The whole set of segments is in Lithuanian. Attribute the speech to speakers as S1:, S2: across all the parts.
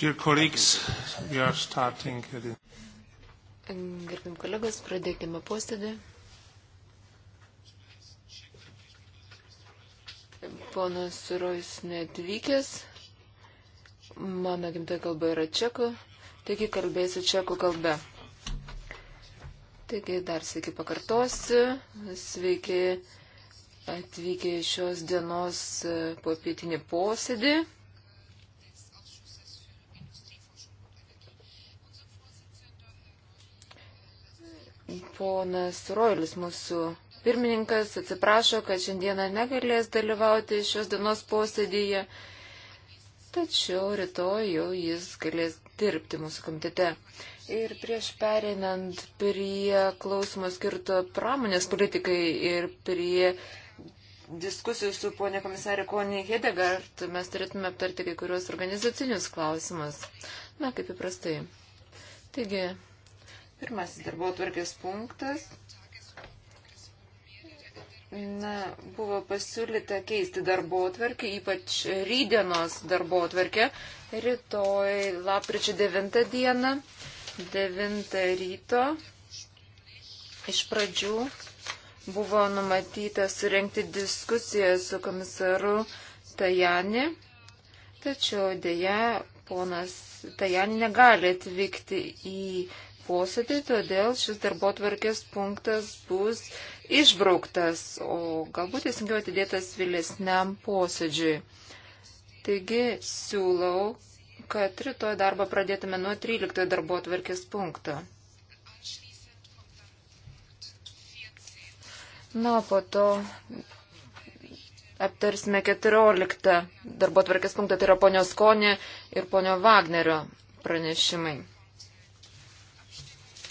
S1: Dear colleagues, we are starting.
S2: Gerbim kolegos, pradėkime posėdį. Ponas Rojus neatvykęs. Mano gimtoji kalba yra čekų, taigi kalbėsiu čekų kalbe. Taigi dar sveiki pakartosiu. Sveiki atvykę šios dienos popietinį posėdį. Ponas Roilis, mūsų pirmininkas, atsiprašo, kad šiandieną negalės dalyvauti šios dienos posėdėje, tačiau rytoj jau jis galės dirbti mūsų komitete. Ir prieš perinant prie klausimo skirto pramonės politikai ir prie diskusijų su ponė komisarė Konė Hedegard, mes turėtume aptarti kai kurios organizacinius klausimus. Na, kaip įprastai. Taigi, Pirmasis darbo atvarkės punktas. Na, buvo pasiūlyta keisti darbo atvarkį, ypač rydienos darbo atvarkę. Rytoj, lapkričio 9 dieną, 9 ryto, iš pradžių buvo numatyta surenkti diskusiją su komisaru Tajani, tačiau dėja ponas Tajani negali atvykti į posėdį, todėl šis darbo tvarkės punktas bus išbrauktas, o galbūt teisingiau atidėtas vėlesniam posėdžiui. Taigi siūlau, kad rytoj darbą pradėtume nuo 13 darbo tvarkės punkto. Na, po to aptarsime 14 darbo tvarkės punktą, tai yra ponios Konė ir ponio Vagnerio pranešimai.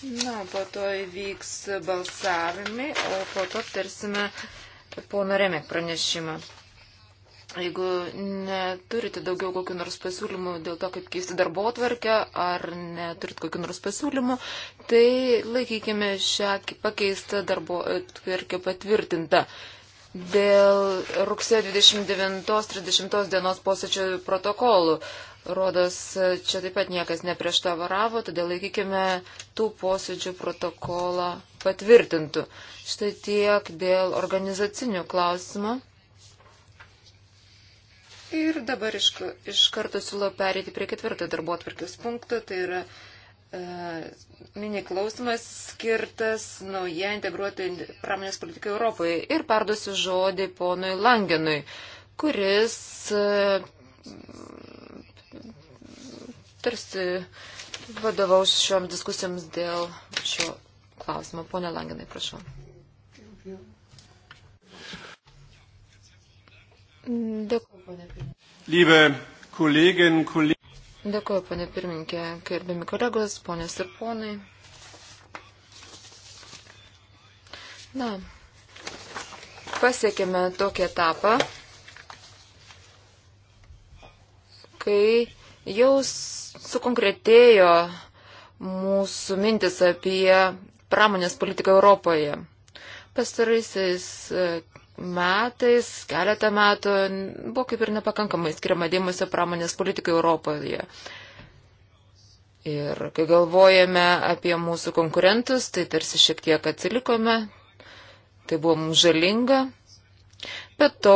S2: Na, po to įvyks balsavimai, o po to aptarsime pono Remek pranešimą. Jeigu neturite daugiau kokių nors pasiūlymų dėl to, kaip keisti darbo atvarkę, ar neturite kokių nors pasiūlymų, tai laikykime šią pakeistą darbo atvarkę patvirtintą. Dėl rugsėjo 29-30 dienos posėdžio protokolų Rodos, čia taip pat niekas neprieštavavaravo, todėl laikykime tų posėdžių protokolą patvirtintų. Štai tiek dėl organizacinių klausimų. Ir dabar iš, iš karto siūlau perėti prie ketvirto darbo atvarkės punkto, tai yra e, mini klausimas skirtas nauja integruoti pramonės politikai Europoje. Ir perduosiu žodį ponui Langenui, kuris. E, tarsi vadovaus šiom diskusijoms dėl šio klausimo. Pone Langinai, prašau. Dėkuoju, ponė
S1: pirmininkė.
S2: Dėkuoju, ponė pirmininkė, gerbiami kolegos, ponės ir ponai. Na, pasiekėme tokį etapą, kai Jau sukonkretėjo mūsų mintis apie pramonės politiką Europoje. Pastaraisiais e, metais, keletą metų buvo kaip ir nepakankamai skiriama dėmesio pramonės politikai Europoje. Ir kai galvojame apie mūsų konkurentus, tai tarsi šiek tiek atsilikome, tai buvo mums žalinga. Be to,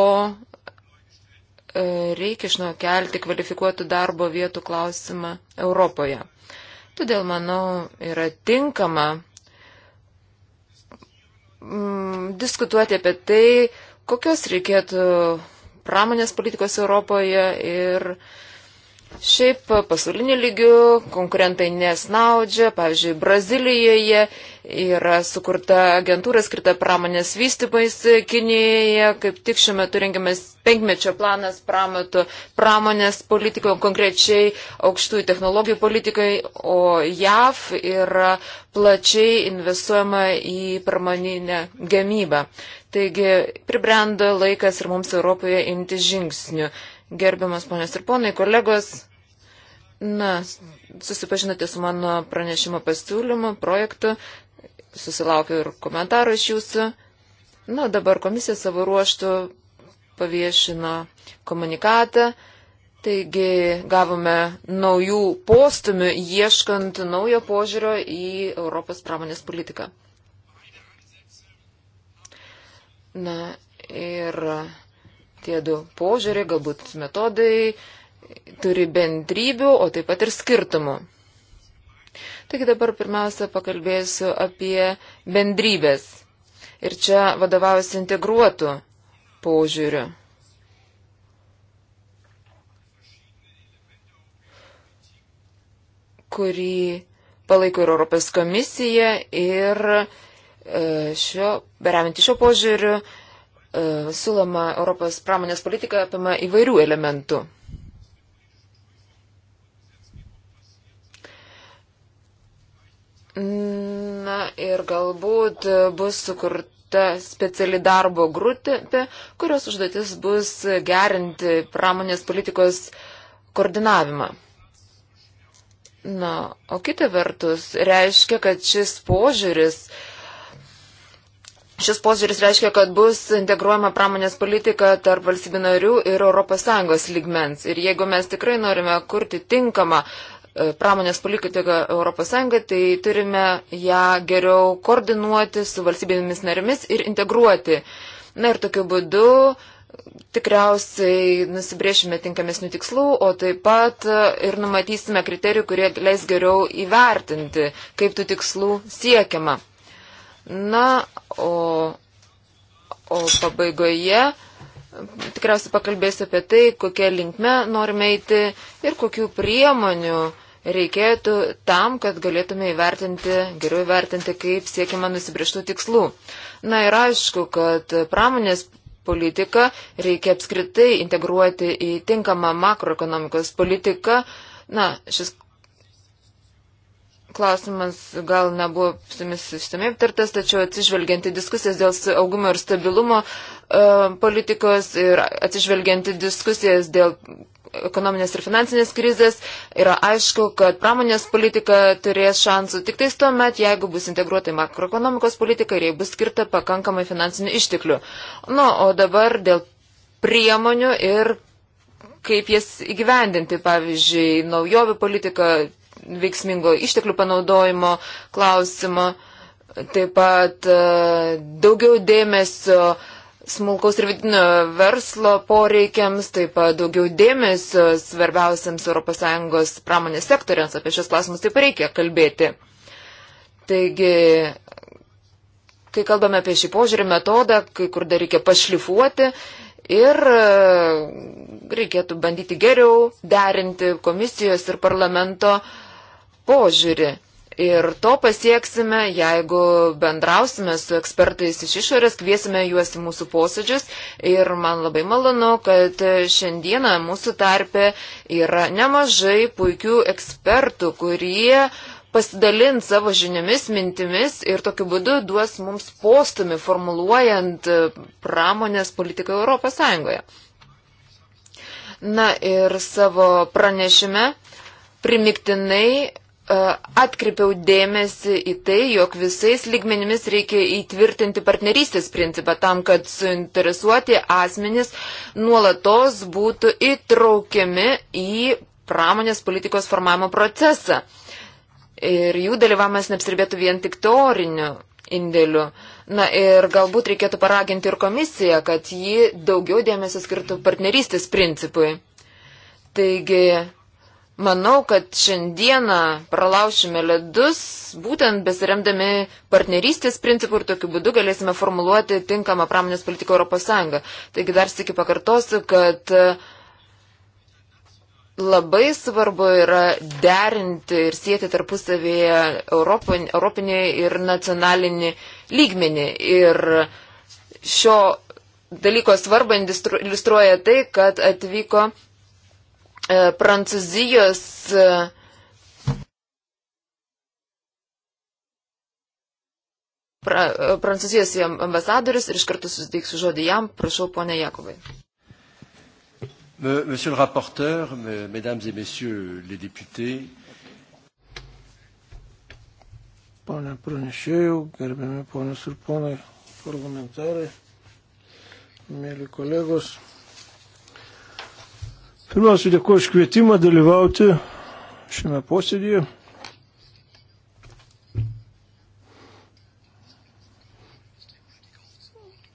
S2: reikia iš naujo kelti kvalifikuotų darbo vietų klausimą Europoje. Todėl, manau, yra tinkama mm, diskutuoti apie tai, kokios reikėtų pramonės politikos Europoje ir uh, Šiaip pasauliniu lygiu konkurentai nesnaudžia, pavyzdžiui, Brazilijoje yra sukurta agentūra skirta pramonės vystymais Kinijoje, kaip tik šiuo metu rengiamas penkmečio planas pramatų pramonės politikoje, konkrečiai aukštųjų technologijų politikoje, o JAV yra plačiai investuojama į pramoninę gamybą. Taigi pribrendo laikas ir mums Europoje imti žingsnių. Gerbiamas ponės ir ponai, kolegos, na, susipažinote su mano pranešimo pasiūlymu, projektu, susilaukiu ir komentarų iš jūsų. Na, dabar komisija savo ruoštų paviešino komunikatą, taigi gavome naujų postumių ieškant naujo požiūrio į Europos pramonės politiką. Na ir Tie du požiūriai, galbūt metodai turi bendrybių, o taip pat ir skirtumų. Taigi dabar pirmiausia pakalbėsiu apie bendrybės. Ir čia vadovaujuosi integruotų požiūriu. kurį palaiko ir Europos komisija ir e, šio, bereminti šio požiūriu E, siūloma Europos pramonės politika apima įvairių elementų. Na ir galbūt bus sukurta speciali darbo grupė, kurios užduotis bus gerinti pramonės politikos koordinavimą. Na, o kita vertus reiškia, kad šis požiūris uh, Šis požiūris reiškia, kad bus integruojama pramonės politika tarp valstybių narių ir ES lygmens. Ir jeigu mes tikrai norime kurti tinkamą e, pramonės politiką ES, tai turime ją geriau koordinuoti su valstybėmis narimis ir integruoti. Na ir tokiu būdu tikriausiai nusibriešime tinkamesnių tikslų, o taip pat e, ir numatysime kriterijų, kurie leis geriau įvertinti, kaip tų tikslų siekiama. Na, o, o pabaigoje tikriausiai pakalbėsiu apie tai, kokie linkme norime eiti ir kokių priemonių reikėtų tam, kad galėtume įvertinti, geriau įvertinti, kaip siekime nusibrieštų tikslų. Na ir aišku, kad pramonės politiką reikia apskritai integruoti į tinkamą makroekonomikos politiką. Na, šis klausimas gal nebuvo su jumis išsamei aptartas, tačiau atsižvelgianti diskusijas dėl augumo ir stabilumo e, politikos ir atsižvelgianti diskusijas dėl ekonominės ir finansinės krizės, yra aišku, kad pramonės politika turės šansų tik tais tuo met, jeigu bus integruota į makroekonomikos politiką ir jei bus skirta pakankamai finansinių išteklių. Na, nu, o dabar dėl priemonių ir kaip jas įgyvendinti, pavyzdžiui, naujovių politika, veiksmingo išteklių panaudojimo klausimo, taip pat e, daugiau dėmesio smulkaus ir vidinio verslo poreikiams, taip pat daugiau dėmesio svarbiausiams ES pramonės sektoriams. Apie šios klausimus taip reikia kalbėti. Taigi, kai kalbame apie šį požiūrį metodą, kai kur dar reikia pašlifuoti ir e, reikėtų bandyti geriau derinti komisijos ir parlamento uh, požiūrį. Ir to pasieksime, jeigu bendrausime su ekspertais iš išorės, kviesime juos į mūsų posėdžius. Ir man labai malonu, kad šiandieną mūsų tarpe yra nemažai puikių ekspertų, kurie pasidalint savo žiniomis, mintimis ir tokiu būdu duos mums postumi formuluojant pramonės politiką Europos Sąjungoje. Na ir savo pranešime primiktinai E, atkreipiau dėmesį į tai, jog visais lygmenimis reikia įtvirtinti partnerystės principą tam, kad suinteresuoti asmenys nuolatos būtų įtraukiami į pramonės politikos formavimo procesą. Ir jų dalyvavimas neapsirbėtų vien tik teoriniu indėliu. Na ir galbūt reikėtų paraginti ir komisiją, kad ji daugiau dėmesio skirtų partnerystės principui. Taigi, Manau, kad šiandieną pralaušime ledus, būtent besiremdami partnerystės principų ir tokiu būdu galėsime formuluoti tinkamą pramonės politiką Europos Sąjungą. Taigi dar sėki pakartosiu, kad e, labai svarbu yra derinti ir sieti tarpusavėje europinį ir nacionalinį lygmenį. Ir šio dalyko svarbą iliustruoja tai, kad atvyko E, Prancūzijos e, pra, e, Prancūzijos ambasadorius ir iš karto susiteiksiu žodį jam. Prašau, ponė Jakobai.
S1: Monsieur le rapporteur, mesdames et messieurs les députés. Pone pranešėjau, gerbiami ponios ir ponai parlamentarai, mėly kolegos. Pirmiausia, dėkuoju už kvietimą dalyvauti šiame posėdėje.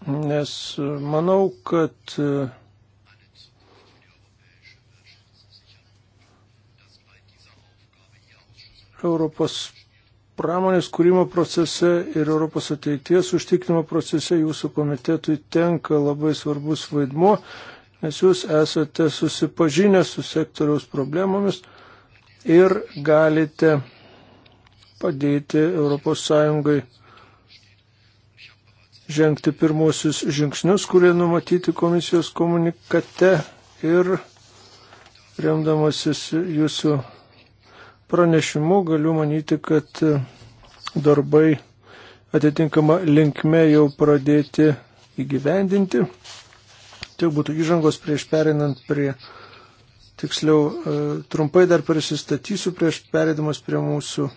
S1: Nes manau, kad e, Europos pramonės kūrimo procese ir Europos ateities užtikrimo procese jūsų komitetui tenka labai svarbus vaidmuo nes jūs esate susipažinę su sektoriaus problemomis ir galite padėti ES žengti pirmosius žingsnius, kurie numatyti komisijos komunikate ir remdamasis jūsų pranešimu galiu manyti, kad darbai atitinkama linkme jau pradėti įgyvendinti. Tiek būtų įžangos prieš perinant prie, tiksliau, e, trumpai dar prisistatysiu prieš perėdamas prie mūsų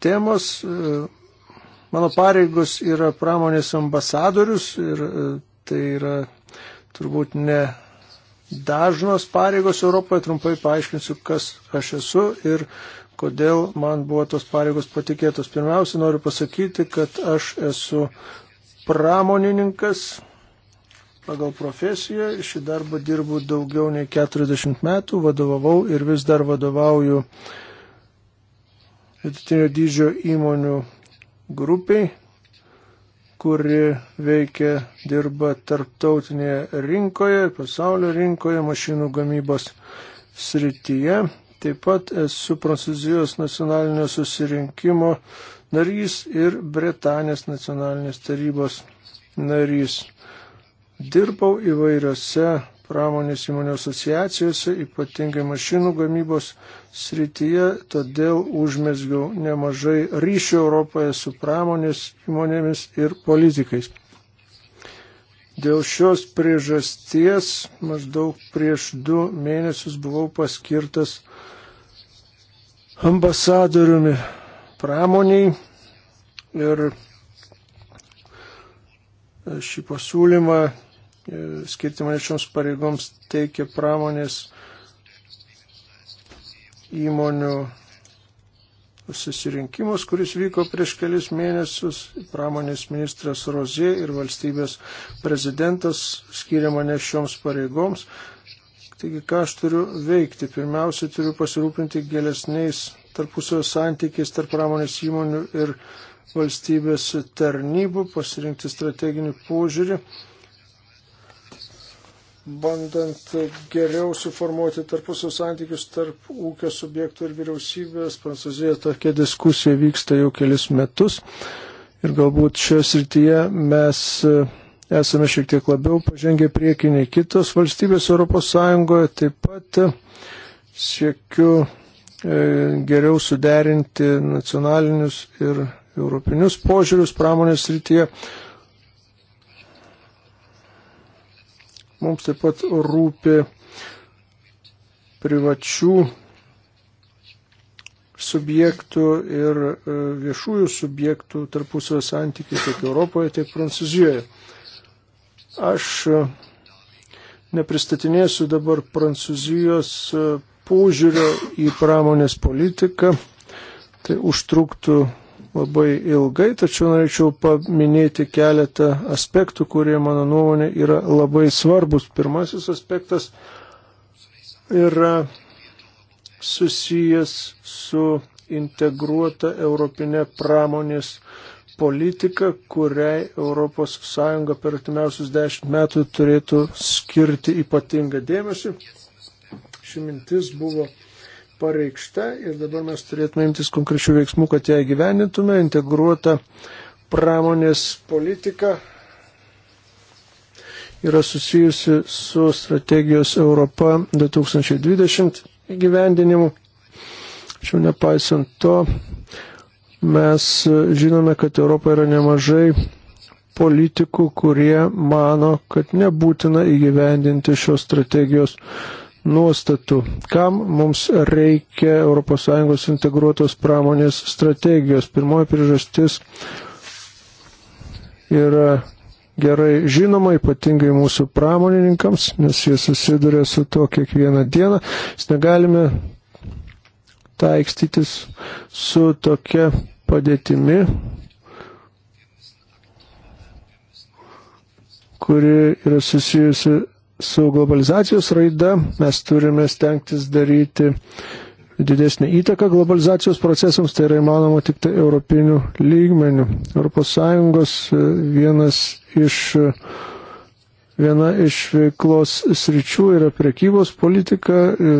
S1: temos. E, mano pareigos yra pramonės ambasadorius ir e, tai yra turbūt ne dažnos pareigos Europoje. Trumpai paaiškinsiu, kas aš esu ir kodėl man buvo tos pareigos patikėtos. Pirmiausia, noriu pasakyti, kad aš esu pramonininkas pagal profesiją. Šį darbą dirbu daugiau nei 40 metų, vadovavau ir vis dar vadovauju vidutinio dydžio įmonių grupiai, kuri veikia, dirba tarptautinėje rinkoje, pasaulio rinkoje, mašinų gamybos srityje. Taip pat esu Prancūzijos nacionalinio susirinkimo narys ir Britanijos nacionalinės tarybos narys. Dirbau įvairiose pramonės įmonių asociacijose, ypatingai mašinų gamybos srityje, todėl užmesgiau nemažai ryšių Europoje su pramonės įmonėmis ir politikais. Dėl šios priežasties maždaug prieš du mėnesius buvau paskirtas ambasadoriumi pramoniai ir šį pasiūlymą E, skirti mane šioms pareigoms teikia pramonės įmonių susirinkimas, kuris vyko prieš kelis mėnesius. Pramonės ministras Rozė ir valstybės prezidentas skiria mane šioms pareigoms. Taigi, ką aš turiu veikti? Pirmiausia, turiu pasirūpinti gėlesniais tarpusio santykiais tarp pramonės įmonių ir valstybės tarnybų, pasirinkti strateginį požiūrį bandant geriau suformuoti tarpusio santykius tarp ūkio subjektų ir vyriausybės. Prancūzijoje tokia diskusija vyksta jau kelis metus ir galbūt šioje srityje mes e, esame šiek tiek labiau pažengę priekiniai kitos valstybės Europos Sąjungoje. Taip pat e, siekiu e, geriau suderinti nacionalinius ir europinius požiūrius pramonės srityje. Mums taip pat rūpi privačių subjektų ir e, viešųjų subjektų tarpusio santykiai tiek Europoje, tiek Prancūzijoje. Aš e, nepristatinėsiu dabar Prancūzijos e, požiūrio į pramonės politiką, tai užtruktų labai ilgai, tačiau norėčiau paminėti keletą aspektų, kurie mano nuomonė yra labai svarbus. Pirmasis aspektas yra susijęs su integruota europinė pramonės politika, kuriai ES per atimiausius dešimt metų turėtų skirti ypatingą dėmesį. Ši mintis buvo pareikšta ir dabar mes turėtume imtis konkrečių veiksmų, kad ją gyvenintume, integruota pramonės politika yra susijusi su strategijos Europa 2020 gyvendinimu. Tačiau nepaisant to, mes žinome, kad Europoje yra nemažai politikų, kurie mano, kad nebūtina įgyvendinti šios strategijos nuostatų, kam mums reikia ES integruotos pramonės strategijos. Pirmoji priežastis yra gerai žinoma, ypatingai mūsų pramonininkams, nes jie susiduria su to kiekvieną dieną. Mes negalime taikstytis su tokia padėtimi, kuri yra susijusi su globalizacijos raida mes turime stengtis daryti didesnį įtaką globalizacijos procesams, tai yra įmanoma tik tai europinių lygmenių. ES e, vienas iš, e, viena iš veiklos sričių yra prekybos politika, e,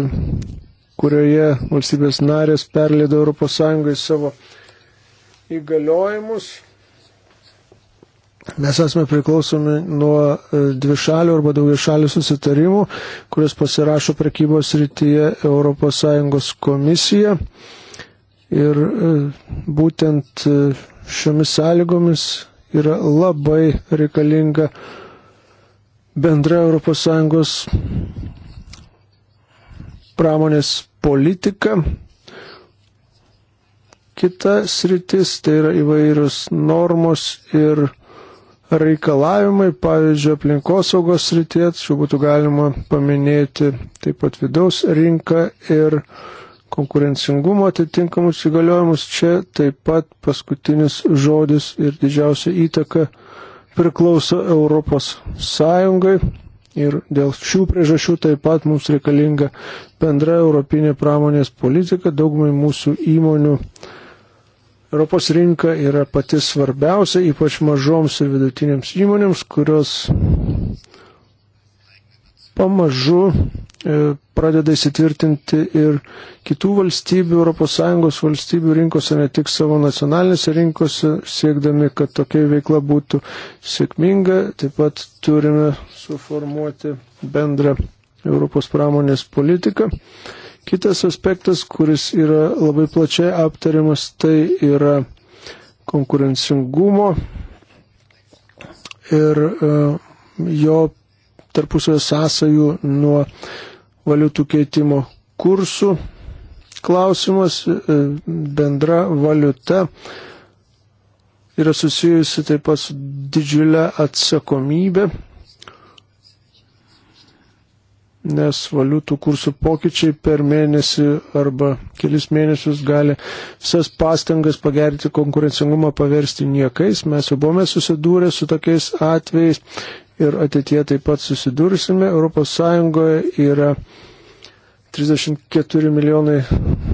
S1: kurioje valstybės narės perleido ES savo įgaliojimus Mes esame priklausomi nuo e, dvišalių arba daugišalių susitarimų, kurias pasirašo prekybos rytyje ES komisija. Ir e, būtent e, šiomis sąlygomis yra labai reikalinga bendra ES pramonės politika. Kita sritis tai yra įvairios normos ir reikalavimai, pavyzdžiui, aplinkosaugos srityje, čia būtų galima paminėti taip pat vidaus rinką ir konkurencingumo atitinkamus įgaliojimus. Čia taip pat paskutinis žodis ir didžiausia įtaka priklauso Europos Sąjungai. Ir dėl šių priežasčių taip pat mums reikalinga bendra europinė pramonės politika daugumai mūsų įmonių Europos rinka yra pati svarbiausia, ypač mažoms ir vidutinėms įmonėms, kurios pamažu e, pradeda įsitvirtinti ir kitų valstybių, ES valstybių rinkose, ne tik savo nacionalinėse rinkose, siekdami, kad tokia veikla būtų sėkminga. Taip pat turime suformuoti bendrą Europos pramonės politiką. Kitas aspektas, kuris yra labai plačiai aptariamas, tai yra konkurencingumo ir e, jo tarpusio sąsajų nuo valiutų keitimo kursų klausimas, e, bendra valiuta yra susijusi taip pat su didžiulė atsakomybė nes valiutų kursų pokyčiai per mėnesį arba kelis mėnesius gali visas pastangas pagerinti konkurencingumą paversti niekais. Mes jau buvome susidūrę su tokiais atvejais ir ateitie taip pat susidursime. ES yra 34 milijonai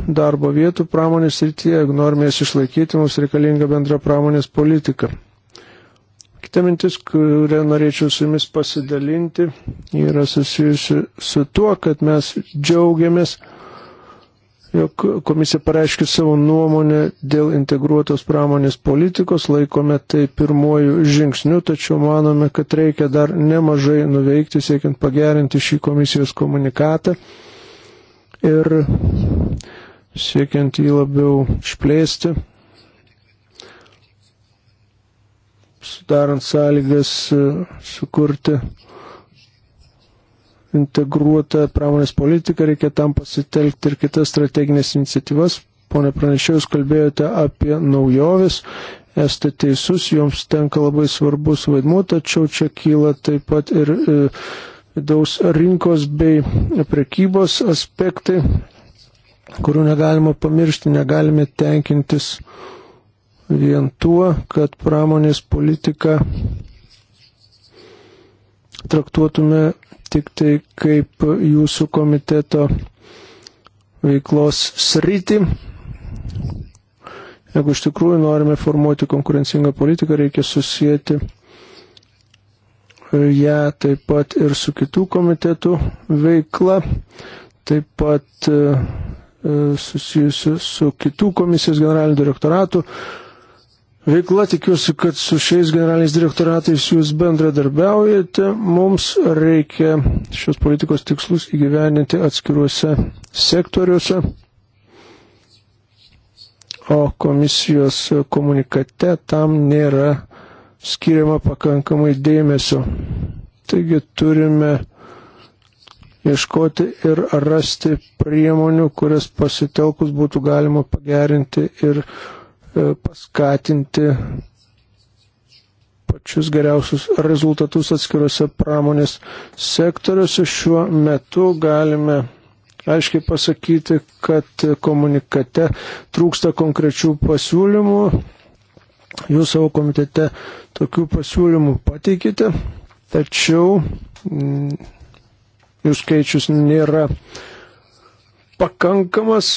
S1: darbo vietų pramonės rytyje, jeigu norime jas išlaikyti, mums reikalinga bendra pramonės politika. Kita mintis, kurią norėčiau su jumis pasidalinti, yra susijusi su tuo, kad mes džiaugiamės, jog komisija pareiškė savo nuomonę dėl integruotos pramonės politikos, laikome tai pirmojų žingsnių, tačiau manome, kad reikia dar nemažai nuveikti, siekiant pagerinti šį komisijos komunikatą ir siekiant jį labiau išplėsti. sudarant sąlygas e, sukurti integruotą pramonės politiką, reikia tam pasitelkti ir kitas strateginės iniciatyvas. Pone pranešėjus, kalbėjote apie naujovis, esate teisus, joms tenka labai svarbus vaidmuo, tačiau čia kyla taip pat ir e, vidaus rinkos bei prekybos aspektai, kurių negalima pamiršti, negalime tenkintis uh, vien tuo, kad pramonės politiką traktuotume tik tai kaip jūsų komiteto veiklos sritį. Jeigu iš tikrųjų norime formuoti konkurencingą politiką, reikia susijęti ją taip pat ir su kitų komitetų veikla, taip pat e, e, susijusiu su kitų komisijos generaliniu direktoratu veikla. Tikiuosi, kad su šiais generaliniais direktoratais jūs bendradarbiaujate. Mums reikia šios politikos tikslus įgyveninti atskiruose sektoriuose. O komisijos komunikate tam nėra skiriama pakankamai dėmesio. Taigi turime ieškoti ir rasti priemonių, kurias pasitelkus būtų galima pagerinti ir E, paskatinti pačius geriausius rezultatus atskiruose pramonės sektoriuose. Šiuo metu galime aiškiai pasakyti, kad komunikate trūksta konkrečių pasiūlymų. Jūs savo komitete tokių pasiūlymų pateikite, tačiau mm, jų skaičius nėra pakankamas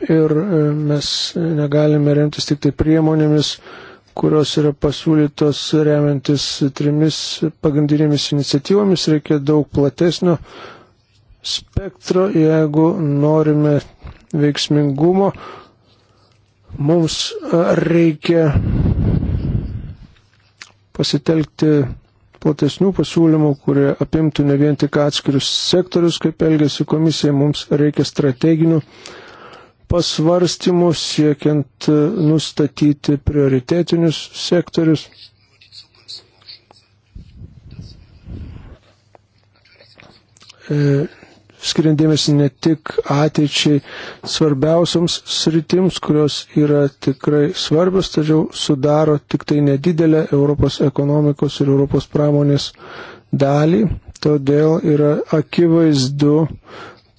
S1: ir e, mes negalime remtis tik tai priemonėmis, kurios yra pasiūlytos remiantis trimis pagrindinėmis iniciatyvomis, reikia daug platesnio spektro, jeigu norime veiksmingumo, mums e, reikia pasitelkti platesnių pasiūlymų, kurie apimtų ne vien tik atskirius sektorius, kaip elgesi komisija, mums reikia strateginių pasvarstymų siekiant e, nustatyti prioritetinius sektorius. E, Skiriandėmėsi ne tik ateičiai svarbiausiams sritims, kurios yra tikrai svarbios, tačiau sudaro tik tai nedidelę Europos ekonomikos ir Europos pramonės dalį. Todėl yra akivaizdu,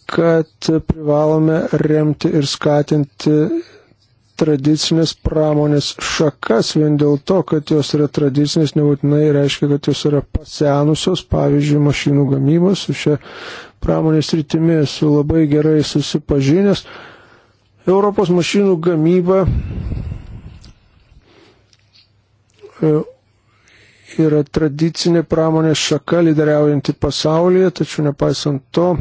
S1: kad privalome remti ir skatinti tradicinės pramonės šakas vien dėl to, kad jos yra tradicinės, nebūtinai reiškia, kad jos yra pasenusios, pavyzdžiui, mašinų gamybos, su šia pramonės rytimi esu labai gerai susipažinęs. Europos mašinų gamyba e, yra tradicinė pramonės šaka lyderiaujanti pasaulyje, tačiau nepaisant to,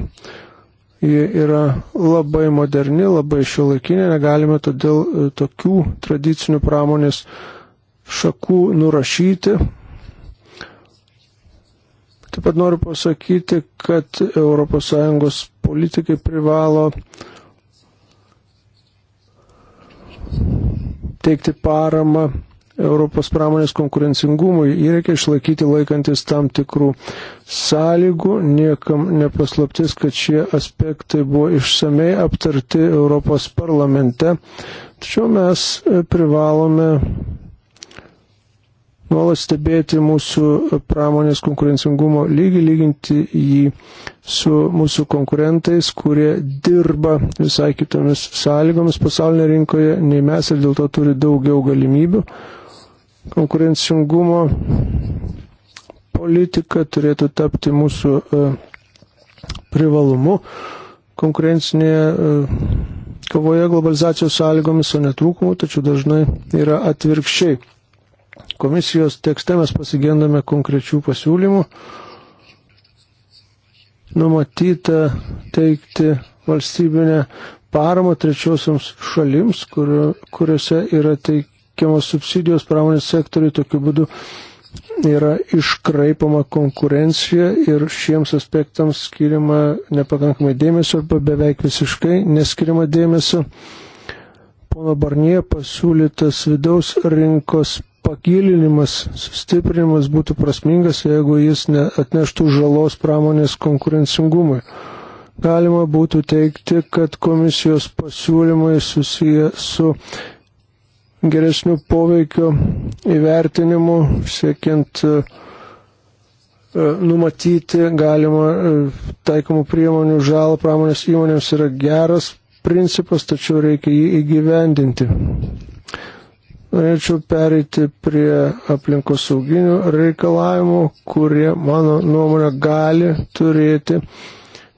S1: Ji yra labai moderni, labai šiuolaikinė, negalime todėl e, tokių tradicinių pramonės šakų nurašyti. Taip pat noriu pasakyti, kad ES politikai privalo teikti paramą Europos pramonės konkurencingumui. Jį reikia išlaikyti laikantis tam tikrų sąlygų. Niekam nepaslaptis, kad šie aspektai buvo išsamei aptarti Europos parlamente. Tačiau mes e, privalome nuolat stebėti mūsų pramonės konkurencingumo lygį, lyginti jį su mūsų konkurentais, kurie dirba visai kitomis sąlygomis pasaulinė rinkoje nei mes ir dėl to turi daugiau galimybių konkurencingumo politika turėtų tapti mūsų e, privalumu konkurencinėje e, kovoje globalizacijos sąlygomis, o netrūkumų, tačiau dažnai yra atvirkščiai. Komisijos tekste mes pasigendame konkrečių pasiūlymų. Numatyta teikti valstybinę paramą trečiosiams šalims, kur, kuriuose yra teik, teikiamos subsidijos pramonės sektoriui, tokiu būdu yra iškraipama konkurencija ir šiems aspektams skiriama nepakankamai dėmesio arba beveik visiškai neskiriama dėmesio. Pono Barnie pasiūlytas vidaus rinkos pagilinimas, sustiprinimas būtų prasmingas, jeigu jis atneštų žalos pramonės konkurencingumui. Galima būtų teikti, kad komisijos pasiūlymai susiję su geresnių poveikio įvertinimų, siekiant e, e, numatyti galimą e, taikomų priemonių žalą pramonės įmonėms yra geras principas, tačiau reikia jį įgyvendinti. Norėčiau pereiti prie aplinkos sauginių reikalavimų, kurie, mano nuomonė, gali turėti uh,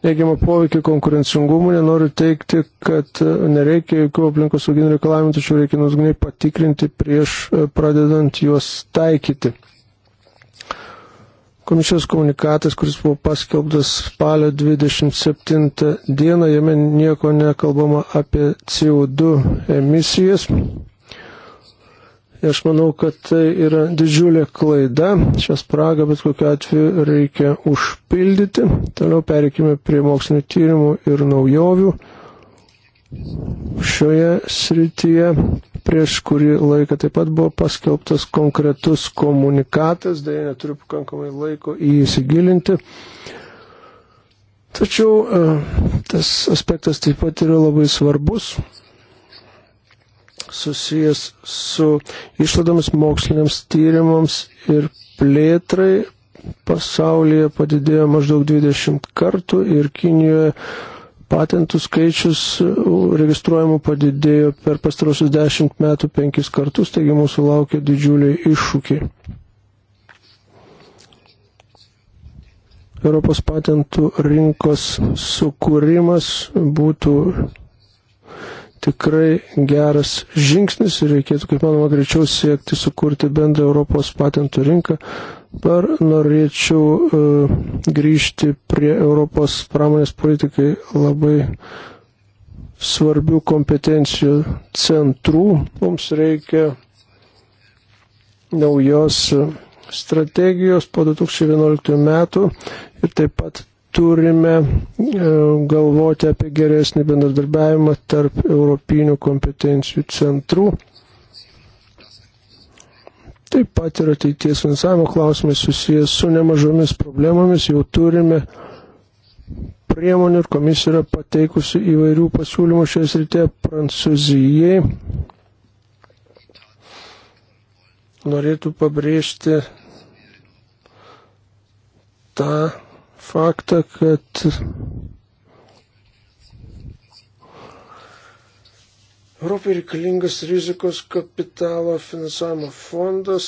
S1: neigiamą poveikį konkurencingumui. Nenoriu teikti, kad e, nereikia jokių aplinkos sauginių reikalavimų, tačiau reikia nusgniai patikrinti prieš e, pradedant juos taikyti. Komisijos komunikatas, kuris buvo paskelbtas spalio 27 dieną, jame nieko nekalbama apie CO2 emisijas. Aš manau, kad tai yra didžiulė klaida. Šią spragą bet kokiu atveju reikia užpildyti. Toliau pereikime prie mokslinio tyrimų ir naujovių. Šioje srityje prieš kurį laiką taip pat buvo paskelbtas konkretus komunikatas, dėja neturiu pakankamai laiko į įsigilinti. Tačiau e, tas aspektas taip pat yra labai svarbus susijęs su išladomis moksliniams tyrimams ir plėtrai pasaulyje padidėjo maždaug 20 kartų ir Kinijoje patentų skaičius registruojamų padidėjo per pastarosius 10 metų 5 kartus, taigi mūsų laukia didžiuliai iššūkiai. Europos patentų rinkos sukūrimas būtų tikrai geras žingsnis ir reikėtų, kaip manoma, greičiau siekti sukurti bendrą Europos patentų rinką. Dabar norėčiau uh, grįžti prie Europos pramonės politikai labai svarbių kompetencijų centrų. Mums reikia naujos e, strategijos po 2011 metų ir taip pat turime e, galvoti apie geresnį bendradarbiavimą tarp europinių kompetencijų centrų. Taip pat ir ateities finansavimo klausimai susijęs su nemažomis problemomis. Jau turime priemonių ir komisija yra pateikusi įvairių pasiūlymų šioje srityje Prancūzijai. Norėtų pabrėžti tą faktą, kad Europai reikalingas rizikos kapitalo finansavimo fondas.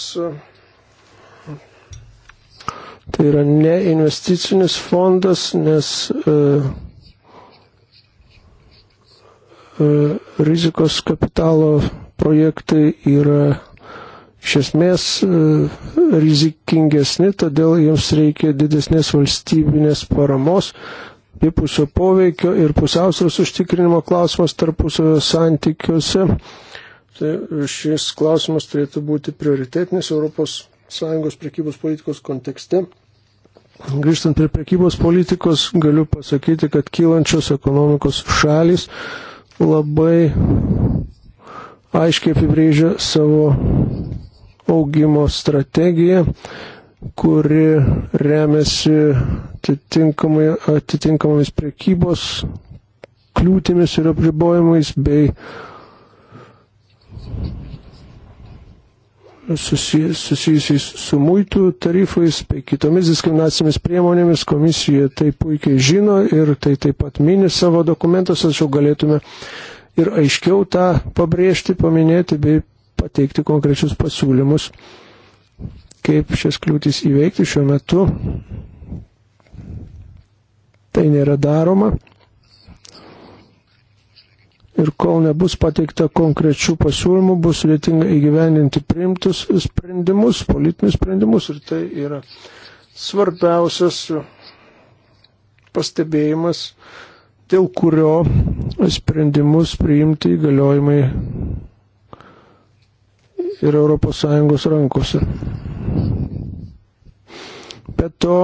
S1: Tai yra ne investicinis fondas, nes uh, uh, rizikos kapitalo projektai yra iš esmės e, rizikingesni, todėl jiems reikia didesnės valstybinės paramos, abipusio poveikio ir pusiausvės užtikrinimo klausimas tarpusavio santykiuose. Tai šis klausimas turėtų būti prioritetinis ES prekybos politikos kontekste. Grįžtant prie prekybos politikos, galiu pasakyti, kad kylančios ekonomikos šalis labai aiškiai apibrėžia savo augimo strategija, kuri remiasi atitinkamomis prekybos kliūtimis ir apribojimais bei susijusiais su muitų tarifais bei kitomis diskriminacijomis priemonėmis. Komisija tai puikiai žino ir tai taip pat mini savo dokumentus, tačiau galėtume ir aiškiau tą pabrėžti, paminėti bei pateikti konkrečius pasiūlymus, kaip šias kliūtis įveikti šiuo metu. Tai nėra daroma. Ir kol nebus pateikta konkrečių pasiūlymų, bus sudėtinga įgyvendinti priimtus sprendimus, politinius sprendimus. Ir tai yra svarbiausias pastebėjimas, dėl kurio sprendimus priimti įgaliojimai ir ES rankose. Be to,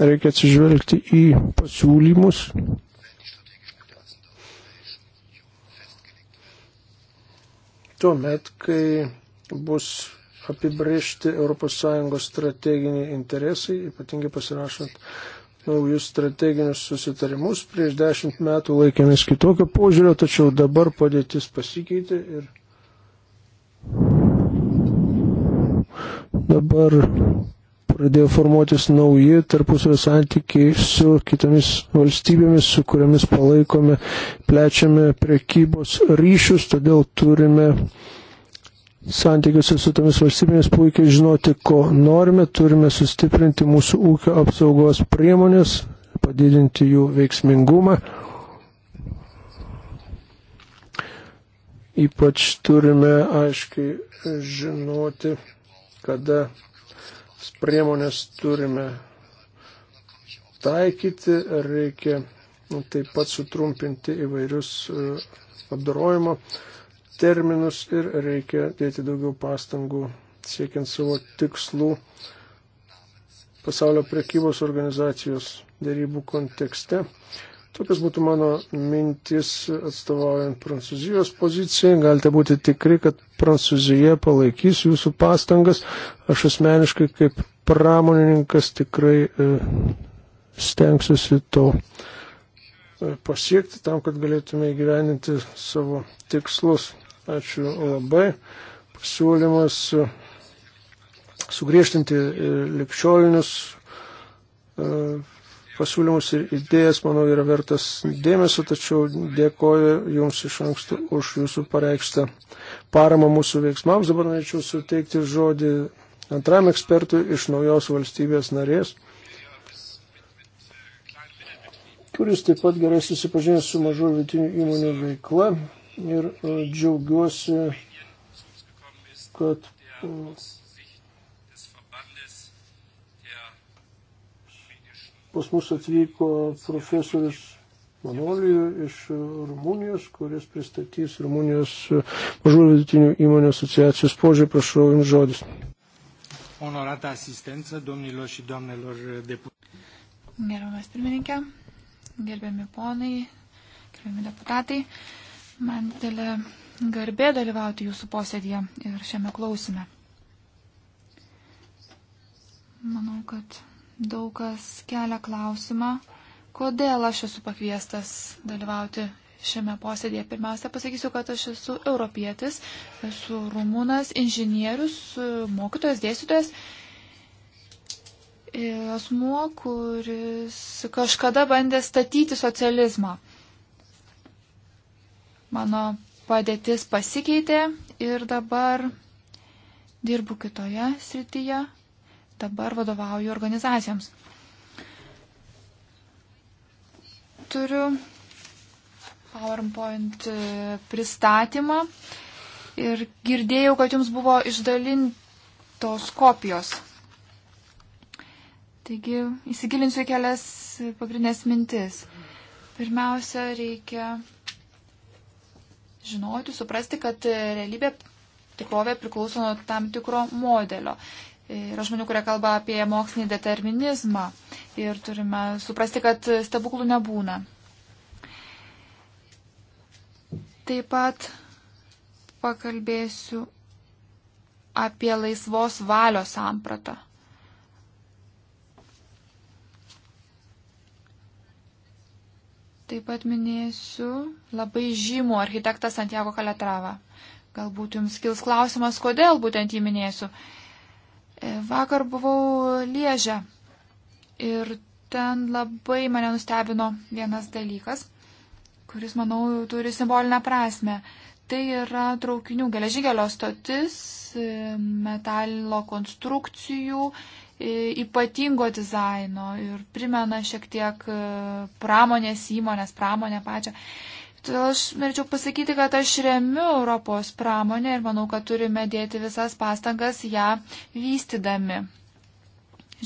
S1: reikia atsižvelgti į pasiūlymus. Tuomet, kai bus apibriežti ES strateginiai interesai, ypatingai pasirašant naujus strateginius susitarimus. Prieš dešimt metų laikėmės kitokio požiūrio, tačiau dabar padėtis pasikeitė ir Dabar pradėjo formuotis nauji tarpusavio santykiai su kitomis valstybėmis, su kuriamis palaikome, plečiame prekybos ryšius, todėl turime santykiuose su tomis valstybėmis puikiai žinoti, ko norime, turime sustiprinti mūsų ūkio apsaugos priemonės, padidinti jų veiksmingumą. Ypač turime aiškiai žinoti kada priemonės turime taikyti, reikia taip pat sutrumpinti įvairius e, apdarojimo terminus ir reikia dėti daugiau pastangų siekiant savo tikslų pasaulio prekybos organizacijos dėrybų kontekste. Tokias būtų mano mintis atstovaujant Prancūzijos poziciją. Galite būti tikri, kad Prancūzija palaikys jūsų pastangas. Aš asmeniškai kaip pramonininkas tikrai e, stengsiuosi to e, pasiekti tam, kad galėtume įgyveninti savo tikslus. Ačiū labai. Pasiūlymas e, sugriežtinti e, likščiolinius. E, pasiūlymus ir idėjas, manau, yra vertas dėmesio, tačiau dėkoju Jums iš anksto už Jūsų pareikštą paramą mūsų veiksmams. Dabar norėčiau suteikti žodį antram ekspertui iš naujos valstybės narės, kuris taip pat gerai susipažinęs su mažų vidutinių įmonių veikla ir e, džiaugiuosi, kad Pas mus atvyko profesorius Manolijų iš Rumunijos, kuris pristatys Rumunijos mažų vidutinių įmonių asociacijos požiūrį. Prašau Jums žodis. Honorata asistencija, domnilor și doamnelor deputatai.
S3: Gerbiamas pirmininkė, gerbiami ponai, gerbiami deputatai, man didelė garbė dalyvauti jūsų posėdėje ir šiame klausime. Manau, kad daug kas kelia klausimą, kodėl aš esu pakviestas dalyvauti šiame posėdėje. Pirmiausia, pasakysiu, kad aš esu europietis, esu rumūnas, inžinierius, mokytojas, dėstytojas. Asmuo, kuris kažkada bandė statyti socializmą. Mano padėtis pasikeitė ir dabar dirbu kitoje srityje dabar vadovauju organizacijoms. Turiu PowerPoint e, pristatymą ir girdėjau, kad jums buvo išdalintos kopijos. Taigi įsigilinsiu į kelias pagrindinės mintis. Pirmiausia, reikia žinoti, suprasti, kad realybė tikrovė priklauso nuo tam tikro modelio. Yra žmonių, kurie kalba apie mokslinį determinizmą ir turime suprasti, kad stebuklų nebūna. Taip pat pakalbėsiu apie laisvos valios sampratą. Taip pat minėsiu labai žymų architektą Santiago Kaletravą. Galbūt jums kils klausimas, kodėl būtent jį minėsiu. E, vakar buvau Liežė ir ten labai mane nustebino vienas dalykas, kuris, manau, turi simbolinę prasme. Tai yra traukinių geležinkelio stotis, e, metalo konstrukcijų, e, ypatingo dizaino ir primena šiek tiek pramonės įmonės, pramonę pačią. Todėl aš norėčiau pasakyti, kad aš remiu Europos pramonę ir manau, kad turime dėti visas pastangas ją vystydami.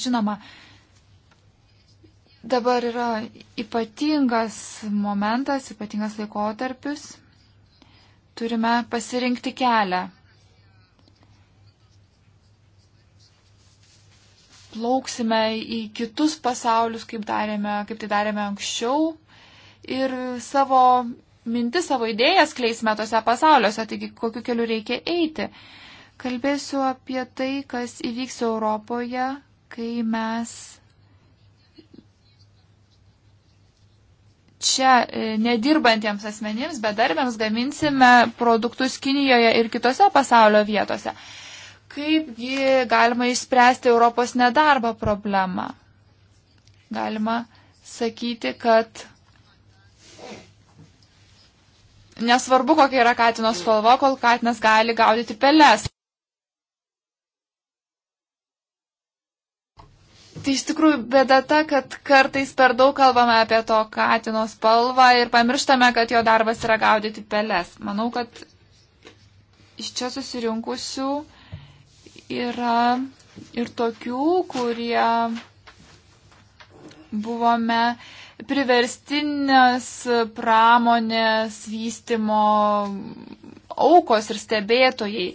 S3: Žinoma, dabar yra ypatingas momentas, ypatingas laikotarpis. Turime pasirinkti kelią. plauksime į kitus pasaulius, kaip, darėme, kaip tai darėme anksčiau. Ir savo mintis, savo idėjas kleisime tose pasauliuose, taigi kokiu keliu reikia eiti. Kalbėsiu apie tai, kas įvyks Europoje, kai mes čia e, nedirbantiems asmenims, bedarbiams gaminsime produktus Kinijoje ir kitose pasaulio vietose. Kaipgi galima išspręsti Europos nedarbo problemą? Galima sakyti, kad Nesvarbu, kokia yra katino spalva, kol katinas gali gaudyti peles. Tai iš tikrųjų bėda ta, kad kartais per daug kalbame apie to katino spalvą ir pamirštame, kad jo darbas yra gaudyti peles. Manau, kad iš čia susirinkusių yra ir tokių, kurie buvome priverstinės pramonės vystimo aukos ir stebėtojai.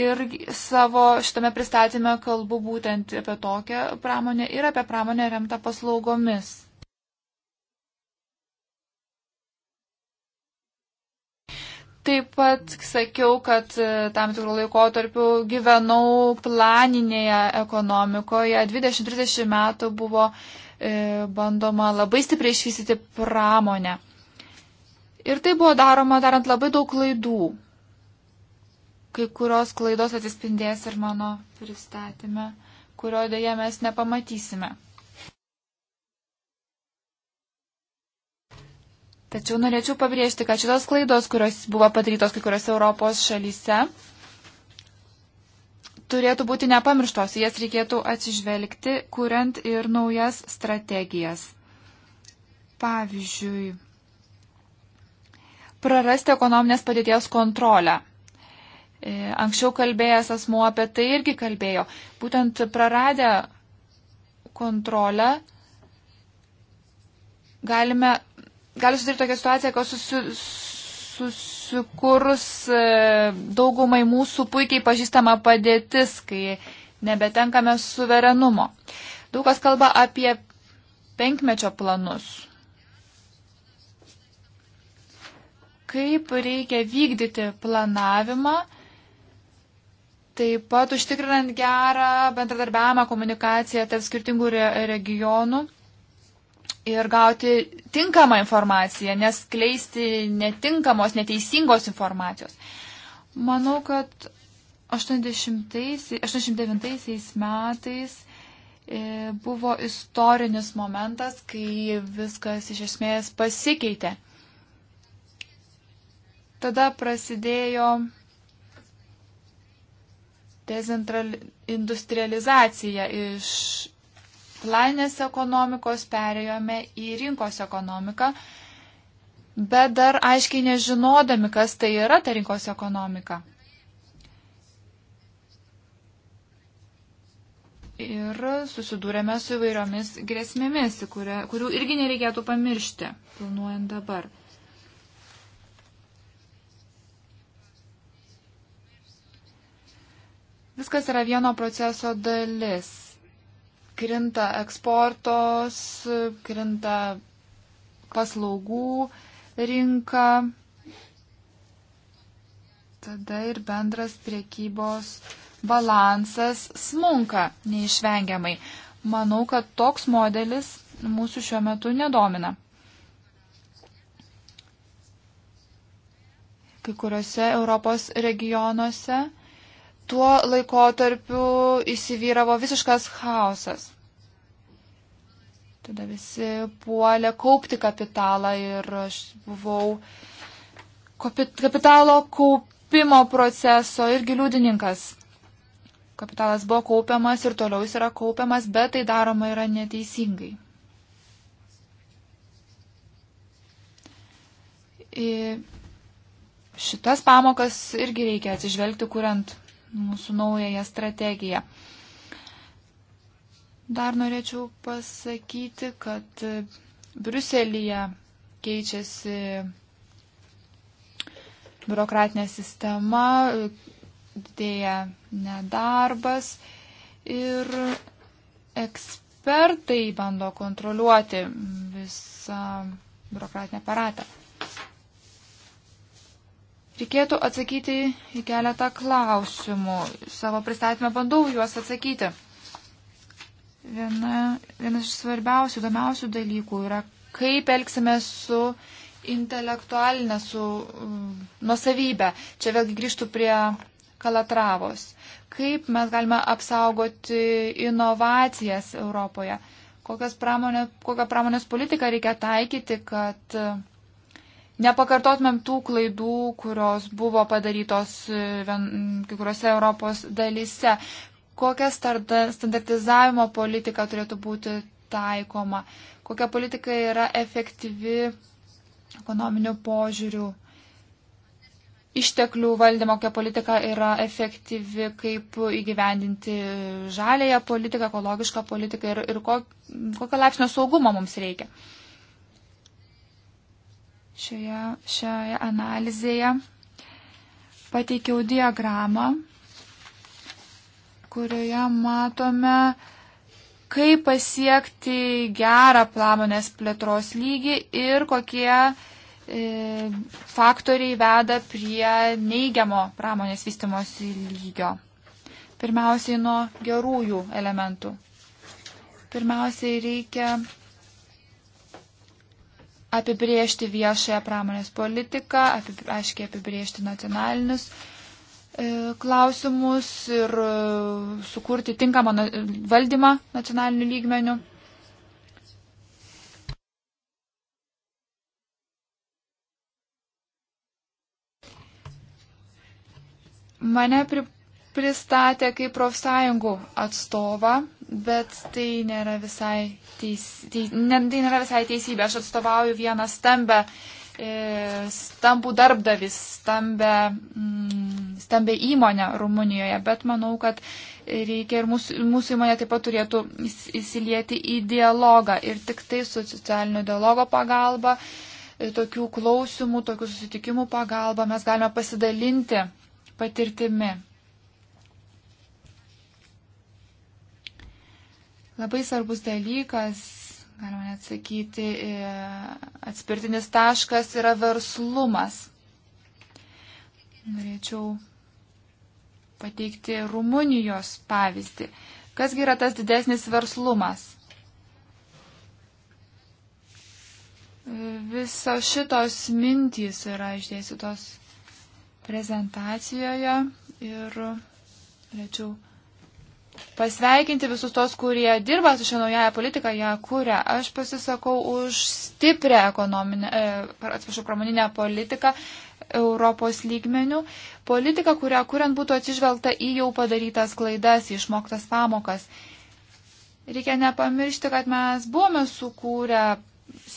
S3: Ir savo šitame pristatymė kalbu būtent apie tokią pramonę ir apie pramonę remtą paslaugomis. taip pat sakiau, kad e, tam tikrų laikotarpių gyvenau planinėje ekonomikoje. 20-30 metų buvo E, bandoma labai stipriai išvystyti pramonę. Ir tai buvo daroma darant labai daug klaidų. Kai kurios klaidos atsispindės ir mano pristatymę, kurio dėje mes nepamatysime. Tačiau norėčiau pabrėžti, kad šitos klaidos, kurios buvo padarytos kai kuriuose Europos šalyse, turėtų būti nepamirštos, jas reikėtų atsižvelgti, kuriant ir naujas strategijas. Pavyzdžiui, prarasti ekonominės padėties kontrolę. E, anksčiau kalbėjęs asmuo apie tai irgi kalbėjo. Būtent praradę kontrolę galime, gali susidaryti tokia situacija, kad susi, susi susikurs e, daugumai mūsų puikiai pažįstama padėtis, kai nebetenkame suverenumo. Daug kas kalba apie penkmečio planus. Kaip reikia vykdyti planavimą, taip pat užtikrinant gerą bendradarbiavimą, komunikaciją tarp skirtingų re regionų ir gauti tinkamą informaciją, neskleisti netinkamos, neteisingos informacijos. Manau, kad 80, 89 metais e, buvo istorinis momentas, kai viskas iš esmės pasikeitė. Tada prasidėjo dezindustrializacija iš planinės ekonomikos perėjome į rinkos ekonomiką, bet dar aiškiai nežinodami, kas tai yra ta rinkos ekonomika. ir susidūrėme su įvairiomis grėsmėmis, kuria, kurių irgi nereikėtų pamiršti, planuojant dabar. Viskas yra vieno proceso dalis krinta eksportos, krinta paslaugų rinka, tada ir bendras priekybos balansas smunka neišvengiamai. Manau, kad toks modelis mūsų šiuo metu nedomina. Kai kuriuose Europos regionuose tuo laikotarpiu įsivyravo visiškas chaosas. Tada visi puolė kaupti kapitalą ir aš buvau kapitalo kaupimo proceso irgi liudininkas. Kapitalas buvo kaupiamas ir toliau jis yra kaupiamas, bet tai daroma yra neteisingai. Į šitas pamokas irgi reikia atsižvelgti, kuriant mūsų naująją strategiją. Dar norėčiau pasakyti, kad Bruselėje keičiasi biurokratinė sistema, didėja nedarbas ir ekspertai bando kontroliuoti visą biurokratinę aparatą. Reikėtų atsakyti į keletą klausimų. Savo pristatymę bandau juos atsakyti. Viena, vienas iš svarbiausių, įdomiausių dalykų yra, kaip elgsime su intelektualinė, su um, mm, nusavybė. Čia vėlgi grįžtų prie kalatravos. Kaip mes galime apsaugoti inovacijas Europoje? Pramonė, kokią pramonės politiką reikia taikyti, kad uh, nepakartotumėm tų klaidų, kurios buvo padarytos e, kai kuriuose Europos dalyse. Kokia standartizavimo politika turėtų būti taikoma? Kokia politika yra efektyvi ekonominių požiūrių? Išteklių valdymo, kokia politika yra efektyvi, kaip įgyvendinti žalėją politiką, ekologišką politiką ir, ir kokio laipsnio saugumo mums reikia. Šioje, šioje analizėje pateikiau diagramą, kurioje matome, kaip pasiekti gerą plamonės plėtros lygį ir kokie e, faktoriai veda prie neigiamo pramonės vystimosi lygio. Pirmiausiai nuo gerųjų elementų. Pirmiausiai reikia apibriežti viešąją pramonės politiką, apib, aiškiai apibriežti nacionalinius e, klausimus ir e, sukurti tinkamą na, valdymą nacionaliniu lygmeniu. Mane pri, pristatė kaip profsąjungų atstovą bet tai nėra visai, teis, teis, ne, tai nėra visai teisybė. Aš atstovauju vieną stambę, e, stambų darbdavį, stambę, mm, stambę įmonę Rumunijoje, bet manau, kad reikia ir mūsų, mūsų įmonė taip pat turėtų įsilieti į dialogą ir tik tai su socialinio dialogo pagalba, e, tokių klausimų, tokių susitikimų pagalba mes galime pasidalinti patirtimi. labai svarbus dalykas, galima net sakyti, e, atspirtinis taškas yra verslumas. Norėčiau pateikti Rumunijos pavyzdį. Kasgi yra tas didesnis verslumas? Visos šitos mintys yra išdėstytos prezentacijoje ir norėčiau pasveikinti visus tos, kurie dirba su šią naująją politiką, ją kūrė. Aš pasisakau už stiprią ekonominę, e, atsiprašau, pramoninę politiką Europos lygmenių. Politiką, kurią kuriant būtų atsižvelgta į jau padarytas klaidas, išmoktas pamokas. Reikia nepamiršti, kad mes buvome sukūrę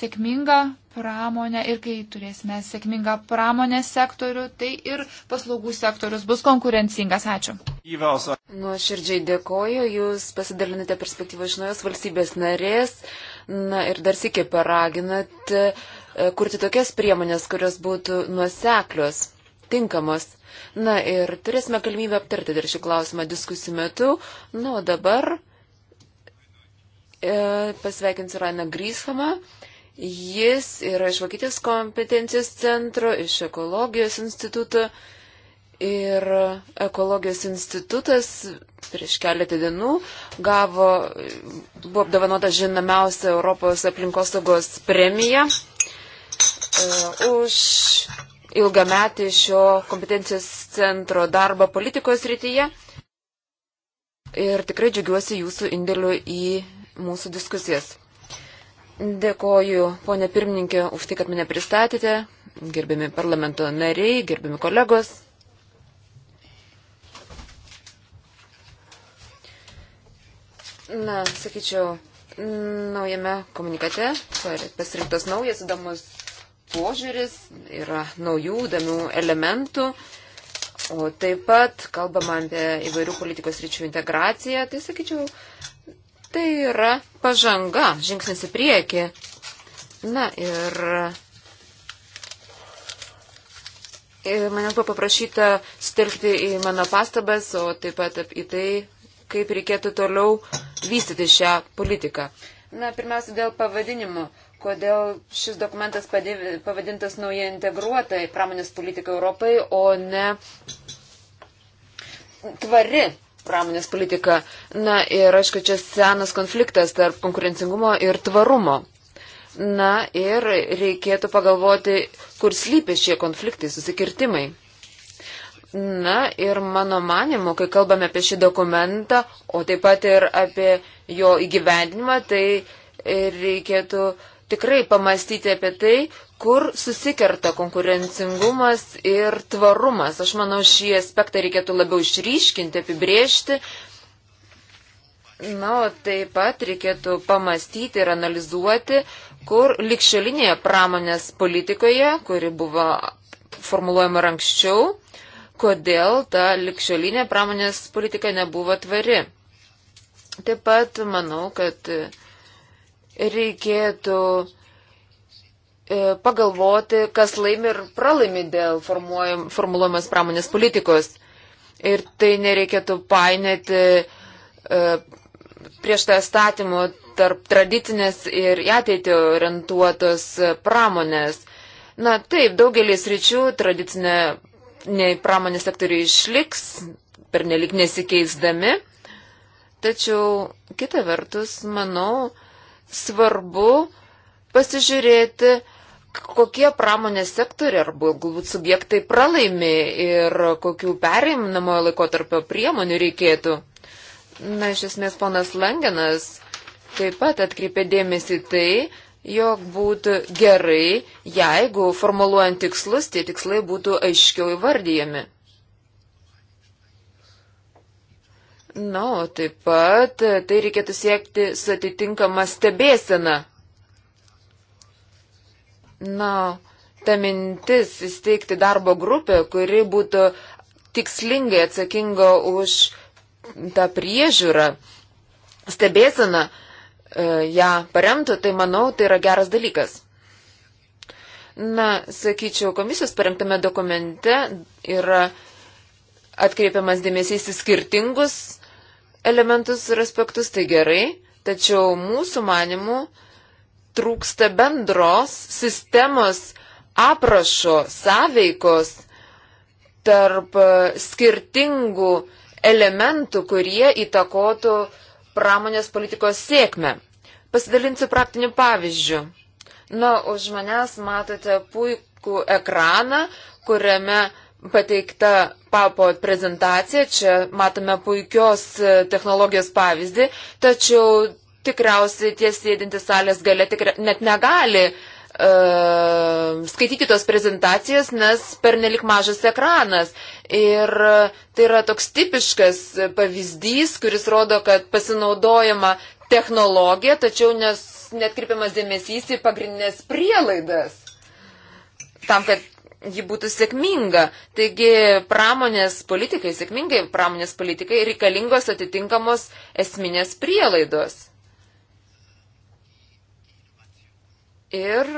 S3: sėkmingą pramonę ir kai turėsime sėkmingą pramonės sektorių, tai ir paslaugų sektorius bus konkurencingas. Ačiū.
S2: Nuoširdžiai dėkoju, jūs pasidalinate perspektyvą iš naujos valstybės narės na, ir dar sėkiai paraginat e, kurti tokias priemonės, kurios būtų nuoseklios, tinkamos. Na ir turėsime galimybę aptarti dar šį klausimą diskusijų metu. Na, o dabar e, pasveikinsiu Rainą Gryshamą. Jis yra iš Vokietijos kompetencijos centro, iš ekologijos instituto. Ir ekologijos institutas prieš keletą dienų gavo, buvo apdovanota žinomiausia Europos aplinkosaugos premija uh, už ilgametį šio kompetencijos centro darbą politikos rytyje. Ir tikrai džiaugiuosi jūsų indėliu į mūsų diskusijas. Dėkoju, ponė pirmininkė, už tai, kad mane pristatėte, gerbiami parlamento nariai, gerbiami kolegos. Na, sakyčiau, naujame komunikate pasirinktas naujas įdomus požiūris, yra naujų įdomių elementų, o taip pat kalbama apie įvairių politikos ryčių integraciją, tai sakyčiau, Tai yra pažanga, žingsnis į priekį. Na ir Manęs buvo paprašyta stilgti į mano pastabas, o taip pat į tai, kaip reikėtų toliau vystyti šią politiką. Na, pirmiausia, dėl pavadinimo. Kodėl šis dokumentas pavadintas nauja integruotai pramonės politika Europai, o ne tvari pramonės politiką. Na ir aišku, čia senas konfliktas tarp konkurencingumo ir tvarumo. Na ir reikėtų pagalvoti, kur slypi šie konfliktai, susikirtimai. Na ir mano manimu, kai kalbame apie šį dokumentą, o taip pat ir apie jo įgyvendinimą, tai reikėtų uh, tikrai pamastyti apie tai, kur susikerta konkurencingumas ir tvarumas. Aš manau, šį aspektą reikėtų labiau išryškinti, apibriežti. Na, o taip pat reikėtų pamastyti ir analizuoti, kur likščiolinėje pramonės politikoje, kuri buvo formuluojama ir anksčiau, kodėl ta likščiolinė pramonės politika nebuvo tvari. Taip pat manau, kad reikėtų e, pagalvoti, kas laimi ir pralaimi dėl formuluojamos pramonės politikos. Ir tai nereikėtų painėti e, prieš tą statymų tarp tradicinės ir į ateitį orientuotos pramonės. Na taip, daugelis ryčių tradicinė pramonės sektoriai išliks, per nelik nesikeisdami. Tačiau kita vertus, manau, svarbu pasižiūrėti, kokie pramonės sektoriai arba galbūt subjektai pralaimi ir kokių pereinamojo laikotarpio priemonių reikėtų. Na, iš esmės, ponas Langenas taip pat atkreipė dėmesį tai, jog būtų gerai, jeigu formuluojant tikslus, tie tikslai būtų aiškiau įvardyjami. Na, no, taip pat e, tai reikėtų siekti su atitinkama stebėsena. Na, ta mintis įsteigti darbo grupę, kuri būtų tikslingai atsakinga už tą priežiūrą, stebėseną, e, ją paremtų, tai manau, tai yra geras dalykas. Na, sakyčiau, komisijos parengtame dokumente yra atkreipiamas dėmesys į skirtingus elementus ir aspektus, tai gerai, tačiau mūsų manimų trūksta bendros sistemos aprašo sąveikos tarp skirtingų elementų, kurie įtakotų pramonės politikos sėkmę. Pasidalinsiu praktiniu pavyzdžiu. Na, už manęs matote puikų ekraną, kuriame pateikta papo prezentacija, čia matome puikios e, technologijos pavyzdį, tačiau tikriausiai tie sėdinti salės gale tikrai net negali uh, skaityti tos prezentacijas, nes per nelik mažas ekranas. Ir e, tai yra toks tipiškas pavyzdys, kuris rodo, kad pasinaudojama technologija, tačiau nes, net kripiamas dėmesys į pagrindinės prielaidas tam, kad ji būtų sėkminga. Taigi pramonės politikai, sėkmingai pramonės politikai reikalingos atitinkamos esminės prielaidos. Ir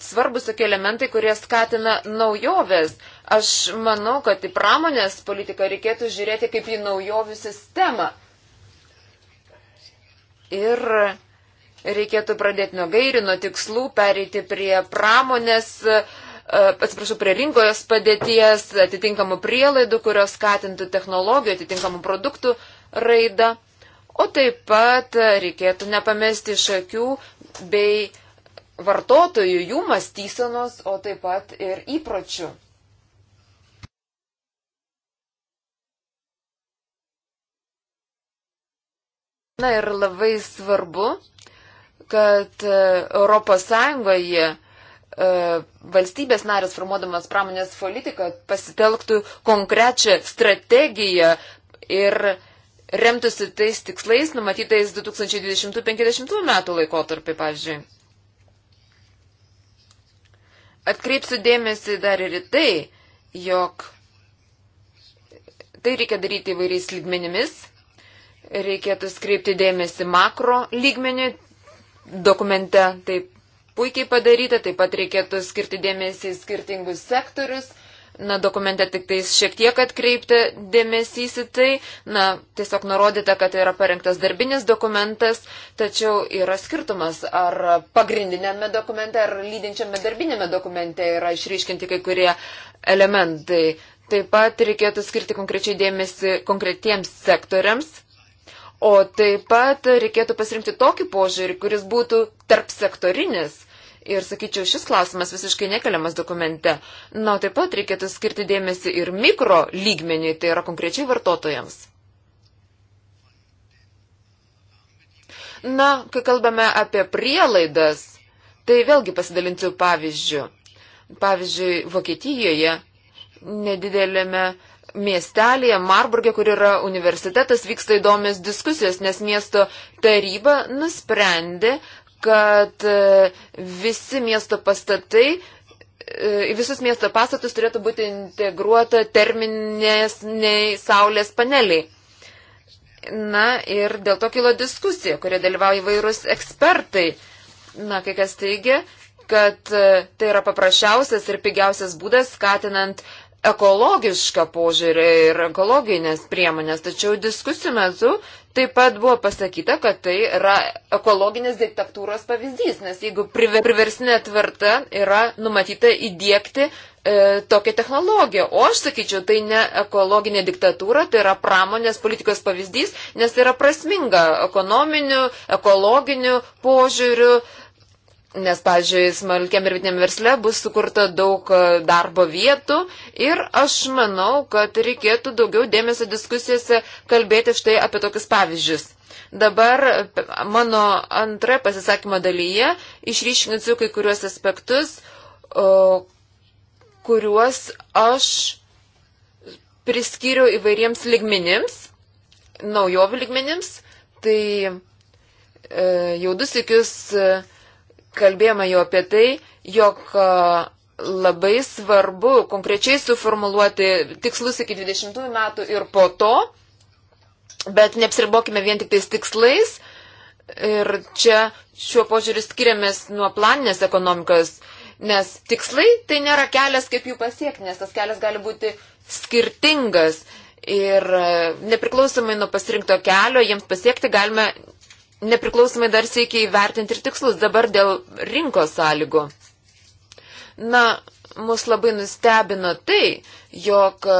S2: svarbus tokie elementai, kurie skatina naujoves. Aš manau, kad į pramonės politiką reikėtų žiūrėti kaip į naujovių sistemą. Ir reikėtų pradėti nuo gairių, nuo tikslų, pereiti prie pramonės uh, atsiprašau, prie rinkos padėties, atitinkamų prielaidų, kurios skatintų technologijų, atitinkamų produktų raidą. O taip pat reikėtų nepamesti iš akių bei vartotojų, jų mąstysenos, o taip pat ir įpročių. Na ir labai svarbu, kad ES E, valstybės narės formuodamas pramonės politiką pasitelktų konkrečią strategiją ir remtųsi tais tikslais numatytais 2020-2050 metų laikotarpį, pavyzdžiui. Atkreipsiu dėmesį dar ir į tai, jog tai reikia daryti įvairiais lygmenimis. Reikėtų skreipti dėmesį makro lygmenį. Dokumente taip puikiai padaryta, taip pat reikėtų skirti dėmesį į skirtingus sektorius. Na, dokumente tik tais šiek tiek atkreipti dėmesys į tai. Na, tiesiog nurodyta, kad yra parengtas darbinis dokumentas, tačiau yra skirtumas, ar pagrindinėme dokumente, ar lydinčiame darbinėme dokumente yra išryškinti kai kurie elementai. Taip pat reikėtų skirti konkrečiai dėmesį konkretiems sektoriams. O taip pat reikėtų pasirinkti tokį požiūrį, kuris būtų tarp sektorinis. Ir sakyčiau, šis klausimas visiškai nekeliamas dokumente. Na, taip pat reikėtų skirti dėmesį ir mikro lygmeniui, tai yra konkrečiai vartotojams. Na, kai kalbame apie prielaidas, tai vėlgi pasidalinsiu pavyzdžių. Pavyzdžiui, Vokietijoje nedidelėme miestelėje, Marburgė, kur yra universitetas, vyksta įdomios diskusijos, nes miesto taryba nusprendė, kad e, visi miesto pastatai, e, į visus miesto pastatus turėtų būti integruota terminėsniai saulės paneliai. Na ir dėl to kilo diskusija, kurioje dalyvauja įvairūs ekspertai. Na, kai kas teigia, kad e, tai yra paprasčiausias ir pigiausias būdas skatinant ekologišką požiūrį ir ekologinės priemonės. Tačiau diskusijų metu Taip pat buvo pasakyta, kad tai yra ekologinės diktatūros pavyzdys, nes jeigu priversinė tvirta yra numatyta įdėkti e, tokią technologiją, o aš sakyčiau, tai ne ekologinė diktatūra, tai yra pramonės politikos pavyzdys, nes tai yra prasminga ekonominių, ekologinių požiūrių, Nes, pažiūrėjau, smulkiam ir vidiniam versle bus sukurta daug e, darbo vietų ir aš manau, kad reikėtų daugiau dėmesio diskusijose kalbėti štai apie tokius pavyzdžius. Dabar e, mano antra pasisakymo dalyje išryškinsiu kai kuriuos aspektus, o, kuriuos aš priskyriau įvairiems ligmenims, naujovių ligmenims. Tai e, jau du sėkius. E, kalbėjome jau apie tai, jog labai svarbu konkrečiai suformuluoti tikslus iki 20 metų ir po to, bet neapsiribokime vien tik tais tikslais. Ir čia šiuo požiūriu skiriamės nuo planinės ekonomikos, nes tikslai tai nėra kelias, kaip jų pasiekti, nes tas kelias gali būti skirtingas. Ir e, nepriklausomai nuo pasirinkto kelio, jiems pasiekti galime nepriklausomai dar sėkiai vertinti ir tikslus dabar dėl rinkos sąlygų. Na, mus labai nustebino tai, jog e,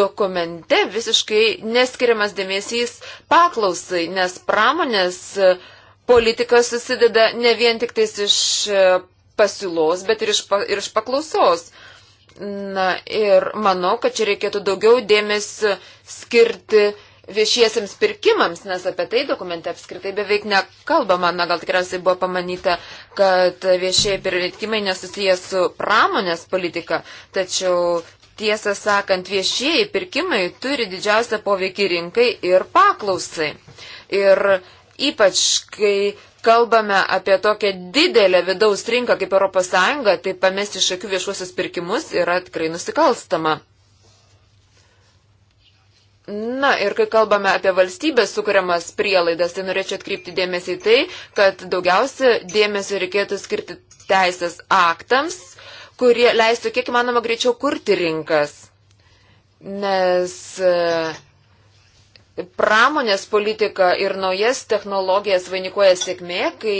S2: dokumente visiškai neskiriamas dėmesys paklausai, nes pramonės e, politika susideda ne vien tik tais iš e, pasiūlos, bet ir iš, ir iš paklausos. Na ir manau, kad čia reikėtų daugiau dėmesio skirti viešiesiams pirkimams, nes apie tai dokumente apskritai beveik nekalbama. Na, gal tikriausiai buvo pamanyta, kad viešieji pirkimai nesusijęs su pramonės politika, tačiau tiesą sakant, viešieji pirkimai turi didžiausią poveikį rinkai ir paklausai. Ir ypač, kai kalbame apie tokią didelę vidaus rinką kaip ES, tai pamesti iš akių viešuosius pirkimus yra tikrai nusikalstama. Na ir kai kalbame apie valstybės sukūriamas prielaidas, tai norėčiau atkreipti dėmesį į tai, kad daugiausia dėmesio reikėtų skirti teisės aktams, kurie leistų kiek įmanoma greičiau kurti rinkas. Nes e, pramonės politika ir naujas technologijas vainikuoja sėkmė, kai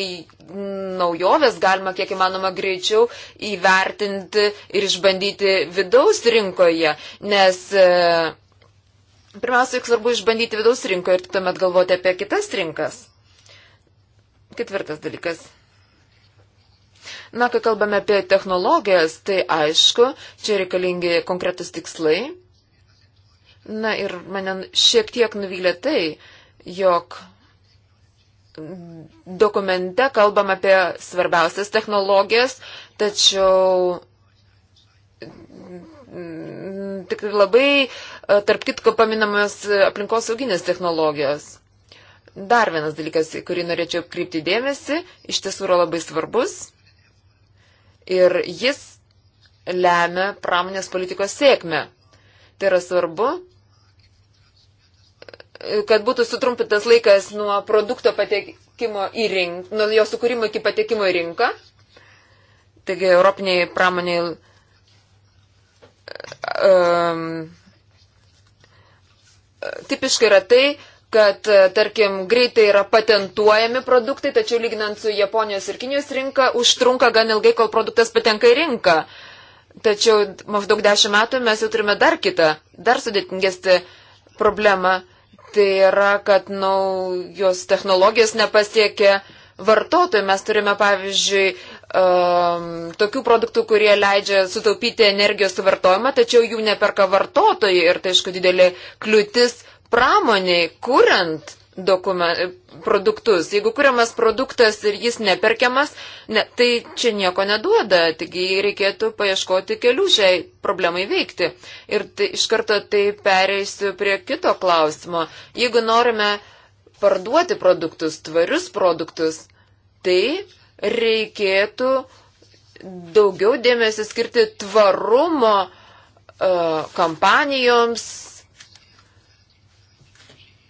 S2: naujoves galima kiek įmanoma greičiau įvertinti ir išbandyti vidaus rinkoje. Nes e, Pirmiausia, juk svarbu išbandyti vidaus rinką ir tuomet galvoti apie kitas rinkas. Ketvirtas dalykas. Na, kai kalbame apie technologijas, tai aišku, čia reikalingi konkretus tikslai. Na ir mane šiek tiek nuvylė tai, jog dokumente kalbam apie svarbiausias technologijas, tačiau mm, tik labai E, tarp kitko paminamas e, aplinkos sauginės technologijos. Dar vienas dalykas, kurį norėčiau krypti dėmesį, iš tiesų yra labai svarbus ir jis lemia pramonės politikos sėkmę. Tai yra svarbu, e, kad būtų sutrumpintas laikas nuo produkto patekimo į rinką, nuo jo sukūrimo iki patekimo į rinką. Taigi, europiniai pramoniai um, tipiškai yra tai, kad, e, tarkim, greitai yra patentuojami produktai, tačiau lyginant su Japonijos ir Kinijos rinka, užtrunka gan ilgai, kol produktas patenka į rinką. Tačiau maždaug dešimt metų mes jau turime dar kitą, dar sudėtingesnį problemą. Tai yra, kad naujos technologijos nepasiekia vartotojų. Mes turime, pavyzdžiui, um, tokių produktų, kurie leidžia sutaupyti energijos suvartojimą, tačiau jų neperka vartotojai ir tai, aišku, didelė kliūtis pramoniai, kuriant produktus. Jeigu kuriamas produktas ir jis neperkiamas, ne, tai čia nieko neduoda, taigi reikėtų paieškoti kelių šiai problemai veikti. Ir tai, iš karto tai pereisiu prie kito klausimo. Jeigu norime parduoti produktus, tvarius produktus, tai reikėtų daugiau dėmesio skirti tvarumo uh, kampanijoms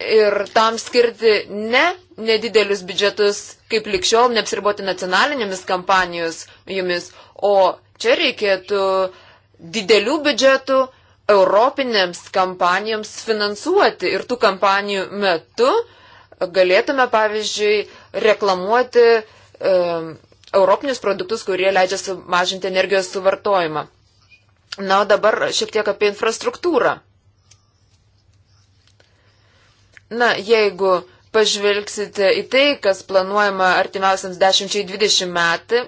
S2: ir tam skirti ne nedidelius biudžetus, kaip likščiol, neapsiriboti nacionalinėmis kampanijomis, o čia reikėtų didelių biudžetų europinėms kampanijoms finansuoti ir tų kampanijų metu galėtume, pavyzdžiui, reklamuoti uh, um, europinius produktus, kurie leidžia sumažinti energijos suvartojimą. Na, o dabar šiek tiek apie infrastruktūrą. Na, jeigu pažvelgsite į tai, kas planuojama artimiausiams 10-20 metų,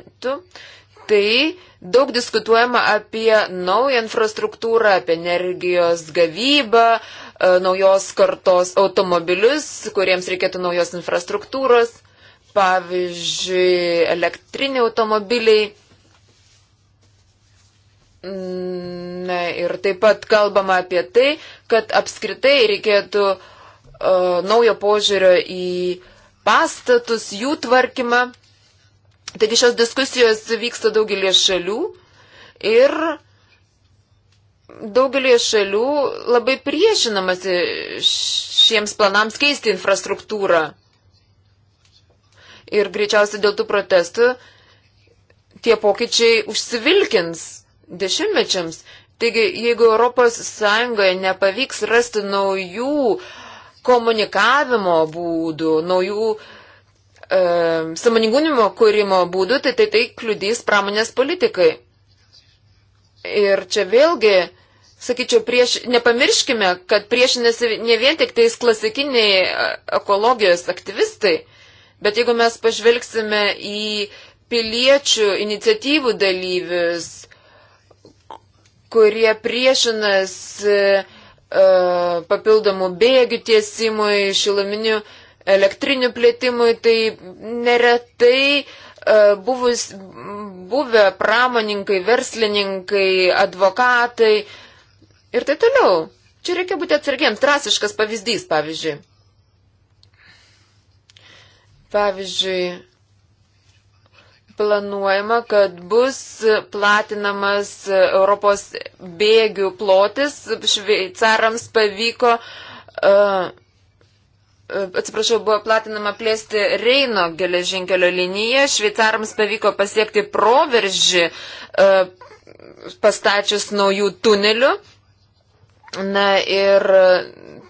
S2: tai daug diskutuojama apie naują infrastruktūrą, apie energijos gavybą, e, naujos kartos automobilius, kuriems reikėtų naujos infrastruktūros pavyzdžiui, elektriniai automobiliai. Na, ir taip pat kalbama apie tai, kad apskritai reikėtų uh, naujo požiūrio į pastatus, jų tvarkymą. Taigi šios diskusijos vyksta daugelie šalių ir daugelie šalių labai priešinamasi šiems planams keisti infrastruktūrą ir greičiausiai dėl tų protestų tie pokyčiai užsivilkins dešimtmečiams. Taigi, jeigu ES nepavyks rasti naujų komunikavimo būdų, naujų e, samoningumo kūrimo būdų, tai tai, tai kliudys pramonės politikai. Ir čia vėlgi, sakyčiau, prieš, nepamirškime, kad priešinasi ne vien tik tais klasikiniai e, ekologijos aktyvistai, Bet jeigu mes pažvelgsime į piliečių iniciatyvų dalyvius, kurie priešinas uh, e, papildomų bėgių tiesimui, šiluminių elektrinių plėtimui, tai neretai uh, buvus, buvę pramoninkai, verslininkai, advokatai ir tai toliau. Čia reikia būti atsargiems. Trasiškas pavyzdys, pavyzdžiui. Pavyzdžiui, planuojama, kad bus platinamas Europos bėgių plotis. Šveicarams pavyko, uh, atsiprašau, buvo platinama plėsti Reino geležinkelio liniją. Šveicarams pavyko pasiekti proveržį uh, e, pastatčius naujų tunelių. Na ir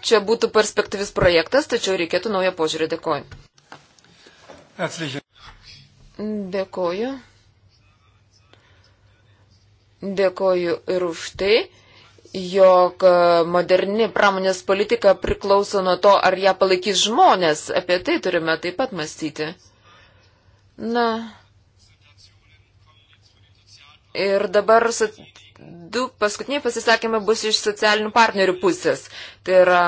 S2: čia būtų perspektyvis projektas, tačiau reikėtų naujo požiūrį. Dėkuoju. Dėkoju. Dėkoju ir už tai, jog e, moderni pramonės politika priklauso nuo to, ar ją palaikys žmonės. Apie tai turime taip pat mąstyti. Na. Ir dabar du paskutiniai pasisakymai bus iš socialinių partnerių pusės. Tai yra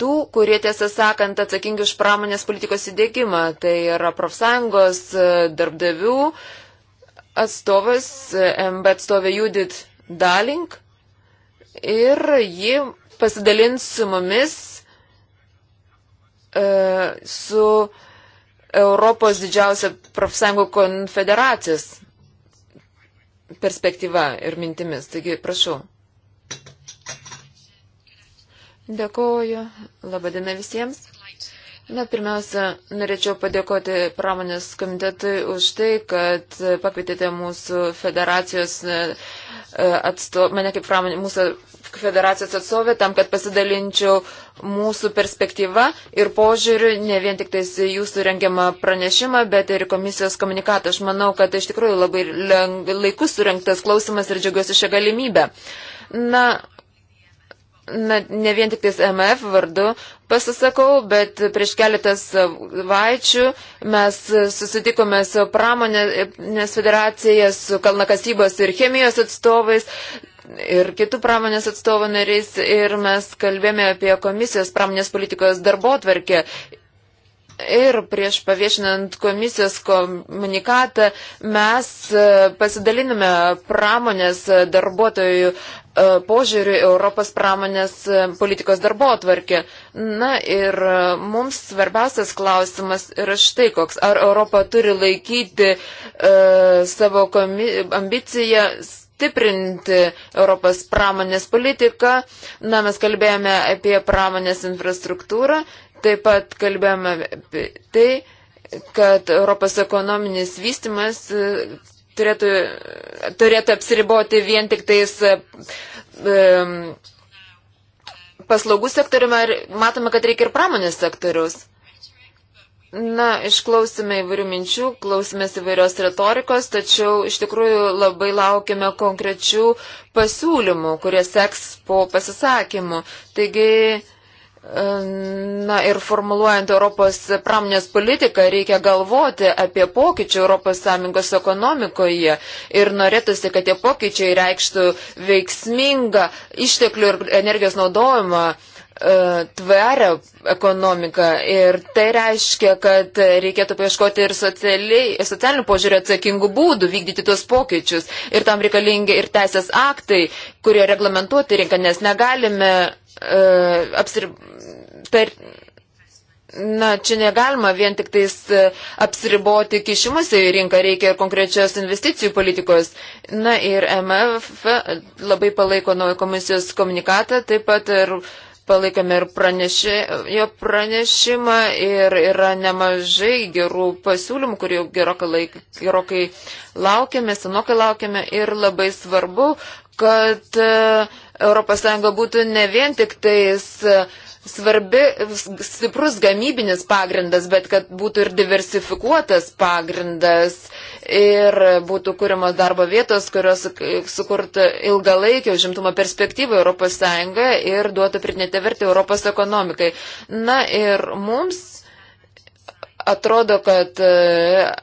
S2: tų, kurie tiesą sakant atsakingi už pramonės politikos įdėgymą. Tai yra profsąjungos e, darbdavių atstovas, e, MB atstovė Judith Dalink. Ir ji pasidalins su mumis, e, su Europos didžiausia profsąjungų konfederacijos perspektyva ir mintimis. Taigi, prašau. Dėkoju. Labadiena visiems. Na, pirmiausia, norėčiau padėkoti pramonės komitetui už tai, kad pakvietėte mūsų federacijos e, e, atstovę, mane kaip pramonė, mūsų federacijos atstovę, tam, kad pasidalinčiau mūsų perspektyvą ir požiūriu, ne vien tik tais jūsų rengiamą pranešimą, bet ir komisijos komunikatą. Aš manau, kad iš tikrųjų labai laikus surinktas klausimas ir džiaugiuosi šią galimybę. Na, na, ne vien tik tais MF vardu pasisakau, bet prieš keletas vaičių mes susitikome su pramonės federacija, su kalnakasybos ir chemijos atstovais ir kitų pramonės atstovų nariais ir mes kalbėjome apie komisijos pramonės politikos darbo tvarkę ir prieš paviešinant komisijos komunikatą mes e, pasidaliname pramonės e, darbuotojų e, požiūrių Europos pramonės politikos darbo atvarkė. Na ir mums svarbiausias klausimas yra štai koks. Ar Europa turi laikyti uh, savo ambiciją stiprinti Europos pramonės politiką. Na, mes kalbėjome apie pramonės infrastruktūrą Taip pat kalbėjome apie tai, kad Europos ekonominis vystimas e, turėtų, turėtų apsiriboti vien tik tais um, paslaugų sektoriumi ir matome, kad reikia ir pramonės sektoriaus. Na, išklausime įvairių minčių, klausimės įvairios retorikos, tačiau iš tikrųjų labai laukime konkrečių pasiūlymų, kurie seks po pasisakymų. Taigi, Na ir formuluojant Europos pramonės politiką reikia galvoti apie pokyčių ES ekonomikoje ir norėtųsi, kad tie pokyčiai reikštų veiksmingą išteklių ir energijos naudojimą e, tvarę ekonomiką ir tai reiškia, kad reikėtų paieškoti ir socialinių požiūrį atsakingų būdų vykdyti tuos pokyčius ir tam reikalingi ir teisės aktai, kurie reglamentuoti rinką, nes negalime uh, apsir... per na, čia negalima vien tik tais e, apsiriboti kišimus į rinką, reikia ir konkrečios investicijų politikos. Na ir MF labai palaiko naujo komisijos komunikatą, taip pat ir palaikome ir pranešė, jo pranešimą ir yra nemažai gerų pasiūlymų, kurių gerokai, laik, gerokai laukiame, senokai laukiame ir labai svarbu, kad uh, ES būtų ne vien tik tais e, svarbi, stiprus gamybinis pagrindas, bet kad būtų ir diversifikuotas pagrindas ir būtų kūrimos darbo vietos, kurios sukurtų ilgalaikio užimtumo perspektyvą ES ir duotų pridėtę vertę Europos ekonomikai. Na ir mums Atrodo, kad e,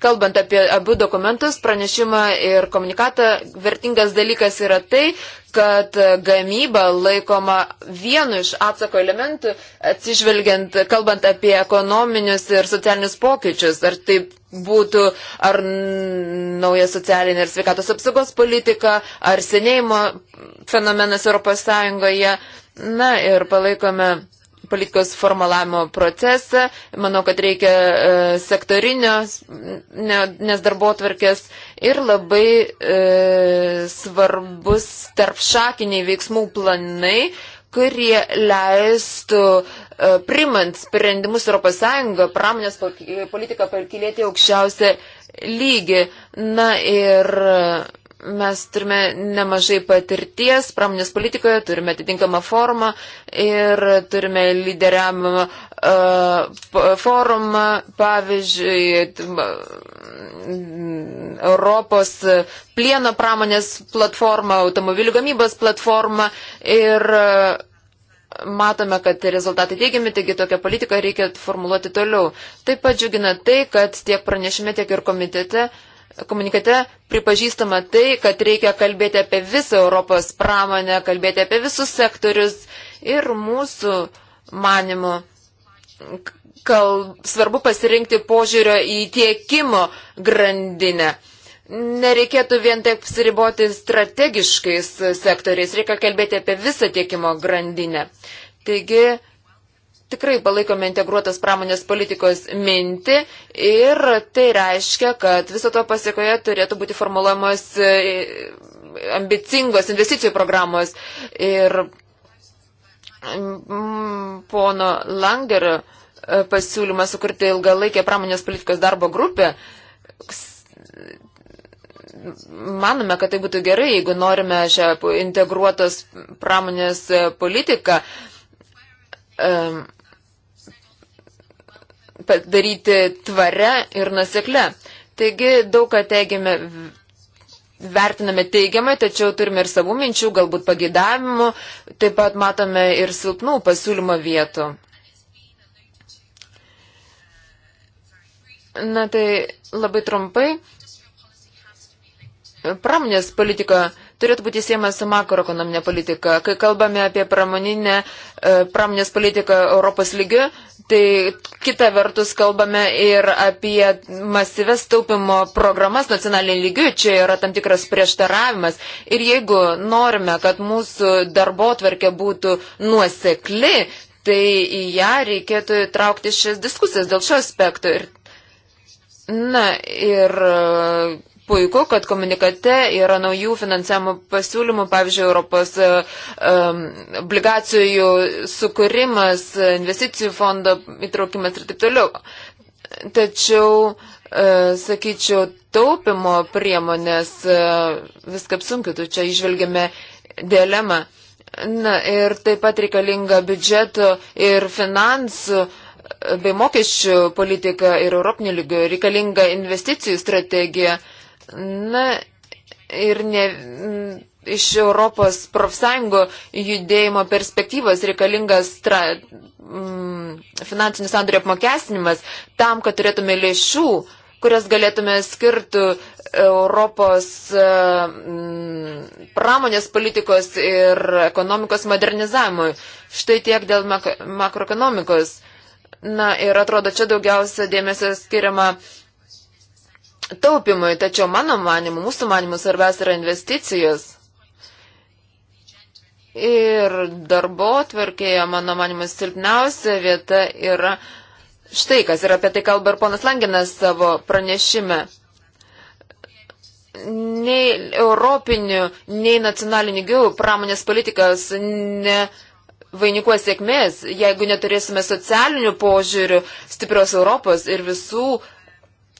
S2: kalbant apie abu dokumentus, pranešimą ir komunikatą, vertingas dalykas yra tai, kad gamyba laikoma vienu iš atsako elementų, atsižvelgiant, kalbant apie ekonominius ir socialinius pokyčius. Ar taip būtų, ar nauja socialinė ir sveikatos apsaugos politika, ar senėjimo fenomenas Europos Sąjungoje. Na ir palaikome politikos formalavimo procesą. Manau, kad reikia e, sektorinio, ne, nes darbo tvarkės ir labai e, svarbus tarpšakiniai veiksmų planai, kurie leistų e, primant sprendimus ES pramonės politiką pakilėti aukščiausią lygį. Na ir. E, Mes turime nemažai patirties, pramonės politikoje turime atitinkamą formą ir turime lyderiamą uh, forumą, pavyzdžiui, Europos plieno pramonės platformą, automobilių gamybos platformą ir uh, matome, kad rezultatai teigiami, taigi tokią politiką reikia formuluoti toliau. Taip pat džiugina tai, kad tiek pranešime, tiek ir komitete uh, komunikate pripažįstama tai, kad reikia kalbėti apie visą Europos pramonę, kalbėti apie visus sektorius ir mūsų manimo. Kal, svarbu pasirinkti požiūrio į tiekimo grandinę. Nereikėtų vien taip apsiriboti strategiškais sektoriais, reikia kalbėti apie visą tiekimo grandinę. Taigi, tikrai palaikome integruotas pramonės politikos mintį ir tai reiškia, kad viso to pasiekoje turėtų būti formuluojamos e, ambicingos investicijų programos. Ir mm, pono Langerio e, pasiūlymas sukurti ilgalaikę pramonės politikos darbo grupę manome, kad tai būtų gerai, jeigu norime šią integruotos pramonės e, politiką um, padaryti tvare ir nusekle. Taigi daug ką teigiame, vertiname teigiamai, tačiau turime ir savų minčių, galbūt pagėdavimų, taip pat matome ir silpnų pasiūlymo vietų. Na tai labai trumpai. Pramonės politika turėtų būti siejamas su makroekonominė politika. Kai kalbame apie pramoninę, e, pramonės politiką Europos lygių, tai kita vertus kalbame ir apie masyves taupimo programas nacionalinių lygių. Čia yra tam tikras prieštaravimas. Ir jeigu norime, kad mūsų darbo tvarkė būtų nuosekli, tai į ją reikėtų traukti šias diskusijas dėl šio aspektų. Ir, na, ir Puiku, kad komunikate yra naujų finansavimo pasiūlymų, pavyzdžiui, Europos um, obligacijų sukūrimas, investicijų fondo įtraukimas ir taip toliau. Tačiau, uh, sakyčiau, taupimo priemonės uh, viską apsunkintų, čia išvelgiame dilemą. Na ir taip pat reikalinga biudžeto ir finansų uh, bei mokesčių politika ir europinių lygių reikalinga investicijų strategija. Uh, Na ir ne, iš Europos profsąjungo judėjimo perspektyvos reikalingas tra, mm, finansinių sandorių apmokestinimas tam, kad turėtume lėšų, kurias galėtume skirti Europos e, mm, pramonės politikos ir ekonomikos modernizavimui. Štai tiek dėl mak makroekonomikos. Na ir atrodo, čia daugiausia dėmesio skiriama taupimui, tačiau mano manimu, mūsų manimu svarbiausia yra investicijos. Ir darbo tvarkėje, mano manimu, silpniausia vieta yra štai kas. Ir apie tai kalba ir ponas Langinas savo pranešime. Nei europinių, nei nacionalinių gių pramonės politikas ne vainikuos sėkmės, jeigu neturėsime socialinių požiūrių stiprios Europos ir visų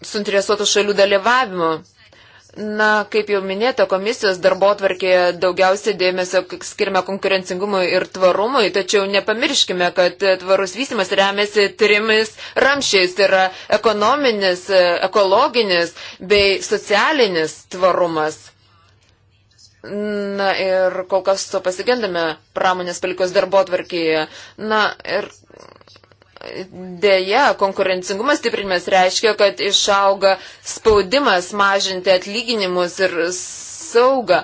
S2: suinteresuotų šalių dalyvavimu. Na, kaip jau minėta, komisijos darbo tvarkėje daugiausiai dėmesio skirime konkurencingumui ir tvarumui, tačiau nepamirškime, kad tvarus vystimas remiasi trimis ramšiais - tai yra ekonominis, ekologinis bei socialinis tvarumas. Na ir kol kas to pasigendame pramonės palikos darbo tvarkėje. Na ir Deja, konkurencingumas stiprinimas reiškia, kad išauga spaudimas mažinti atlyginimus ir saugą.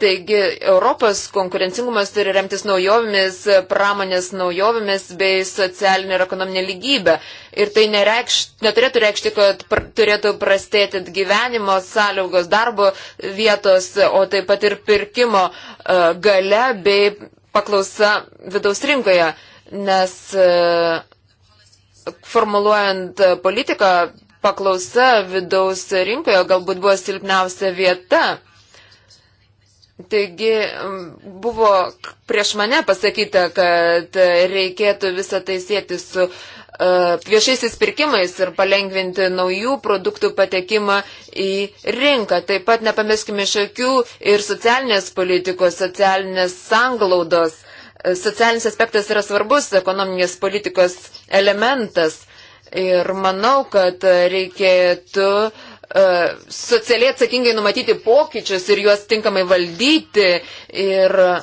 S2: Taigi Europos konkurencingumas turi remtis naujovimis, pramonės naujovimis bei socialinė ir ekonominė lygybė. Ir tai nereikš, neturėtų reikšti, kad pr turėtų prastėti gyvenimo sąlygos darbo vietos, o taip pat ir pirkimo uh, gale bei paklausa vidaus rinkoje. Nes uh, formuluojant politiką, paklausa vidaus rinkoje galbūt buvo silpniausia vieta. Taigi buvo prieš mane pasakyta, kad reikėtų visą tai sėti su uh, viešaisiais pirkimais ir palengvinti naujų produktų patekimą į rinką. Taip pat nepamirškime iš akių ir socialinės politikos, socialinės sanglaudos. Uh, socialinis aspektas yra svarbus ekonominės politikos elementas. Ir manau, kad reikėtų e, socialiai atsakingai numatyti pokyčius ir juos tinkamai valdyti. Ir e,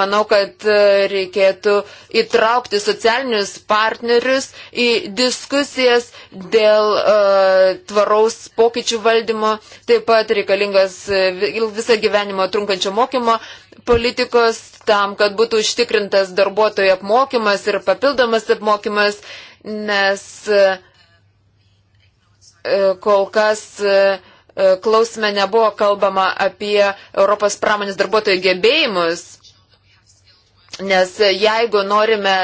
S2: manau, kad e, reikėtų įtraukti socialinius partnerius į diskusijas dėl uh, tvaraus pokyčių valdymo. Taip pat reikalingas visą gyvenimo trunkančio mokymo politikos tam, kad būtų užtikrintas darbuotojų apmokymas ir papildomas apmokymas, nes e, kol kas e, e, klausime nebuvo kalbama apie Europos pramonės darbuotojų gebėjimus, nes jeigu norime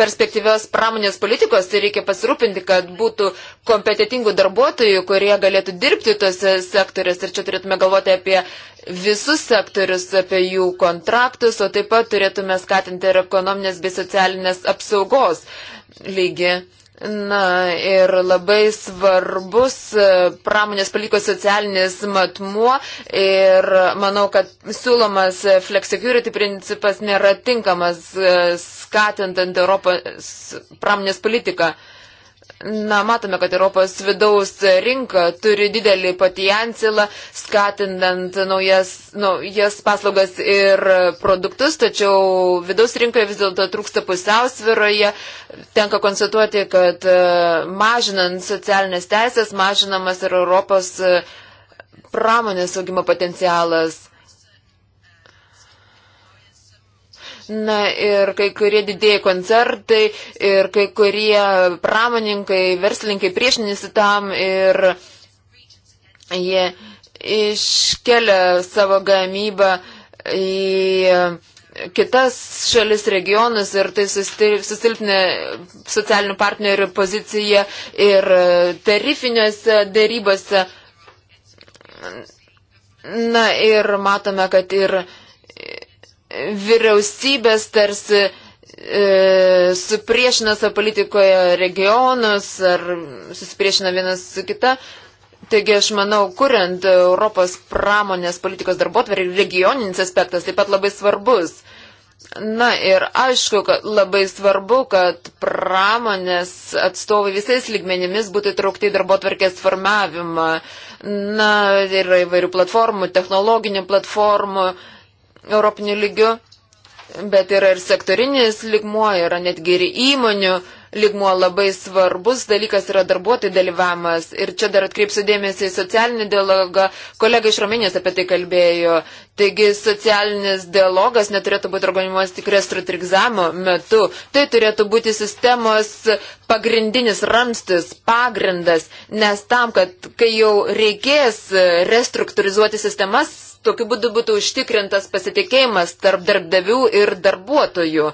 S2: perspektyvios pramonės politikos, tai reikia pasirūpinti, kad būtų kompetitingų darbuotojų, kurie galėtų dirbti tose sektoriuose. Ir čia turėtume galvoti apie visus sektorius, apie jų kontraktus, o taip pat turėtume skatinti ir ekonominės bei socialinės apsaugos lygį. Na ir labai svarbus e, pramonės palikos socialinis matmuo ir manau, kad siūlomas flexicurity principas nėra tinkamas e, skatintant Europos pramonės politiką. Na, matome, kad Europos vidaus rinka turi didelį patijancilą, skatinant naujas, naujas paslaugas ir produktus, tačiau vidaus rinkoje vis dėlto trūksta pusiausviroje. Tenka konstatuoti, kad e, mažinant socialinės teisės, mažinamas ir Europos e, pramonės augimo potencialas. Na ir kai kurie didėjai koncertai ir kai kurie pramoninkai, verslininkai priešinasi tam ir jie iškelia savo gamybą į kitas šalis regionus ir tai susilpnė socialinių partnerių poziciją ir tarifiniuose dėrybose. Na ir matome, kad ir vyriausybės tarsi e, supriešina savo politikoje regionus ar susipriešina vienas su kita. Taigi aš manau, kuriant Europos pramonės politikos darbotvarį, regioninis aspektas taip pat labai svarbus. Na ir aišku, kad labai svarbu, kad pramonės atstovai visais lygmenimis būtų įtraukti į darbo tvarkės formavimą. Na, yra įvairių platformų, technologinių platformų, uh, europinių lygių, bet yra ir sektorinis ligmuo, yra netgi ir įmonių ligmuo labai svarbus dalykas yra darbuotojų dalyvavimas. Ir čia dar atkreipsiu dėmesį į socialinį dialogą. Kolega iš Rominės apie tai kalbėjo. Taigi socialinis dialogas neturėtų būti organizuojamas tik restruktūrizavimo metu. Tai turėtų būti sistemos pagrindinis ramstis, pagrindas, nes tam, kad kai jau reikės restruktūrizuoti sistemas, tokiu būdu būtų užtikrintas pasitikėjimas tarp darbdavių ir darbuotojų.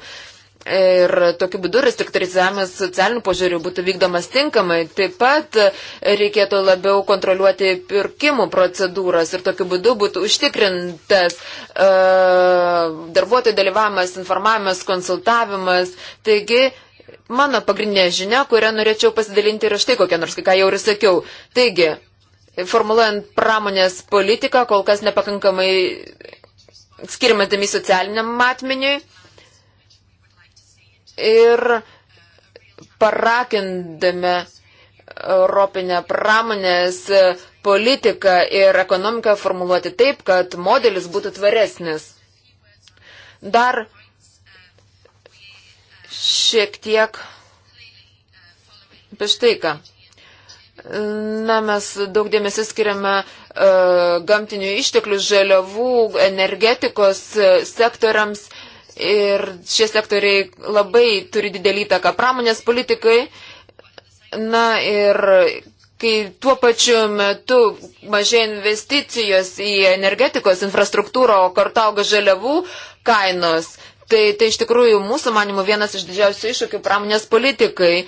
S2: Ir tokiu būdu restriktorizavimas socialinių požiūrių būtų vykdomas tinkamai. Taip pat reikėtų labiau kontroliuoti pirkimų procedūras ir tokiu būdu būtų užtikrintas uh, darbuotojų dalyvavimas, informavimas, konsultavimas. Taigi, mano pagrindinė žinia, kurią norėčiau pasidalinti ir aš tai kokią nors, ką jau ir sakiau. Taigi, formuluojant pramonės politiką, kol kas nepakankamai skiriama dėmi socialiniam matmeniui. Ir parakindami Europinę pramonės politiką ir ekonomiką formuluoti taip, kad modelis būtų tvaresnis. Dar šiek tiek apie štai ką. Na, mes daug dėmesį skiriame e, gamtinių išteklių, žaliavų, energetikos e, sektoriams ir šie sektoriai labai turi didelį įtaką pramonės politikai. Na ir kai tuo pačiu metu mažai investicijos į energetikos infrastruktūrą, o kartu auga žaliavų kainos, tai, tai iš tikrųjų mūsų manimų vienas iš didžiausių iššūkių pramonės politikai.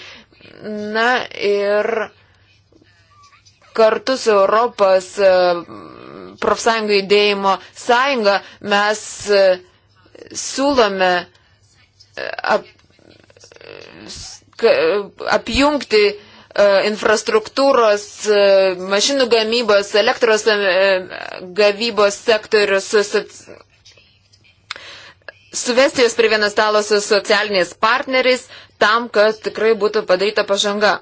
S2: Na ir kartu su Europos e, profsąjungų judėjimo sąjunga mes e, siūlome e, ap, apjungti infrastruktūros, mašinų gamybos, elektros gavybos sektorius su, suvesti juos prie vieno stalo su socialiniais partneriais tam, kad tikrai būtų padaryta pažanga.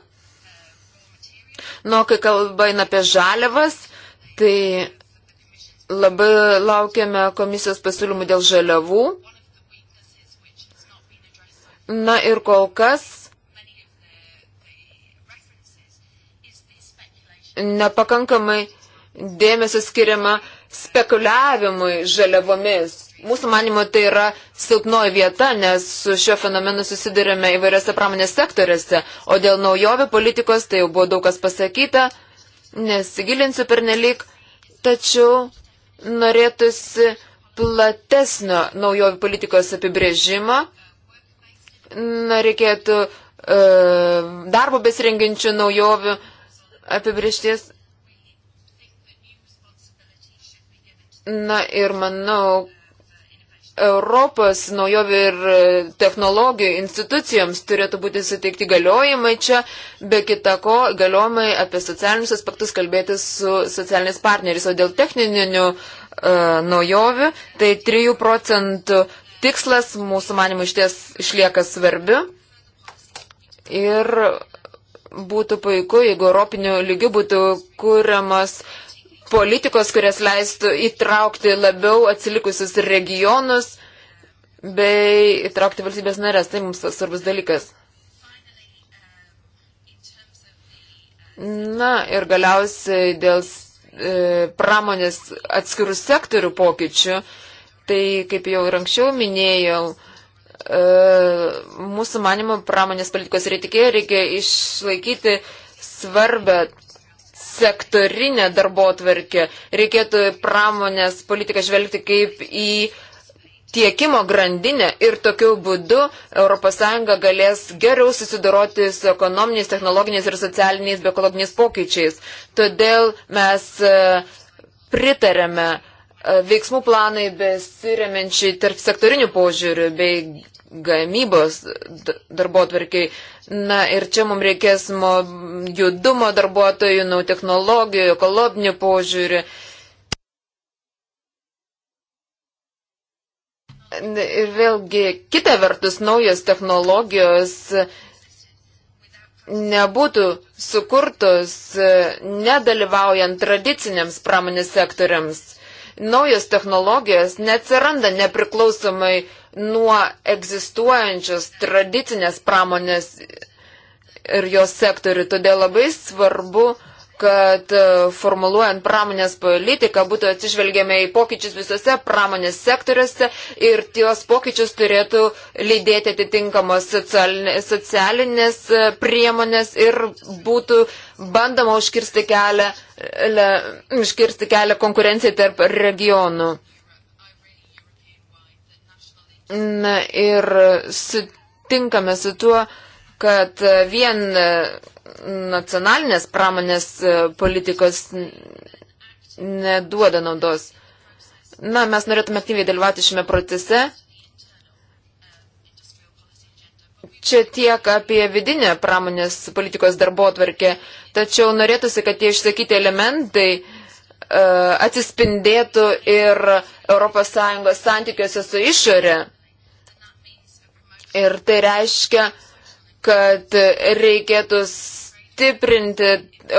S2: Nu, kai kalba eina apie žaliavas, tai labai laukiame komisijos pasiūlymų dėl žaliavų. Na ir kol kas nepakankamai dėmesio skiriama spekuliavimui žaliavomis. Mūsų manimo tai yra silpnoji vieta, nes su šio fenomenu susidurėme įvairiose pramonės sektoriuose, o dėl naujovių politikos tai jau buvo daug kas pasakyta, nesigilinsiu per nelik, tačiau norėtųsi platesnio naujovių politikos apibrėžimo, na, reikėtų e, darbo besirenginčių naujovių apibriešties Na ir manau, Europos naujovių ir technologijų institucijoms turėtų būti suteikti galiojimai čia, be kita ko galiojimai apie socialinius aspektus kalbėti su socialiniais partneriais, o dėl techninių e, naujovių, tai 3 procentų tikslas mūsų manimų išties išlieka svarbi ir būtų puiku, jeigu europinių lygių būtų kūriamas uh, politikos, kurias leistų įtraukti labiau atsilikusius regionus bei įtraukti valstybės narės. Tai mums tas svarbus dalykas. Na ir galiausiai dėl e, pramonės atskirų sektorių pokyčių, tai kaip jau ir anksčiau minėjau, e, mūsų manimo pramonės politikos reitikėje reikia išlaikyti svarbę sektorinę darbo tvarkę. Reikėtų pramonės politiką žvelgti kaip į tiekimo grandinę ir tokiu būdu ES galės geriau susidoroti su ekonominiais, technologiniais ir socialiniais bei ekologiniais pokyčiais. Todėl mes e, pritarėme e, veiksmų planai besiremenčiai tarp sektorinių požiūrių bei gamybos darbo atverkiai. Na ir čia mums reikės judumo darbuotojų, nau technologijų, ekologinių požiūrių. Ir vėlgi, kita vertus, naujos technologijos nebūtų sukurtos e, nedalyvaujant tradiciniams pramonės sektoriams. Naujos technologijos neatsiranda nepriklausomai nuo egzistuojančios tradicinės pramonės ir jos sektorių. Todėl labai svarbu, kad e, formuluojant pramonės politiką būtų atsižvelgiama į pokyčius visose pramonės sektoriuose ir tuos pokyčius turėtų lydėti atitinkamos socialinės, socialinės e, priemonės ir būtų bandoma užkirsti kelią, le, užkirsti kelią konkurencijai tarp regionų. Na ir sutinkame su tuo, kad vien nacionalinės pramonės politikos neduoda naudos. Na, mes norėtume aktyviai dalyvauti šiame procese. Čia tiek apie vidinę pramonės politikos darbo atvarkę, tačiau norėtųsi, kad tie išsakyti elementai uh, atsispindėtų ir ES santykiuose su išorė. Ir tai reiškia, kad reikėtų stiprinti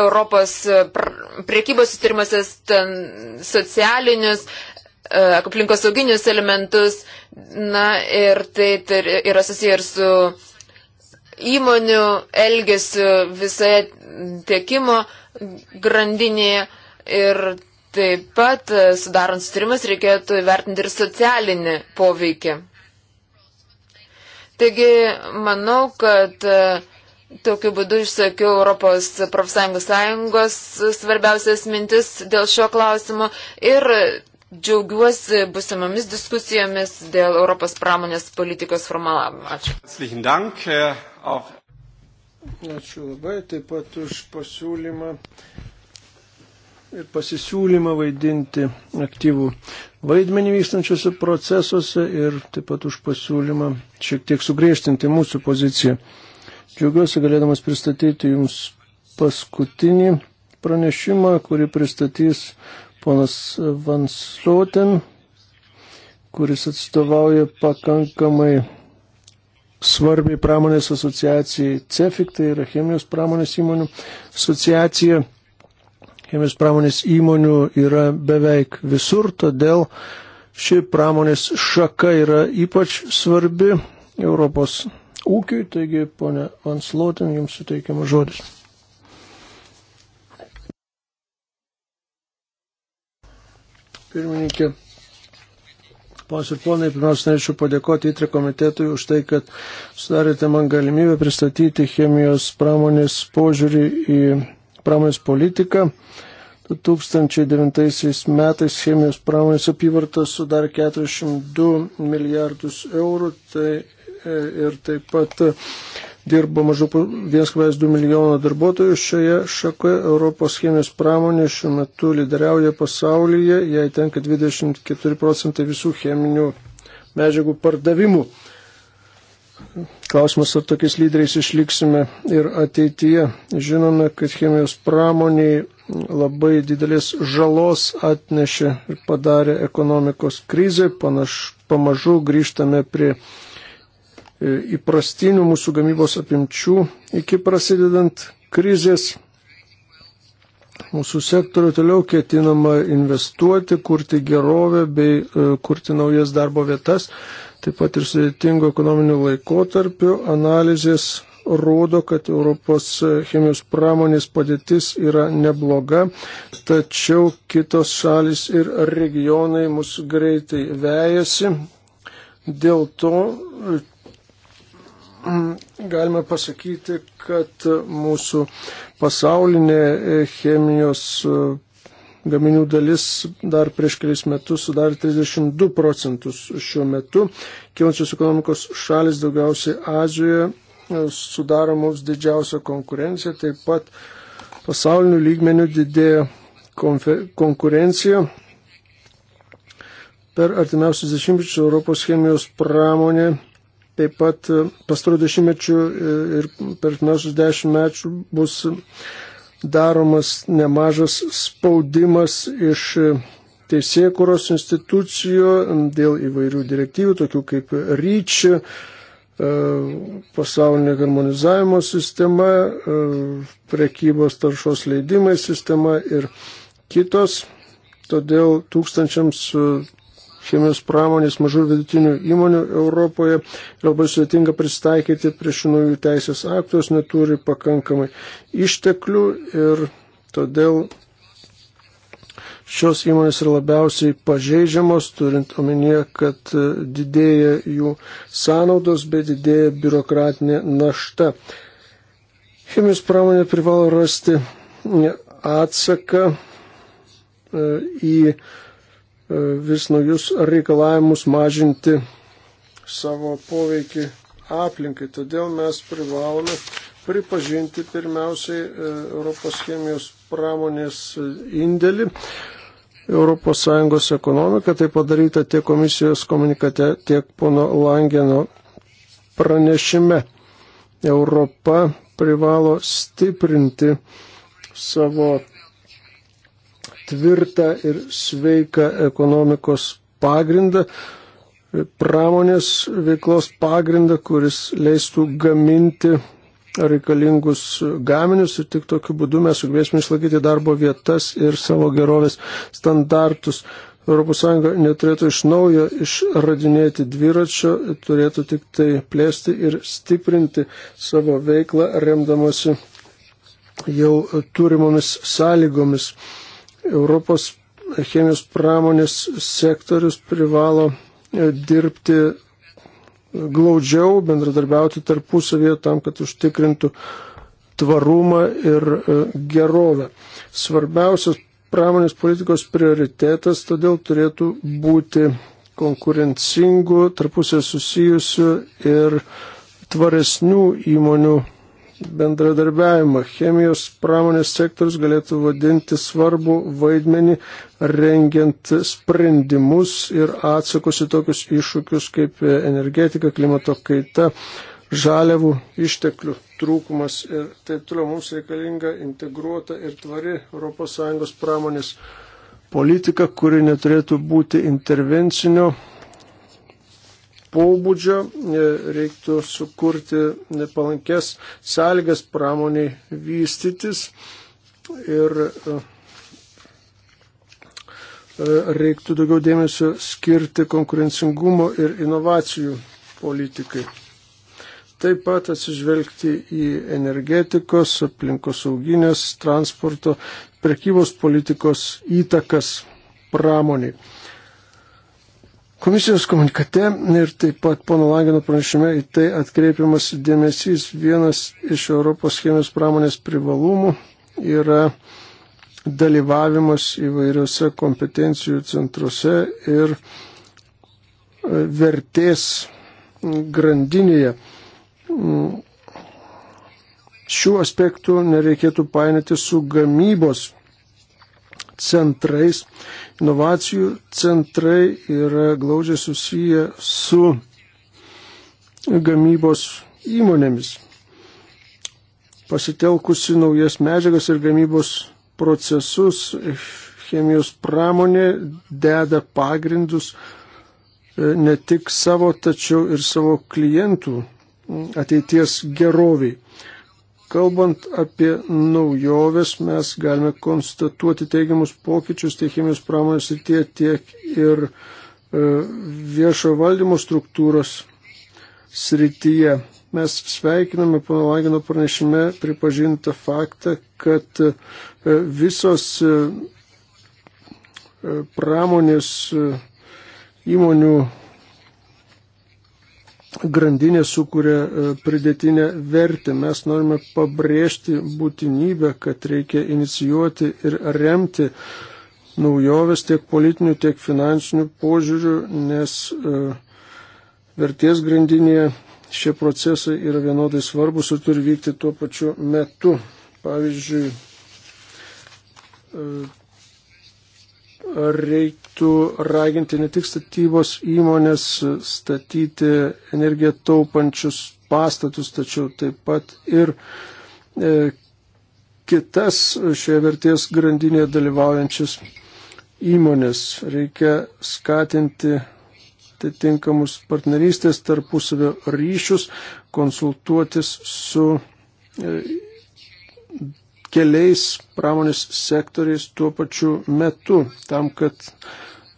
S2: Europos priekybos sutarimuose socialinius, e, aplinkosauginius elementus. Na ir tai, tai yra susiję ir su įmonių elgesiu visoje tiekimo grandinėje. Ir taip pat e, sudarant sutarimus reikėtų įvertinti ir socialinį poveikį. Taigi, manau, kad e, tokiu būdu išsakiau Europos profsąjungų sąjungos svarbiausias mintis dėl šio klausimo ir džiaugiuosi busimomis diskusijomis dėl Europos pramonės politikos formalavimo.
S1: Ačiū. Ačiū labai taip pat už pasiūlymą ir pasisiūlymą vaidinti aktyvų vaidmenį vykstančiuose procesuose ir taip pat už pasiūlymą šiek tiek sugriežtinti mūsų poziciją. Džiaugiuosi galėdamas pristatyti Jums paskutinį pranešimą, kurį pristatys ponas Van Sloten, kuris atstovauja pakankamai svarbiai pramonės asociacijai CEFIC, tai yra chemijos pramonės įmonių asociacija chemijos pramonės įmonių yra beveik visur, todėl ši pramonės šaka yra ypač svarbi Europos ūkiui, taigi ponė Vanslotin, jums suteikiamas žodis. Pirmininkė, ponas ir ponai, pirmiausia, norėčiau padėkoti įtri komitetui už tai, kad sudarėte man galimybę pristatyti chemijos pramonės požiūrį į pramonės politiką. 2009 metais chemijos pramonės apyvartas sudarė 42 milijardus eurų tai, e, ir taip pat e, dirbo maždaug 1,2 milijono darbuotojų šioje šakoje. Europos chemijos pramonė šiuo metu lyderiauja pasaulyje, jai tenka 24 procentai visų cheminių medžiagų pardavimų. Klausimas, ar tokiais lyderiais išliksime ir ateityje. Žinome, kad chemijos pramoniai labai didelės žalos atnešė ir padarė ekonomikos krizė. Panaš, pamažu grįžtame prie e, įprastinių mūsų gamybos apimčių iki prasidedant krizės. Mūsų sektoriu toliau ketinama investuoti, kurti gerovę bei e, kurti naujas darbo vietas taip pat ir sudėtingo ekonominių laikotarpių analizės rodo, kad Europos chemijos pramonės padėtis yra nebloga, tačiau kitos šalis ir regionai mus greitai vejasi. Dėl to mm, galime pasakyti, kad mūsų pasaulinė chemijos gaminių dalis dar prieš kelis metus sudarė 32 procentus šiuo metu. Kilančios ekonomikos šalis daugiausiai Azijoje e, sudaro mums didžiausią konkurenciją, taip pat pasaulinių lygmenių didėja konkurencija. Per artimiausius dešimtmečius Europos chemijos pramonė taip pat e, pastarų dešimtmečių e, ir per artimiausius dešimt mečių bus daromas nemažas spaudimas iš teisėkuros institucijų dėl įvairių direktyvų, tokių kaip ryčių, e, pasaulinė harmonizavimo sistema, e, prekybos taršos leidimai sistema ir kitos. Todėl tūkstančiams chemijos pramonės mažų ir vidutinių įmonių Europoje ir labai sudėtinga pristaikyti prie šių naujų teisės aktų, jos neturi pakankamai išteklių ir todėl šios įmonės yra labiausiai pažeidžiamos, turint omenyje, kad e, didėja jų sąnaudos, bet didėja biurokratinė našta. Chemijos pramonė privalo rasti atsaką e, į E, vis naujus reikalavimus mažinti savo poveikį aplinkai. Todėl mes privalome pripažinti pirmiausiai e, Europos chemijos pramonės indėlį. ES ekonomika, tai padaryta tiek komisijos komunikate, tiek pono Langeno pranešime. Europa privalo stiprinti savo tvirtą ir sveiką ekonomikos pagrindą, pramonės veiklos pagrindą, kuris leistų gaminti reikalingus gaminius ir tik tokiu būdu mes sugebėsime išlaikyti darbo vietas ir savo gerovės standartus. ES neturėtų iš naujo išradinėti dviračio, turėtų tik tai plėsti ir stiprinti savo veiklą remdamosi jau turimomis sąlygomis. Europos chemijos pramonės sektorius privalo e, dirbti e, glaudžiau, bendradarbiauti tarpusavėje tam, kad užtikrintų tvarumą ir e, gerovę. Svarbiausias pramonės politikos prioritetas todėl turėtų būti konkurencingų, tarpusavėje susijusių ir tvaresnių įmonių bendradarbiavimą. Chemijos pramonės sektorius galėtų vadinti svarbu vaidmenį rengiant sprendimus ir atsakus į tokius iššūkius kaip energetika, klimato kaita, žaliavų išteklių trūkumas ir taip toliau mums reikalinga integruota ir tvari ES pramonės politika, kuri neturėtų būti intervencinio pobūdžio, e, reiktų sukurti palankes sąlygas pramoniai vystytis ir e, e, reiktų daugiau dėmesio skirti konkurencingumo ir inovacijų politikai. Taip pat atsižvelgti į energetikos, aplinkosauginės, transporto, prekybos politikos įtakas pramoniai. Komisijos komunikate ir taip pat pono Langino pranešime į tai atkreipiamas dėmesys vienas iš Europos chemijos pramonės privalumų yra dalyvavimas įvairiose kompetencijų centruose ir e, vertės grandinėje. Šių aspektų nereikėtų painėti su gamybos centrais, Inovacijų centrai yra glaudžiai susiję su gamybos įmonėmis. Pasitelkusi naujas medžiagas ir gamybos procesus, chemijos pramonė deda pagrindus e, ne tik savo, tačiau ir savo klientų ateities geroviai. Kalbant apie naujoves, mes galime konstatuoti teigiamus pokyčius tiek chemijos pramonės ir tie, tiek ir e, viešo valdymo struktūros srityje. Mes sveikiname pana Lagino pranešime pripažintą faktą, kad e, visos e, pramonės įmonių grandinė sukuria e, pridėtinę vertę. Mes norime pabrėžti būtinybę, kad reikia inicijuoti ir remti naujoves tiek politinių, tiek finansinių požiūrių, nes e, vertės grandinėje šie procesai yra vienodai svarbus ir turi vykti tuo pačiu metu. Pavyzdžiui, e, reiktų raginti ne tik statybos įmonės statyti energiją taupančius pastatus, tačiau taip pat ir e, kitas šioje vertės grandinėje dalyvaujančias įmonės. Reikia skatinti atitinkamus partnerystės tarpusavio ryšius, konsultuotis su e, keliais pramonės sektoriais tuo pačiu metu, tam, kad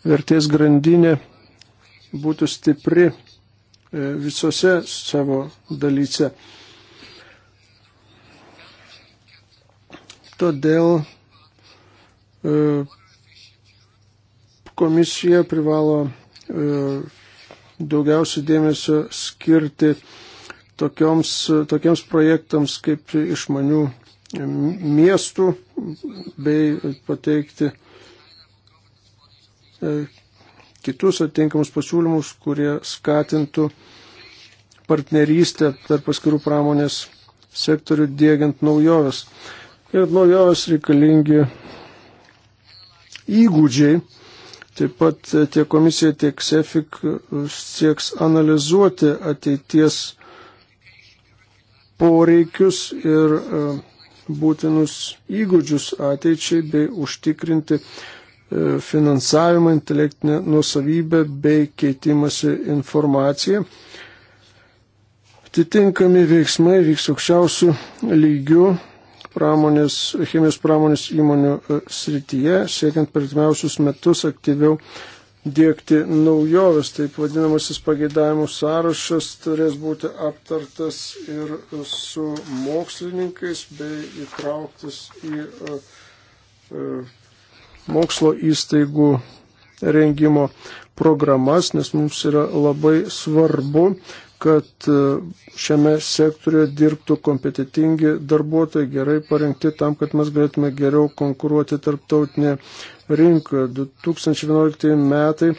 S1: vertės grandinė būtų stipri e, visose savo dalyse. Todėl e, komisija privalo e, daugiausiai dėmesio skirti tokioms, tokiems projektams kaip išmanių miestų bei pateikti e, kitus atinkamus pasiūlymus, kurie skatintų partnerystę tarp paskirų pramonės sektorių dėgiant naujoves. Ir naujoves reikalingi įgūdžiai. Taip pat e, tiek komisija, tiek SEFIC e, sieks analizuoti ateities poreikius ir uh, būtinus įgūdžius ateičiai bei užtikrinti e, finansavimą, intelektinę nusavybę bei keitimąsi informaciją. Atitinkami veiksmai vyks aukščiausių lygių pramonės, chemijos pramonės įmonių e, srityje, siekiant per atmiausius metus aktyviau dėkti naujoves, taip vadinamasis pageidavimų sąrašas turės būti aptartas ir su mokslininkais bei įtrauktas į e, e, mokslo įstaigų rengimo programas, nes mums yra labai svarbu, kad e, šiame sektoriuje dirbtų kompetitingi darbuotojai, gerai parengti tam, kad mes galėtume geriau konkuruoti tarptautinėje rinkoje. 2011 metai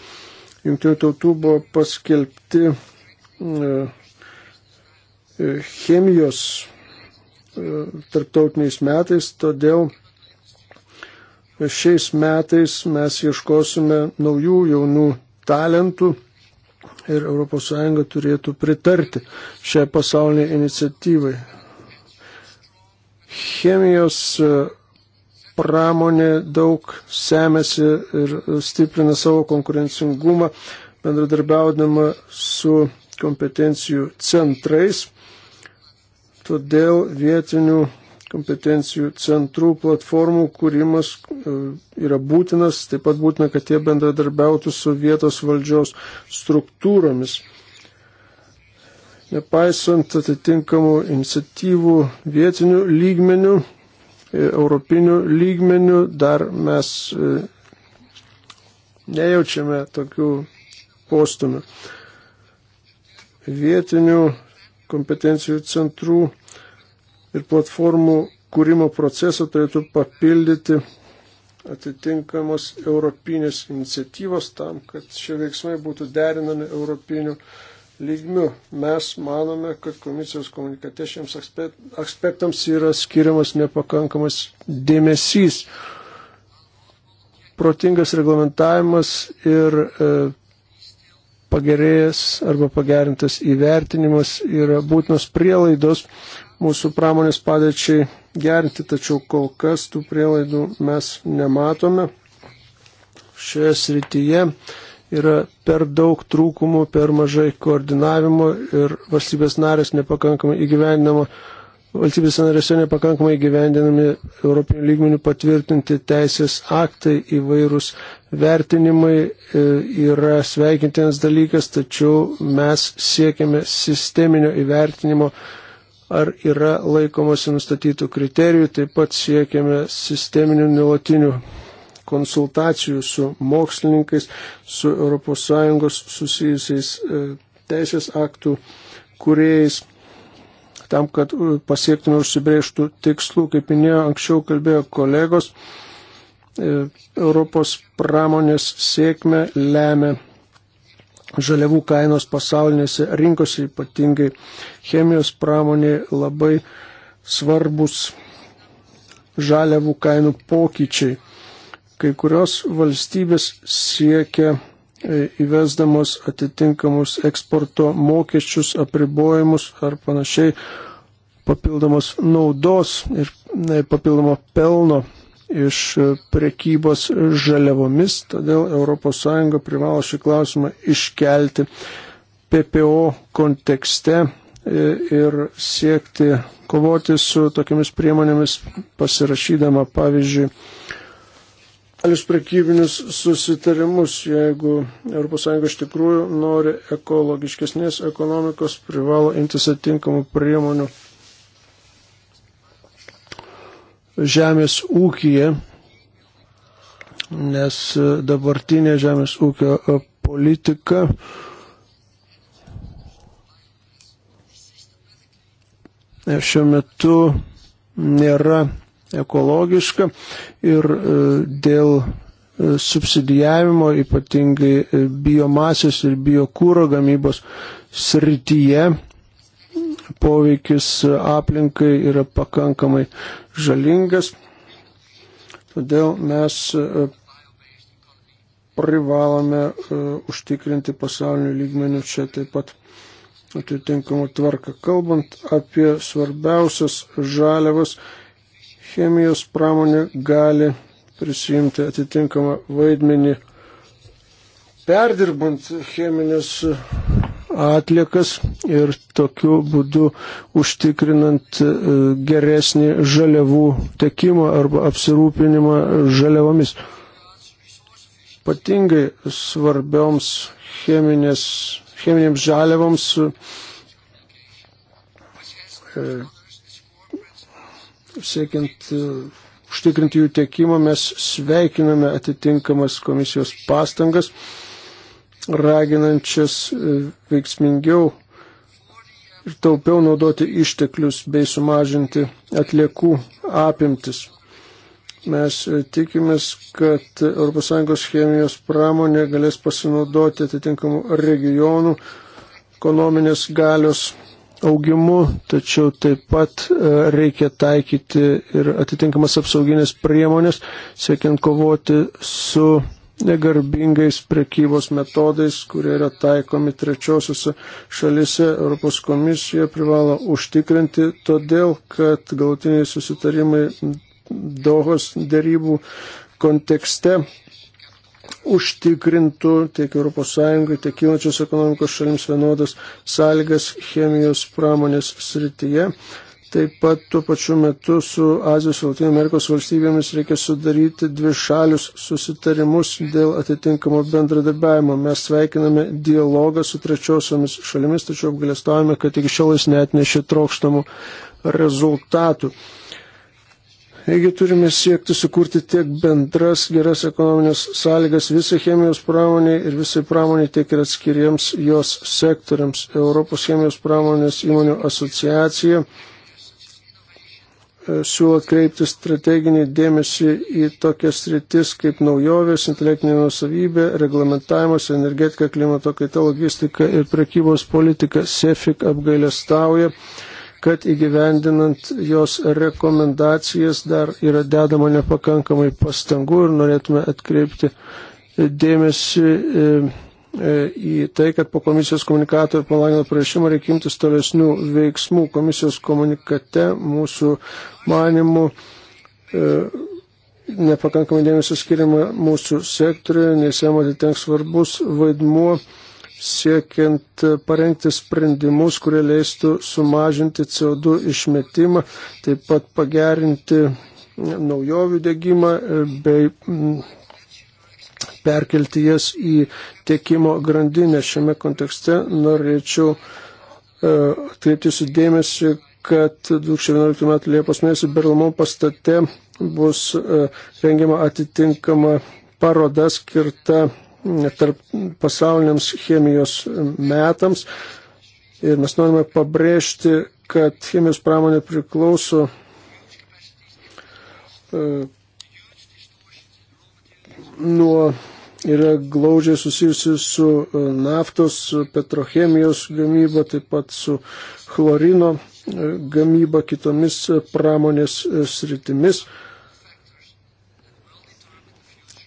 S1: jungtinių tautų buvo paskelbti e, e, chemijos e, tarptautiniais metais, todėl šiais metais mes ieškosime naujų jaunų talentų ir ES turėtų pritarti šiai pasauliniai iniciatyvai. Chemijos pramonė daug semėsi ir stiprina savo konkurencingumą, bendradarbiaudama su kompetencijų centrais. Todėl vietinių kompetencijų centrų platformų kūrimas e, yra būtinas, taip pat būtina, kad jie bendradarbiautų su vietos valdžios struktūromis. Nepaisant atitinkamų iniciatyvų vietinių lygmenių, E, europinių lygmenių dar mes e, nejaučiame tokių postumių. Vietinių kompetencijų centrų ir platformų kūrimo procesą turėtų papildyti atitinkamos europinės iniciatyvos tam, kad šie veiksmai būtų derinami europinių lygmių. Mes manome, kad komisijos komunikate šiems aspektams yra skiriamas nepakankamas dėmesys. Protingas reglamentavimas ir e, pagerėjęs arba pagerintas įvertinimas yra būtinos prielaidos mūsų pramonės padėčiai gerinti, tačiau kol kas tų prielaidų mes nematome šioje srityje yra per daug trūkumų, per mažai koordinavimo ir valstybės narės nepakankamai įgyvendinama, valstybės narėse nepakankamai įgyvendinami Europinių lygmenių patvirtinti teisės aktai įvairūs vertinimai e, yra sveikintinas dalykas, tačiau mes siekiame sisteminio įvertinimo ar yra laikomasi nustatytų kriterijų, taip pat siekiame sisteminių nuolatinių konsultacijų su mokslininkais, su ES susijusiais e, teisės aktų kuriejais, tam, kad e, pasiektume užsibrėžtų tikslų, kaip minėjo anksčiau kalbėjo kolegos, e, Europos pramonės sėkmę lemia žaliavų kainos pasaulinėse rinkose, ypatingai chemijos pramonė labai svarbus žaliavų kainų pokyčiai. Kai kurios valstybės siekia e, įvesdamos atitinkamus eksporto mokesčius, apribojimus ar panašiai papildomos naudos ir papildomo pelno iš e, prekybos žaliavomis, todėl ES privalo šį klausimą iškelti PPO kontekste e, ir siekti kovoti su tokiamis priemonėmis pasirašydama, pavyzdžiui, dvišalius prekybinius susitarimus. Jeigu ES iš tikrųjų nori ekologiškesnės ekonomikos, privalo imtis atinkamų priemonių žemės ūkija, nes dabartinė žemės ūkio politika šiuo metu nėra ekologiška ir e, dėl e, subsidijavimo, ypatingai e, biomasės ir biokūro gamybos srityje poveikis aplinkai yra pakankamai žalingas. Todėl mes privalome užtikrinti pasaulinių lygmenių čia taip pat atitinkamą tvarką. Kalbant apie svarbiausias žaliavas, chemijos pramonė gali prisijimti atitinkamą vaidmenį perdirbant cheminės atliekas ir tokiu būdu užtikrinant e, geresnį žaliavų tekimą arba apsirūpinimą žaliavomis. Patingai svarbioms cheminės, cheminėms žaliavoms e, siekiant e, užtikrinti jų tiekimą, mes sveikiname atitinkamas komisijos pastangas, raginančias e, veiksmingiau ir taupiau naudoti išteklius bei sumažinti atliekų apimtis. Mes e, tikimės, kad ES chemijos pramonė galės pasinaudoti atitinkamų regionų ekonominės galios augimu, tačiau taip pat e, reikia taikyti ir atitinkamas apsauginės priemonės, siekiant kovoti su negarbingais prekybos metodais, kurie yra taikomi trečiosiuose šalise. Europos komisija privalo užtikrinti, todėl kad galutiniai susitarimai Dohos dėrybų kontekste užtikrintų tiek ES, tiek kylančios ekonomikos šalims vienodas sąlygas chemijos pramonės srityje. Taip pat tuo pačiu metu su Azijos ir Latino Amerikos valstybėmis reikia sudaryti dvi šalius susitarimus dėl atitinkamo bendradarbiavimo. Mes sveikiname dialogą su trečiosiomis šalimis, tačiau apgalėstojame, kad iki šiol jis net nešė trokštamų rezultatų. Taigi turime siekti sukurti tiek bendras geras ekonominės sąlygas visai chemijos pramoniai ir visai pramoniai, tiek ir atskiriems jos sektoriams. Europos chemijos pramonės įmonių asociacija e, siūlo kreipti strateginį dėmesį į tokias rytis kaip naujovės, intelektinė nusavybė, reglamentavimas, energetika, klimato kaita, logistika ir prekybos politika. SEFIC apgailestauja. stauja kad įgyvendinant jos rekomendacijas dar yra dedama nepakankamai pastangų ir norėtume atkreipti dėmesį e, e, į tai, kad po komisijos komunikato ir palangino prašymo reikia imtis tolesnių veiksmų. Komisijos komunikate mūsų manimų e, nepakankamai dėmesio skiriama mūsų sektoriuje, nes jam atitenks svarbus vaidmuo siekiant parengti sprendimus, kurie leistų sumažinti CO2 išmetimą, taip pat pagerinti naujovių dėgymą e, bei perkelti jas į tiekimo grandinę. Šiame kontekste norėčiau e, atkreipti sudėmėsi, kad 2011 m. Liepos mėnesį Berlamo pastate bus e, rengiama atitinkama paroda skirta tarp pasauliniams chemijos metams. Ir mes norime pabrėžti, kad chemijos pramonė priklauso e, nuo yra glaudžiai susijusi su e, naftos, petrochemijos gamyba, taip pat su chlorino e, gamyba kitomis pramonės sritimis.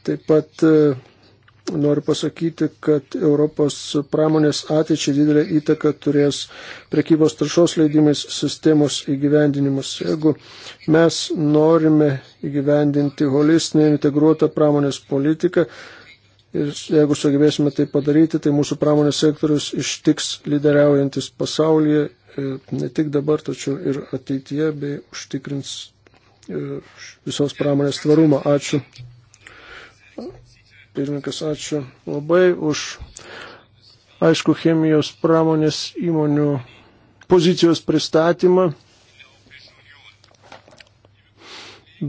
S1: Taip pat Noriu pasakyti, kad Europos pramonės ateičiai didelę įtaką turės prekybos taršos leidimais sistemos įgyvendinimas. Jeigu mes norime įgyvendinti holistinę integruotą pramonės politiką ir jeigu sugebėsime tai padaryti, tai mūsų pramonės sektorius ištiks lyderiaujantis pasaulyje e, ne tik dabar, tačiau ir ateityje bei užtikrins e, visos pramonės tvarumą. Ačiū. Pirmininkas, ačiū labai už, aišku, chemijos pramonės įmonių pozicijos pristatymą.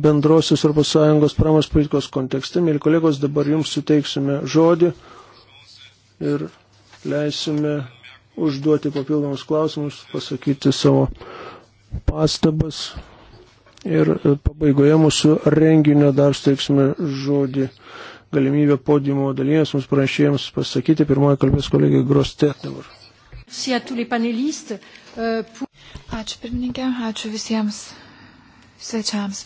S1: Bendrosios Europos Sąjungos pramos politikos kontekste, mėly kolegos, dabar jums suteiksime žodį ir leisime užduoti papildomus klausimus, pasakyti savo pastabas. Ir pabaigoje mūsų renginio dar steiksime žodį galimybę podiumo dalyvės mums pranešėjams pasakyti. Pirmoji kalbės kolegė Grostet dabar.
S3: Euh, ačiū pirmininkė, ačiū visiems svečiams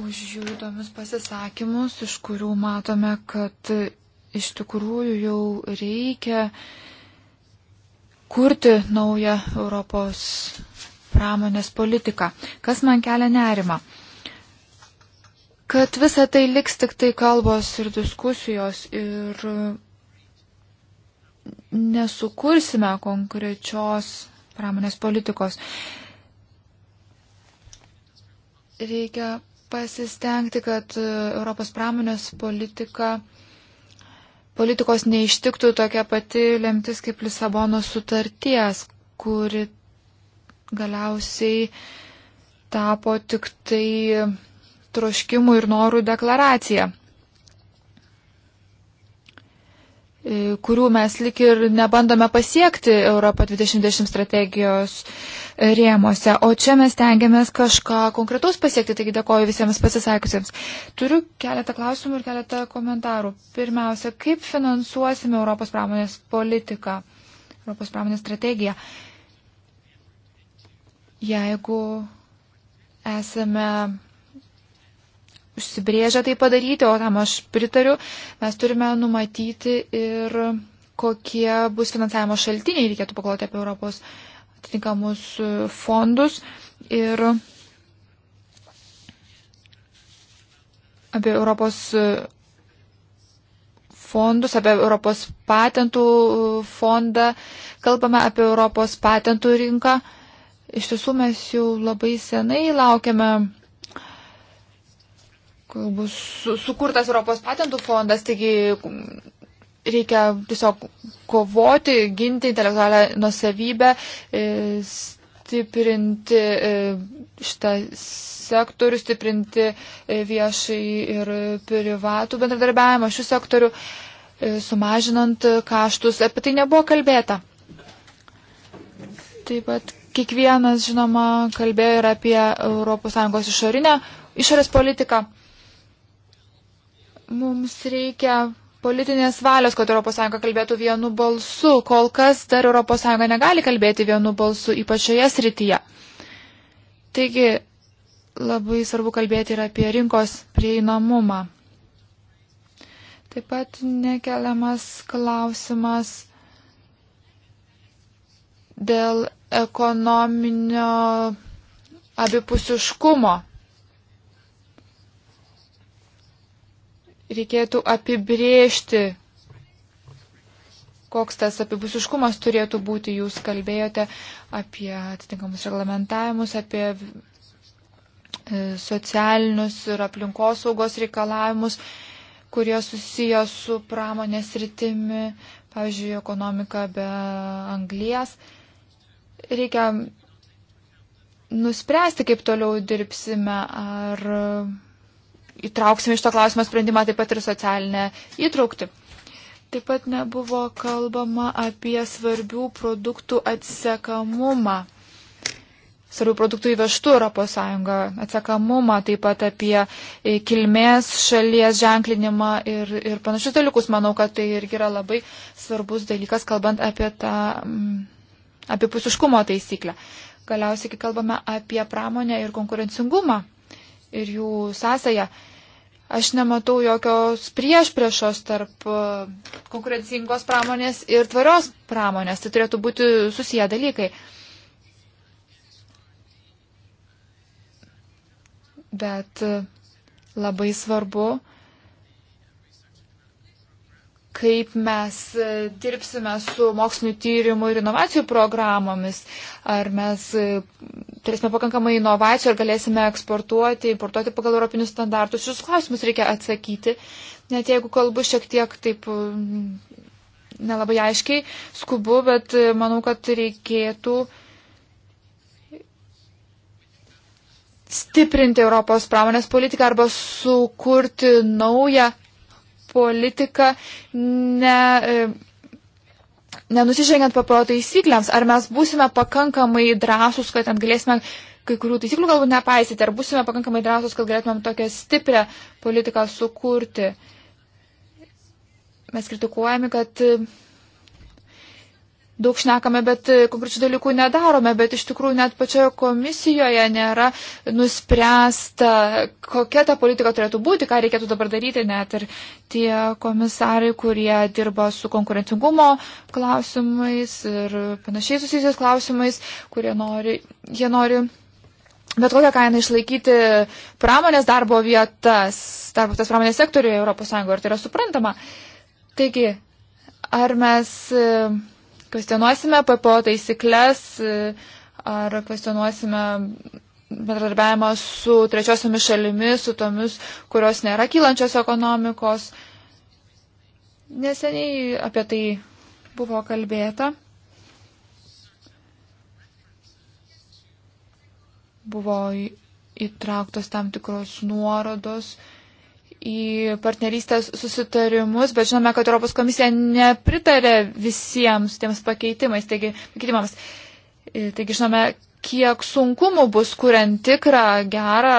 S3: už jų įdomius pasisakymus, iš kurių matome, kad iš tikrųjų jau reikia kurti naują Europos pramonės politiką. Kas man kelia nerima? kad visa tai liks tik tai kalbos ir diskusijos ir nesukursime konkrečios pramonės politikos. Reikia pasistengti, kad Europos pramonės politika, politikos neištiktų tokia pati lemtis kaip Lisabono sutarties, kuri galiausiai tapo tik tai troškimų ir norų deklaraciją, e, kurių mes lik ir nebandome pasiekti Europą 2020 strategijos e, rėmose, o čia mes tengiamės kažką konkretaus pasiekti, taigi dėkoju visiems pasisakusiems. Turiu keletą klausimų ir keletą komentarų. Pirmiausia, kaip finansuosime Europos pramonės politiką, Europos pramonės strategiją, jeigu esame užsibrėžę tai padaryti, o tam aš pritariu, mes turime numatyti ir kokie bus finansavimo šaltiniai, reikėtų pakloti apie Europos atitinkamus fondus ir apie Europos fondus, apie Europos patentų fondą, kalbame apie Europos patentų rinką. Iš tiesų mes jau labai senai laukiame kol bus sukurtas Europos patentų fondas, taigi reikia tiesiog kovoti, ginti intelektualią nusavybę, e, stiprinti e, šitą sektorių, stiprinti e, viešai ir privatų bendradarbiavimą šių sektorių, sumažinant kaštus. Apie tai nebuvo kalbėta. Taip pat kiekvienas, žinoma, kalbėjo ir apie ES išorinę, išorės politiką. Mums reikia politinės valios, kad ES kalbėtų vienu balsu. Kol kas dar ES negali kalbėti vienu balsu, ypač šioje srityje. Taigi labai svarbu kalbėti ir apie rinkos prieinamumą. Taip pat nekeliamas klausimas dėl ekonominio abipusiškumo. reikėtų apibriežti, koks tas apibusiškumas turėtų būti. Jūs kalbėjote apie atitinkamus reglamentavimus, apie e, socialinius ir aplinkosaugos reikalavimus, kurie susiję su pramonės rytimi, pavyzdžiui, ekonomika be anglies. Reikia nuspręsti, kaip toliau dirbsime, ar įtrauksime iš to klausimo sprendimą taip pat ir socialinę įtraukti. Taip pat nebuvo kalbama apie svarbių produktų atsekamumą. Svarbių produktų įvežtų ES atsekamumą, taip pat apie e, kilmės šalies ženklinimą ir, ir panašius dalykus. Manau, kad tai irgi yra labai svarbus dalykas, kalbant apie tą mm, apipusiškumo taisyklę. Galiausiai, kai kalbame apie pramonę ir konkurencingumą ir jų sąsąją, Aš nematau jokios priešpriešos tarp e, konkurencingos pramonės ir tvarios pramonės. Tai turėtų būti susiję dalykai. Bet e, labai svarbu, kaip mes e, dirbsime su mokslinio tyrimų ir inovacijų programomis, ar mes e, turėsime pakankamai inovacijų, ar galėsime eksportuoti, importuoti pagal europinius standartus. Šius klausimus reikia atsakyti, net jeigu kalbu šiek tiek taip mm, nelabai aiškiai, skubu, bet e, manau, kad reikėtų. stiprinti Europos pramonės politiką arba sukurti naują politika ne, e, nenusižengiant paparo taisykliams, ar mes būsime pakankamai drąsus, kad ten galėsime kai kurių taisyklių galbūt nepaisyti, ar būsime pakankamai drąsus, kad galėtumėm tokią stiprią politiką sukurti. Mes kritikuojame, kad daug šnekame, bet e, konkrečių dalykų nedarome, bet iš tikrųjų net pačioje komisijoje nėra nuspręsta, kokia ta politika turėtų būti, ką reikėtų dabar daryti, net ir tie komisarai, kurie dirba su konkurencingumo klausimais ir panašiai susijusiais klausimais, kurie nori, jie nori bet kokią kainą išlaikyti pramonės darbo vietas, darbo tas pramonės sektoriuje ES, ar tai yra suprantama. Taigi, ar mes e, kvestionuosime PPO taisyklės ar kvestionuosime bendradarbiavimą su trečiosiomis šalimis, su tomis, kurios nėra kylančios ekonomikos. Neseniai apie tai buvo kalbėta. Buvo įtrauktos tam tikros nuorodos į partnerystės susitarimus, bet žinome, kad Europos komisija nepritarė visiems tiems pakeitimais, taigi, pakeitimams. E, taigi žinome, kiek sunkumų bus kuriant tikrą, gerą,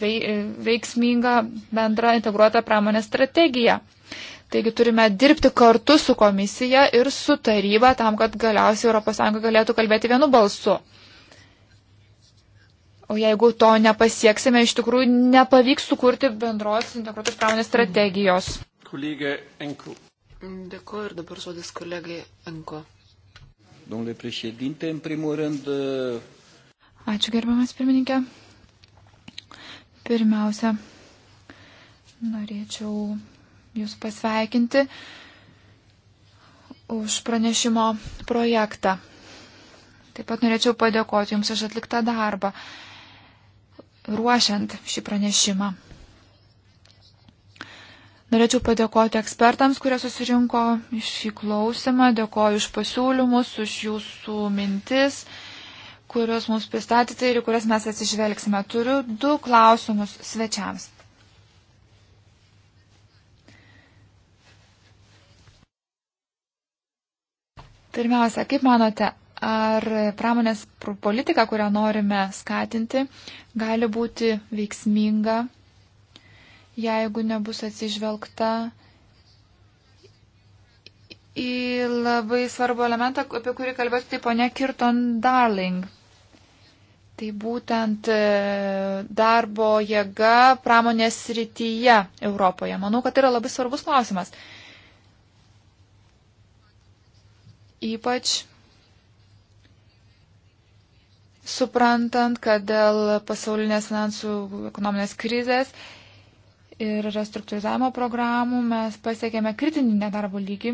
S3: e, veiksmingą bendrą integruotą pramonės strategiją. Taigi turime dirbti kartu su komisija ir su taryba tam, kad galiausiai ES galėtų kalbėti vienu balsu. O jeigu to nepasieksime, iš tikrųjų nepavyks sukurti bendros integruotos pramonės strategijos. Kolegė
S2: Enku. Dėkuoju ir dabar žodis kolegai Enko.
S1: Domnule președinte, în primul rând...
S3: Ačiū gerbiamas pirmininkė. Pirmiausia, norėčiau Jūs pasveikinti už pranešimo projektą. Taip pat norėčiau padėkoti Jums už atliktą darbą ruošiant šį pranešimą. Norėčiau padėkoti ekspertams, kurie susirinko šį klausimą, dėkoju už pasiūlymus, už jūsų mintis, kuriuos mums pristatėte ir kurias mes atsižvelgsime. Turiu du klausimus svečiams. Pirmiausia, kaip manote, ar pramonės politika, kurią norime skatinti, gali būti veiksminga, jeigu nebus atsižvelgta į labai svarbų elementą, apie kurį kalbėsiu, tai ponia Kirton Darling. Tai būtent e, darbo jėga pramonės srityje Europoje. Manau, kad tai yra labai svarbus klausimas. Ypač suprantant, kad dėl pasaulinės finansų ekonominės krizės ir restruktūrizavimo programų mes pasiekėme kritinį nedarbo lygį.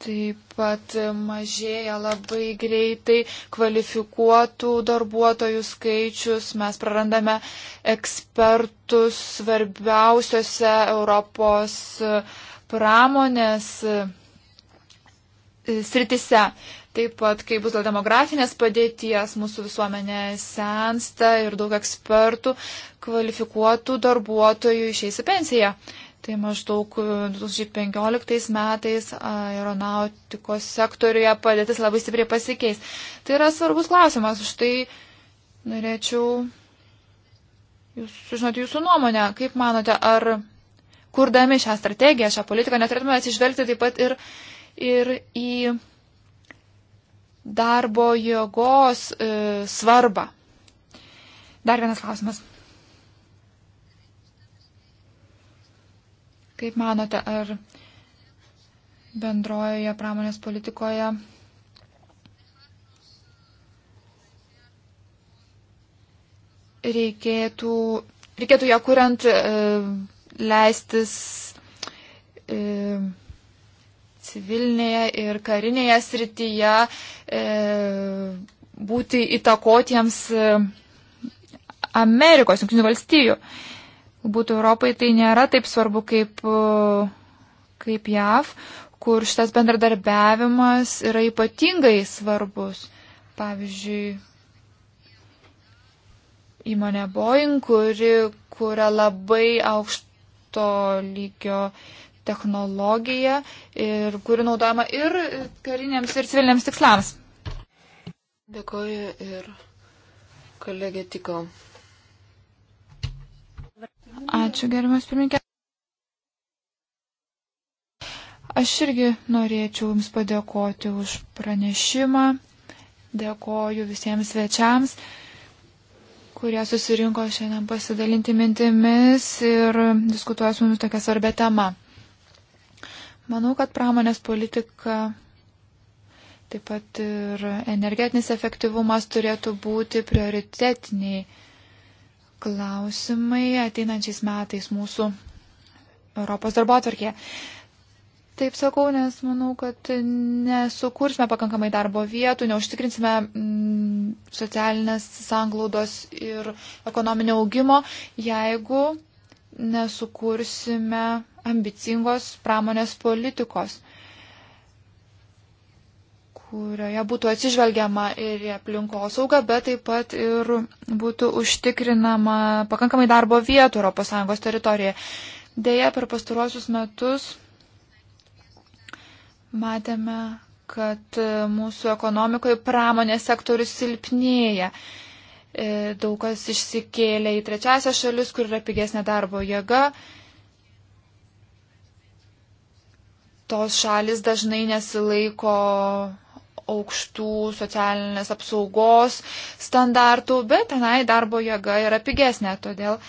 S3: Taip pat mažėja labai greitai kvalifikuotų darbuotojų skaičius. Mes prarandame ekspertus svarbiausiose Europos pramonės sritise. Taip pat, kai bus dėl demografinės padėties, mūsų visuomenė sensta ir daug ekspertų, kvalifikuotų darbuotojų išeis į pensiją. Tai maždaug 2015 e, metais aeronautikos sektoriuje padėtis labai stipriai pasikeis. Tai yra svarbus klausimas, už tai norėčiau jūs, sužinoti jūsų nuomonę. Kaip manote, ar kurdami šią strategiją, šią politiką neturėtume atsižvelgti taip pat ir ir į darbo jėgos e, svarbą. Dar vienas klausimas. Kaip manote, ar bendrojoje pramonės politikoje reikėtų, reikėtų ją kuriant e, leistis e, civilinėje ir karinėje srityje e, būti įtakotiems e, Amerikos, Junktinių valstijų. Būtų Europai tai nėra taip svarbu kaip, e, kaip JAV, kur šitas bendradarbiavimas yra ypatingai svarbus. Pavyzdžiui, įmonė Boeing, kuri kuria labai aukšto lygio technologija, ir, kuri naudojama ir kariniams, ir civiliniams tikslams.
S2: Dėkoju ir kolegė Tiko.
S3: Ačiū, gerimas pirmininkė. Aš irgi norėčiau Jums padėkoti už pranešimą. Dėkoju visiems svečiams, kurie susirinko šiandien pasidalinti mintimis ir diskutuoja su mumis tokia svarbia tema. Manau, kad pramonės politika Taip pat ir energetinis efektyvumas turėtų būti prioritetiniai klausimai ateinančiais metais mūsų Europos darbo atvarkėje. Taip sakau, nes manau, kad nesukursime pakankamai darbo vietų, neužtikrinsime mm, socialinės sanglaudos ir ekonominio augimo, jeigu nesukursime ambicingos pramonės politikos, kurioje būtų atsižvelgiama ir aplinkosauga, bet taip pat ir būtų užtikrinama pakankamai darbo vietų ES teritorijoje. Deja, per pastaruosius metus matėme, kad mūsų ekonomikoje pramonės sektorius silpnėja. E, daug kas išsikėlė į trečiasią šalis, kur yra pigesnė darbo jėga. tos šalis dažnai nesilaiko aukštų socialinės apsaugos standartų, bet tenai darbo jėga yra pigesnė, todėl,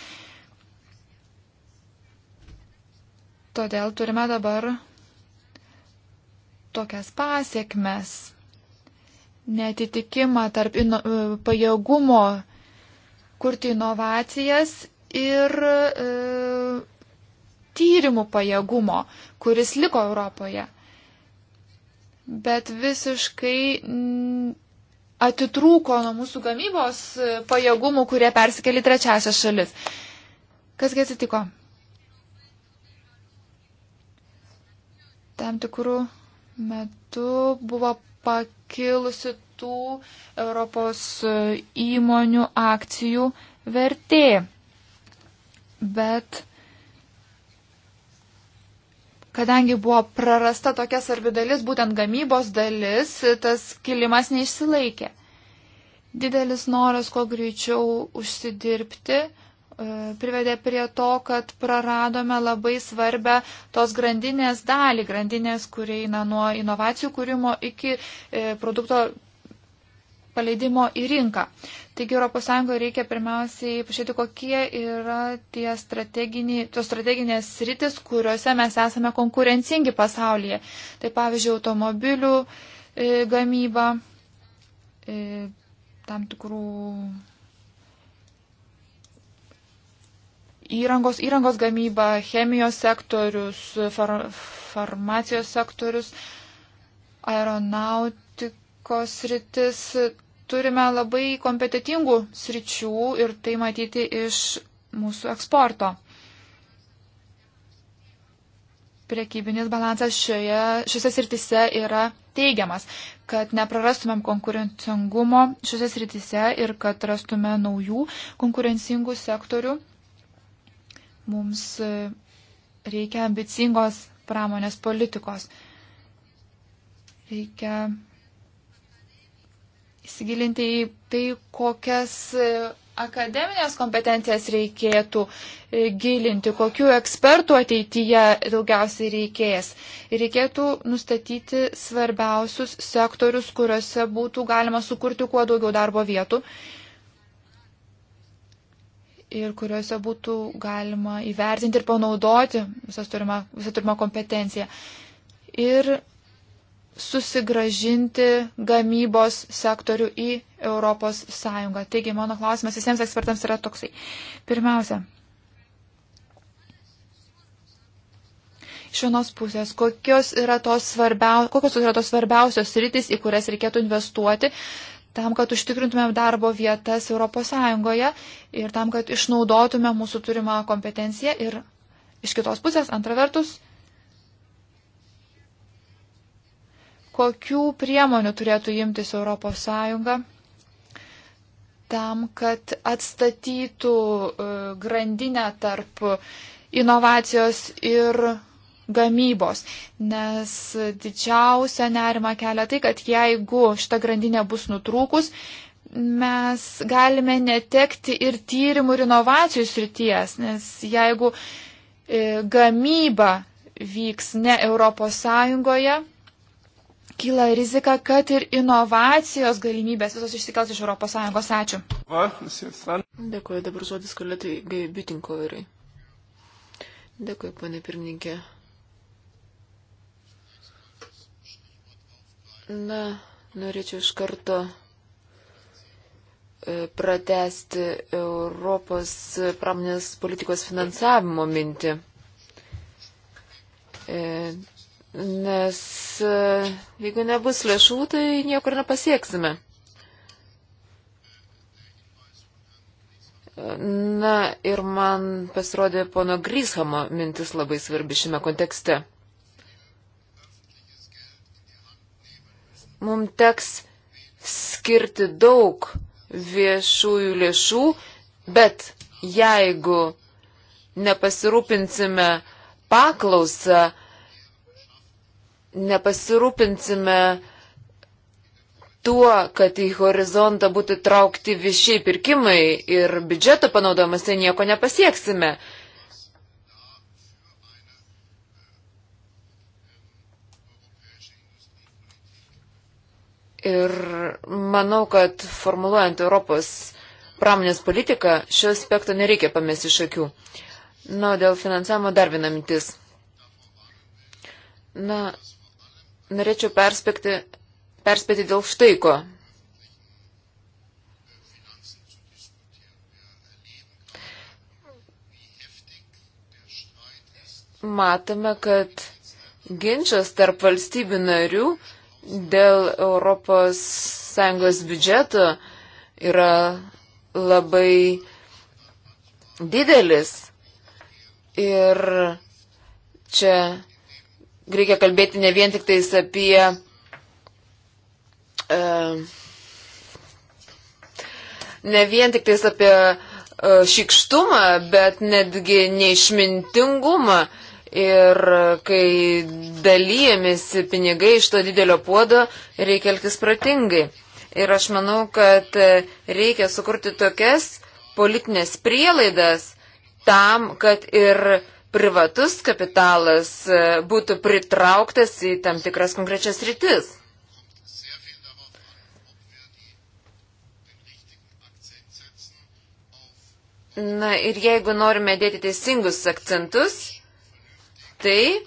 S3: todėl turime dabar tokias pasiekmes, netitikimą tarp ino, e, pajėgumo kurti inovacijas ir e, tyrimų pajėgumo kuris liko Europoje. Bet visiškai atitrūko nuo mūsų gamybos e, pajėgumų, kurie persikeli trečiasią šalis. Kasgi atsitiko? Tam tikrų metu buvo pakilusi tų Europos e, įmonių akcijų vertė. Bet Kadangi buvo prarasta tokia svarbi dalis, būtent gamybos dalis, tas kilimas neišsilaikė. Didelis noras kuo greičiau užsidirbti e, privedė prie to, kad praradome labai svarbę tos grandinės dalį, grandinės, kurie eina nuo inovacijų kūrimo iki e, produkto paleidimo į rinką. Taigi ES reikia pirmiausiai pažiūrėti, kokie yra tie strateginiai, tos strateginės sritis, kuriuose mes esame konkurencingi pasaulyje. Tai pavyzdžiui, automobilių e, gamyba, e, tam tikrų įrangos, įrangos gamyba, chemijos sektorius, far, farmacijos sektorius, aeronaut, politikos sritis, turime labai kompetitingų sričių ir tai matyti iš mūsų eksporto. Priekybinis balansas šioje, šiose srityse yra teigiamas, kad neprarastumėm konkurencingumo šiose srityse ir kad rastume naujų konkurencingų sektorių. Mums reikia ambicingos pramonės politikos. Reikia įsigilinti į tai, kokias e, akademinės kompetencijas reikėtų e, gilinti, kokiu ekspertų ateityje daugiausiai reikės. Reikėtų nustatyti svarbiausius sektorius, kuriuose būtų galima sukurti kuo daugiau darbo vietų ir kuriuose būtų galima įvertinti ir panaudoti visą turimą, visą turimą kompetenciją. Ir susigražinti gamybos sektorių į Europos Sąjungą. Taigi mano klausimas visiems ekspertams yra toksai. Pirmiausia, iš vienos pusės, kokios yra tos, svarbiau, kokios yra tos svarbiausios rytis, į kurias reikėtų investuoti, tam, kad užtikrintumėm darbo vietas Europos Sąjungoje ir tam, kad išnaudotumėm mūsų turimą kompetenciją ir iš kitos pusės, antra vertus, kokių priemonių turėtų imtis ES tam, kad atstatytų e, grandinę tarp inovacijos ir gamybos, nes didžiausia nerima kelia tai, kad jeigu šita grandinė bus nutrūkus, mes galime netekti ir tyrimų ir inovacijų srities, nes jeigu e, gamyba vyks ne Europos Sąjungoje, kyla rizika, kad ir inovacijos galimybės visos išsikels iš ES. Ačiū.
S1: Dėkuoju dabar
S2: žodis kolegai Bitinkoverai. Dėkuoju, ponė pirmininkė. Na, norėčiau iš karto e, pratesti Europos pramonės politikos finansavimo mintį. E, Nes e, jeigu nebus lėšų, tai niekur nepasieksime. Na ir man pasirodė pono Grishamo mintis labai svarbi šiame kontekste. Mums teks skirti daug viešųjų lėšų, bet jeigu nepasirūpinsime paklausą, nepasirūpinsime tuo, kad į horizontą būtų traukti viešiai pirkimai ir biudžeto panaudojimas, tai nieko nepasieksime. Ir manau, kad formuluojant Europos pramonės politiką, šio aspekto nereikia pamesti iš akių. Na, dėl finansavimo dar viena mintis. Na, norėčiau perspekti, perspėti dėl štai ko. Matome, kad ginčas tarp valstybių narių dėl ES biudžeto yra labai didelis. Ir čia reikia kalbėti ne vien tik tais apie e, ne vien tik tais apie e, šikštumą, bet netgi neišmintingumą. Ir kai dalyjamėsi pinigai iš to didelio puodo, reikia elgtis pratingai. Ir aš manau, kad reikia sukurti tokias politinės prielaidas tam, kad ir privatus kapitalas e, būtų pritrauktas į tam tikras konkrečias rytis. Na ir jeigu norime dėti teisingus akcentus, tai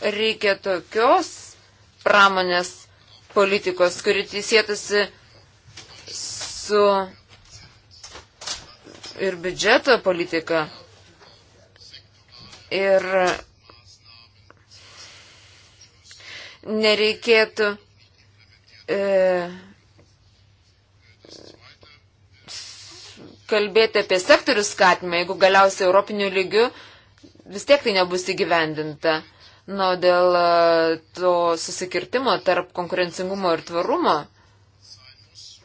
S2: reikia tokios pramonės politikos, kuri teisėtųsi su ir biudžeto politika ir nereikėtų e, kalbėti apie sektorių skatimą, jeigu galiausiai europinių lygių vis tiek tai nebus įgyvendinta. Na, dėl e, to susikirtimo tarp konkurencingumo ir tvarumo,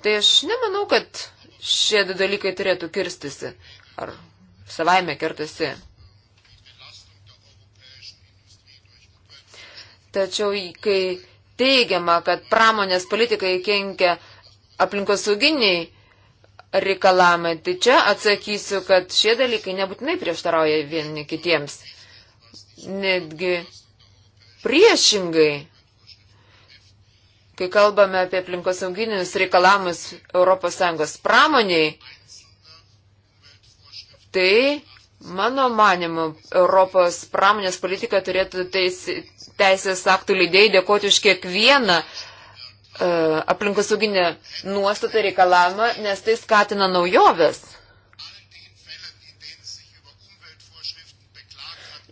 S2: tai aš nemanau, kad šie du dalykai turėtų kirstisi ar savaime kirtasi. Tačiau, kai teigiama, kad pramonės politikai kenkia aplinkosauginiai reikalavimai, tai čia atsakysiu, kad šie dalykai nebūtinai prieštarauja vieni kitiems. Netgi priešingai, kai kalbame apie aplinkosauginius reikalavimus ES pramoniai, tai Mano manimu, Europos pramonės politika turėtų teisi, teisės aktų leidėjai dėkoti už kiekvieną uh, aplinkosauginę nuostatą reikalavimą, nes tai skatina naujoves.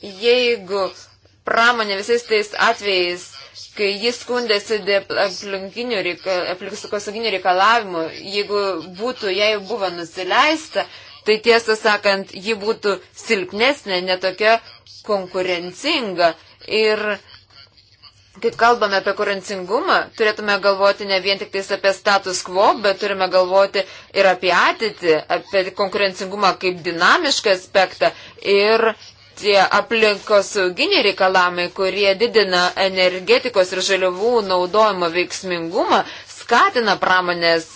S2: Jeigu pramonė visais tais atvejais, kai jis skundėsi dėl aplinkosauginių reikalavimų, jeigu būtų, jei buvo nusileista, tai tiesą sakant, ji būtų silpnesnė, netokia konkurencinga. Ir Kai kalbame apie konkurencingumą, turėtume galvoti ne vien tik apie status quo, bet turime galvoti ir apie ateitį, apie konkurencingumą kaip dinamišką aspektą ir tie aplinkos sauginiai reikalavimai, kurie didina energetikos ir žaliavų naudojimo veiksmingumą, skatina pramonės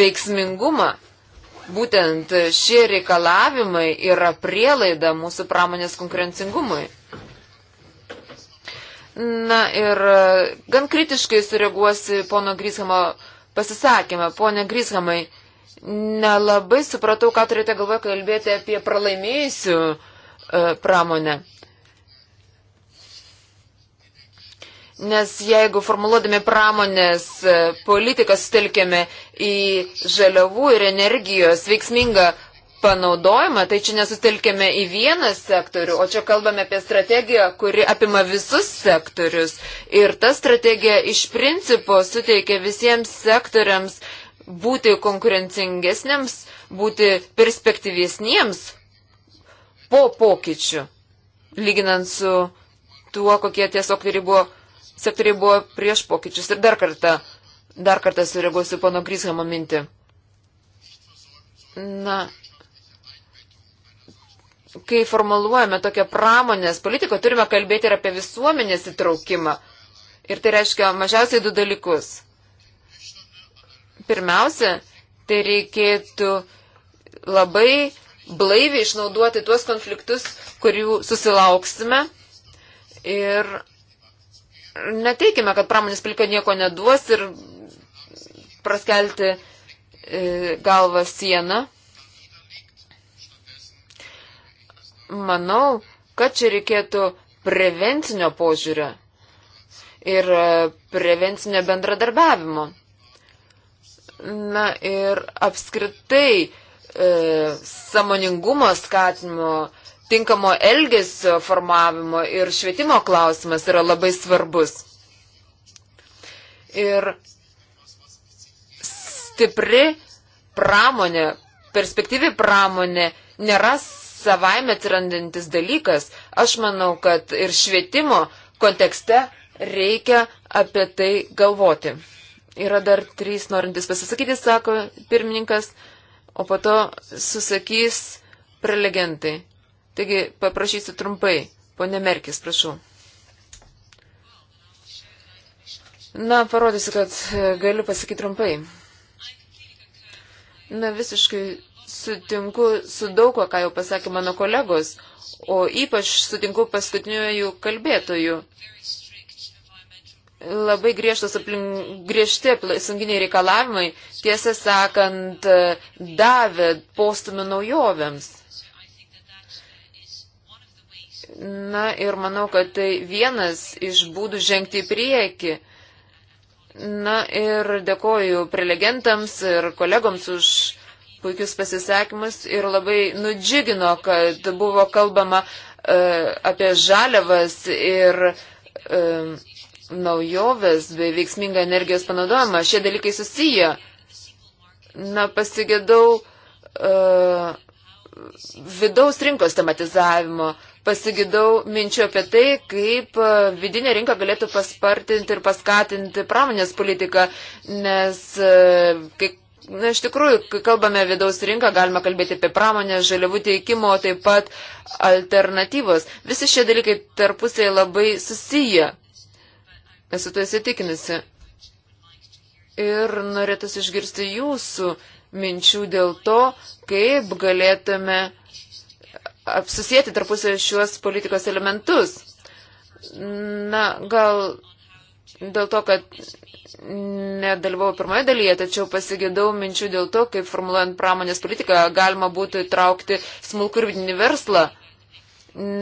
S2: veiksmingumą. Būtent šie reikalavimai yra prielaida mūsų pramonės konkurencingumui. Na ir e, gan kritiškai sureaguosi pono Grishamo pasisakymą. Pone Grishamai, nelabai supratau, ką turite galvoje kalbėti apie pralaimėjusių e, pramonę. Nes jeigu formuluodami pramonės e, politiką sutelkėme į žaliavų ir energijos veiksmingą panaudojimą, tai čia nesutelkėme į vieną sektorių, o čia kalbame apie strategiją, kuri apima visus sektorius. Ir ta strategija iš principo suteikia visiems sektoriams būti konkurencingesniems, būti perspektyvesniems po pokyčių, lyginant su tuo, kokie tie sektoriai buvo, sektoriai buvo prieš pokyčius. Ir dar kartą, dar kartą sureaguosiu pono Grishamo mintį. Na, kai formuluojame tokią pramonės politiką, turime kalbėti ir apie visuomenės įtraukimą. Ir tai reiškia mažiausiai du dalykus. Pirmiausia, tai reikėtų labai blaiviai išnaudoti tuos konfliktus, kurių susilauksime. Ir neteikime, kad pramonės pilka nieko neduos ir praskelti e, galvą sieną. manau, kad čia reikėtų prevencinio požiūrio ir e, prevencinio bendradarbiavimo. Na ir apskritai e, samoningumo skatinimo, tinkamo elgesio formavimo ir švietimo klausimas yra labai svarbus. Ir stipri pramonė, perspektyvi pramonė nėra savaime atsirandantis dalykas. Aš manau, kad ir švietimo kontekste reikia apie tai galvoti. Yra dar trys norintys pasisakyti, sako pirmininkas, o po to susakys prelegentai. Taigi paprašysiu trumpai. Pone Merkis, prašau. Na, parodysiu, kad galiu pasakyti trumpai. Na, visiškai sutinku su daug ko, ką jau pasakė mano kolegos, o ypač sutinku paskutiniųjų kalbėtojų. Labai griežtos aplink, griežti aplinkiniai reikalavimai, tiesą sakant, davė postumį naujovėms. Na ir manau, kad tai vienas iš būdų žengti į priekį. Na ir dėkoju prelegentams ir kolegoms už puikius pasisakymus ir labai nudžiugino, kad buvo kalbama uh, apie žaliavas ir uh, naujoves bei veiksmingą energijos panaudojimą. Šie dalykai susiję. Na, pasigėdau uh, vidaus rinkos tematizavimo, pasigėdau minčių apie tai, kaip vidinė rinka galėtų paspartinti ir paskatinti pramonės politiką, nes uh, kai Na, iš tikrųjų, kai kalbame vidaus rinką, galime kalbėti apie pramonę, žaliavų teikimo, taip pat alternatyvos. Visi šie dalykai tarpusiai labai susiję. Esu tuo įsitikinusi. Ir norėtųsi išgirsti jūsų minčių dėl to, kaip galėtume susijęti tarpusiai šiuos politikos elementus. Na, gal dėl to, kad nedalyvau pirmoje dalyje, tačiau pasigėdau minčių dėl to, kaip formuluojant pramonės politiką galima būtų įtraukti smulkų ir vidinį verslą,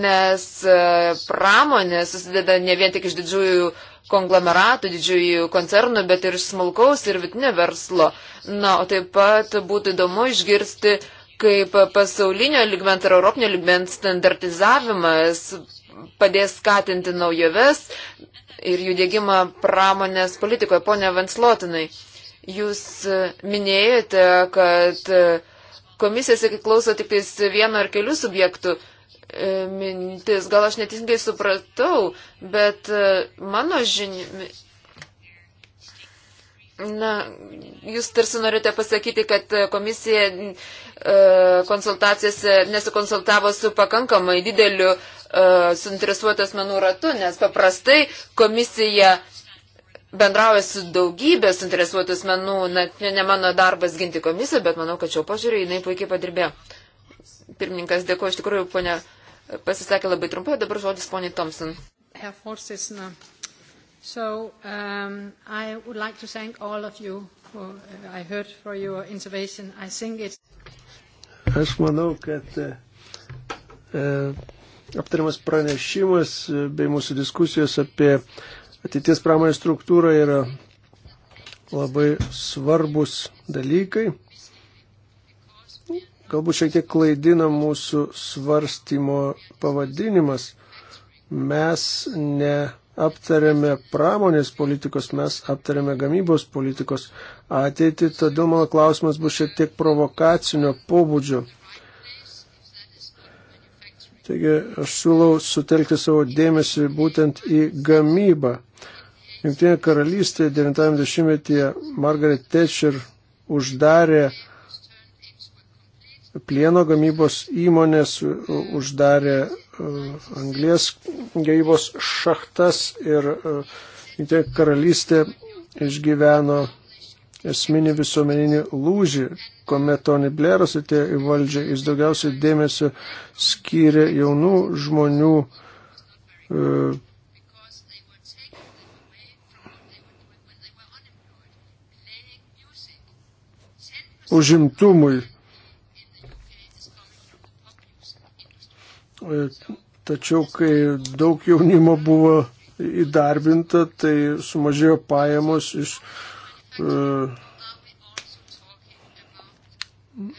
S2: nes e, pramonė susideda ne vien tik iš didžiųjų konglomeratų, didžiųjų koncernų, bet ir iš smulkaus ir vidinio verslo. Na, o taip pat būtų įdomu išgirsti, kaip pasaulinio ligmens ar europinio ligmens standartizavimas padės skatinti naujoves, ir jų dėgymą pramonės politikoje. Pone Vanslotinai, jūs e, minėjote, kad e, komisija, sakai, klauso tik vieno ar kelių subjektų e, mintis. Gal aš netingai supratau, bet mano žinia. Na, jūs tarsi norite pasakyti, kad komisija e, konsultacijose nesikonsultavo su pakankamai dideliu E, suinteresuotas menų ratu, nes paprastai komisija bendrauja su daugybė suinteresuotas menų, net ne, ne mano darbas ginti komisiją, bet manau, kad šio požiūrį jinai puikiai padirbėjo. Pirmininkas, dėkuoju, iš tikrųjų, ponė, pasisakė labai trumpai, dabar žodis poniai Thompson.
S3: So um, I would like to thank all of you for, uh, I heard for your intervention. I think it's...
S1: Aš manau, kad uh, aptariamas pranešimas e, bei mūsų diskusijos apie ateities pramonės struktūrą yra labai svarbus dalykai. Galbūt šiek tiek klaidina mūsų svarstymo pavadinimas. Mes neaptarėme pramonės politikos, mes aptarėme gamybos politikos ateitį, todėl mano klausimas bus šiek tiek provokacinio pobūdžio. Taigi aš siūlau sutelkti savo dėmesį būtent į gamybą. Junktinė karalystė 90-metyje Margaret Thatcher uždarė plieno gamybos įmonės, uždarė uh, anglės gamybos šachtas ir uh, Junktinė karalystė išgyveno esminį visuomeninį lūžį, kuomet Tony Blairas atėjo į valdžią, jis daugiausiai dėmesio skyrė jaunų žmonių e, užimtumui. E, tačiau, kai daug jaunimo buvo įdarbinta, tai sumažėjo pajamos iš E,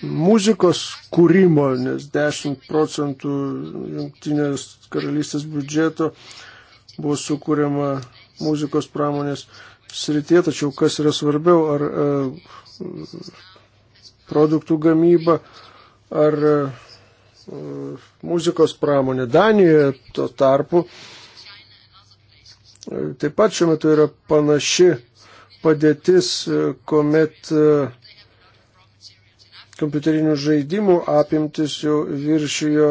S1: muzikos kūrimo, nes 10 procentų jungtinės karalystės biudžeto buvo sukūriama muzikos pramonės srityje, tačiau kas yra svarbiau, ar e, produktų gamyba, ar e, muzikos pramonė. Danijoje tuo tarpu e, taip pat šiuo metu yra panaši padėtis, e, kuomet e, kompiuterinių žaidimų apimtis jau viršijo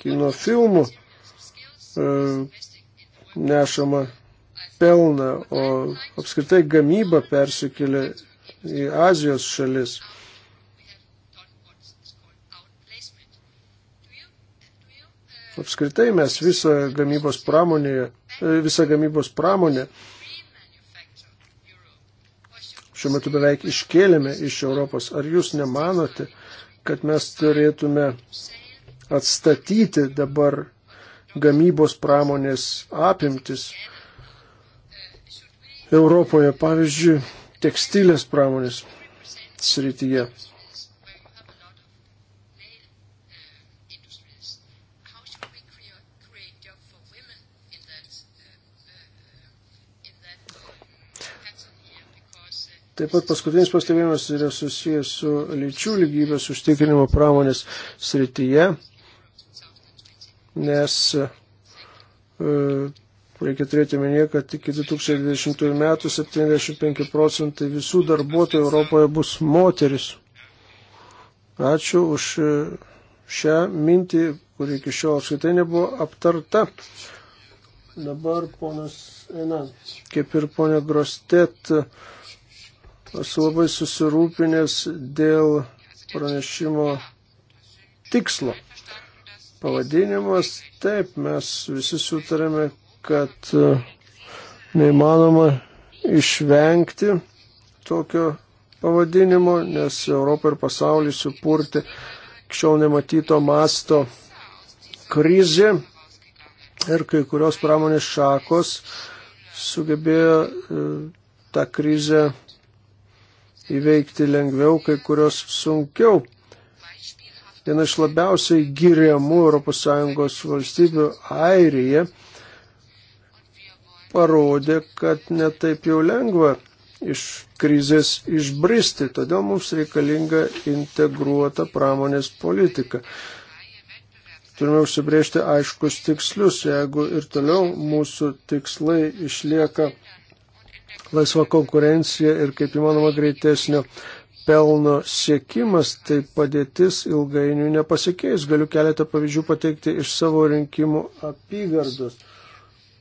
S1: kino filmų e, nešama pelną, o apskritai gamyba persikėlė į Azijos šalis. Apskritai mes visą gamybos pramonę, visą gamybos pramonę šiuo metu beveik iškėlėme iš Europos. Ar jūs nemanote, kad mes turėtume atstatyti dabar gamybos pramonės apimtis Europoje, pavyzdžiui, tekstilės pramonės srityje? Taip pat paskutinis pastebėjimas yra susijęs su lyčių lygybės užtikrinimo pramonės srityje, nes e, reikia turėti minėje, kad iki 2020 metų 75 procentai visų darbuotojų Europoje bus moteris. Ačiū už e, šią mintį, kuri iki šiol apskaitai nebuvo aptarta. Dabar ponas Enan, kaip ir ponė Grostet, Esu labai susirūpinęs dėl pranešimo tikslo. Pavadinimas, taip, mes visi sutarėme, kad e, neįmanoma išvengti tokio pavadinimo, nes Europą ir pasaulį supurti kščiau nematyto masto krizė ir kai kurios pramonės šakos sugebėjo e, tą krizę įveikti lengviau, kai kurios sunkiau. Viena iš labiausiai giriamų ES valstybių Airija parodė, kad netaip jau lengva iš krizės išbristi, todėl mums reikalinga integruota pramonės politika. Turime užsibriežti aiškus tikslius, jeigu ir toliau mūsų tikslai išlieka laisva konkurencija ir kaip įmanoma greitesnio pelno siekimas, tai padėtis ilgainiui nepasikeis. Galiu keletą pavyzdžių pateikti iš savo rinkimų apygardos.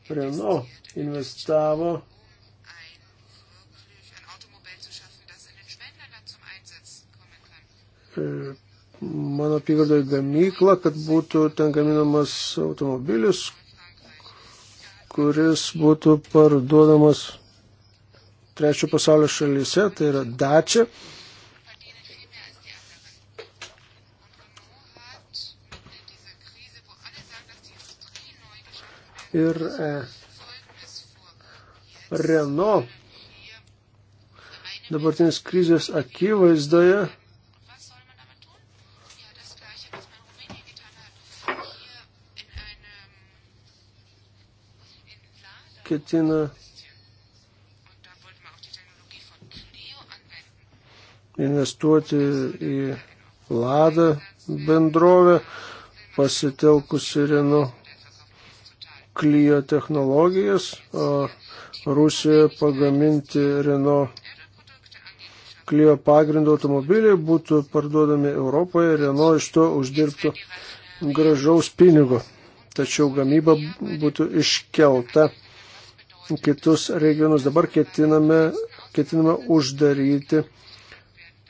S1: Renault investavo mano apygardoje gamyklą, kad būtų ten gaminamas automobilis, kuris būtų parduodamas trečio pasaulio šalyse, tai yra dačia. Ir e, Renault dabartinės krizės akivaizdoje ketina investuoti į Lada bendrovę, pasitelkusi Renault Clio technologijas, o Rusijoje pagaminti Renault Clio pagrindo automobiliai būtų parduodami Europoje, Renault iš to uždirbtų gražaus pinigo. Tačiau gamyba būtų iškelta kitus regionus. Dabar ketiname, ketiname uždaryti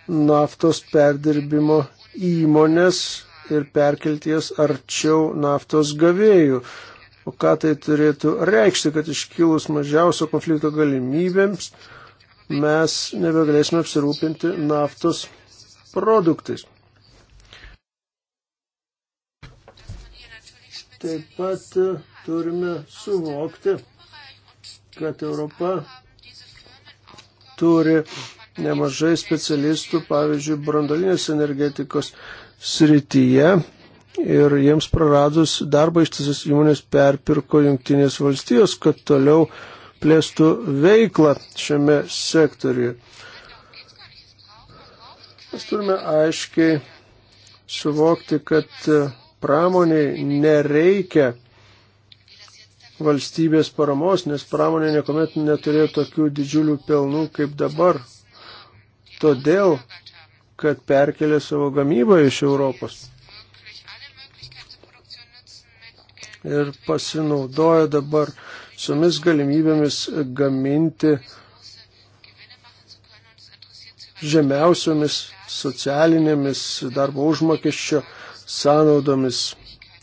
S1: naftos perdirbimo įmonės ir perkelti jas arčiau naftos gavėjų. O ką tai turėtų reikšti, kad iškilus mažiausio konflikto galimybėms mes nebegalėsime apsirūpinti naftos produktais. Taip pat turime suvokti, kad Europa turi nemažai specialistų, pavyzdžiui, brandolinės energetikos srityje ir jiems praradus darbą ištisas įmonės perpirko Junktinės valstijos, kad toliau plėstų veiklą šiame sektoriuje. Mes turime aiškiai suvokti, kad pramoniai nereikia valstybės paramos, nes pramonė niekuomet neturėjo tokių didžiulių pelnų kaip dabar todėl, kad perkelė savo gamybą iš Europos. Ir pasinaudoja dabar visomis galimybėmis gaminti žemiausiomis socialinėmis darbo užmokesčio sąnaudomis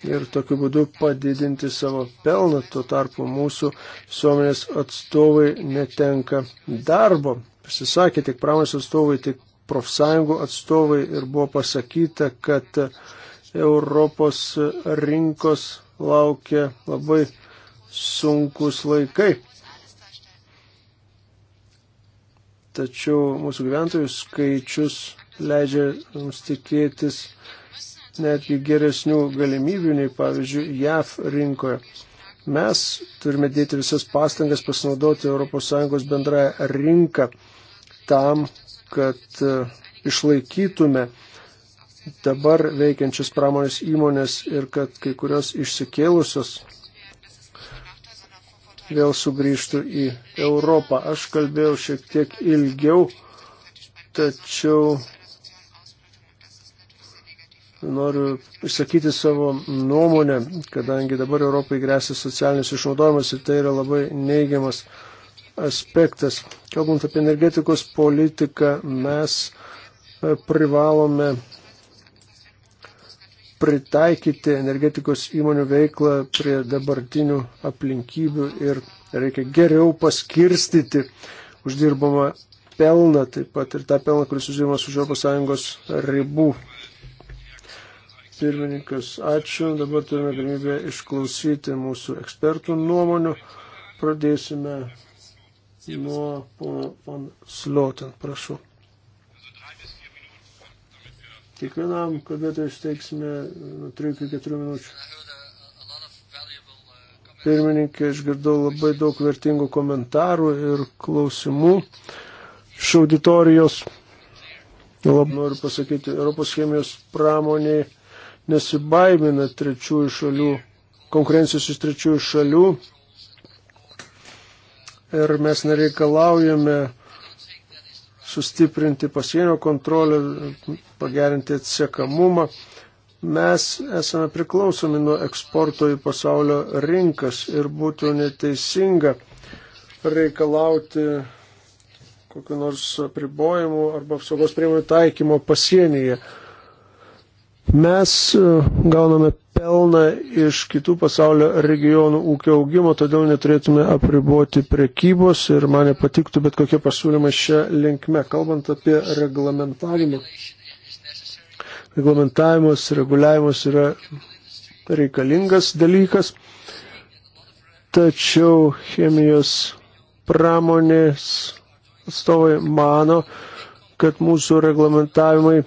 S1: ir tokiu būdu padidinti savo pelną, tuo tarpu mūsų suomenės atstovai netenka darbo pasisakė tiek pramonės atstovai, tiek profsąjungų atstovai ir buvo pasakyta, kad Europos rinkos laukia labai sunkus laikai. Tačiau mūsų gyventojų skaičius leidžia mums tikėtis netgi geresnių galimybių nei, pavyzdžiui, JAF rinkoje. Mes turime dėti visas pastangas pasinaudoti ES bendrąją rinką tam, kad e, išlaikytume dabar veikiančias pramonės įmonės ir kad kai kurios išsikėlusios vėl sugrįžtų į Europą. Aš kalbėjau šiek tiek ilgiau, tačiau noriu išsakyti savo nuomonę, kadangi dabar Europai grėsia socialinis išnaudojimas ir tai yra labai neigiamas uh, aspektas. Kalbant apie energetikos politiką, mes e, privalome pritaikyti energetikos įmonių veiklą prie dabartinių aplinkybių ir reikia geriau paskirstyti uždirbamą pelną, taip pat ir tą pelną, kuris uždirbamas už Europos Sąjungos ribų. Pirmininkas, ačiū. Dabar turime galimybę išklausyti mūsų ekspertų nuomonių. Pradėsime nuo pono von Slotin, prašau. Kiekvienam kalbėtojui išteiksime nuo 3 iki 4 minučių. Pirmininkė, išgirdau labai daug vertingų komentarų ir klausimų iš auditorijos. Labai noriu pasakyti, Europos chemijos pramonė nesibaimina trečiųjų šalių, konkurencijos iš trečiųjų šalių, ir mes nereikalaujame sustiprinti pasienio kontrolę, pagerinti atsekamumą. Mes esame priklausomi nuo eksporto į pasaulio rinkas ir būtų neteisinga reikalauti kokiu nors apribojimu arba apsaugos priemonių taikymo pasienyje. Mes e, gauname pelną iš kitų pasaulio regionų ūkio augimo, todėl neturėtume apriboti prekybos ir man nepatiktų bet kokie pasiūlymai šią linkme. Kalbant apie reglamentavimą, reglamentavimas, reguliavimas yra reikalingas dalykas, tačiau chemijos pramonės atstovai mano, kad mūsų reglamentavimai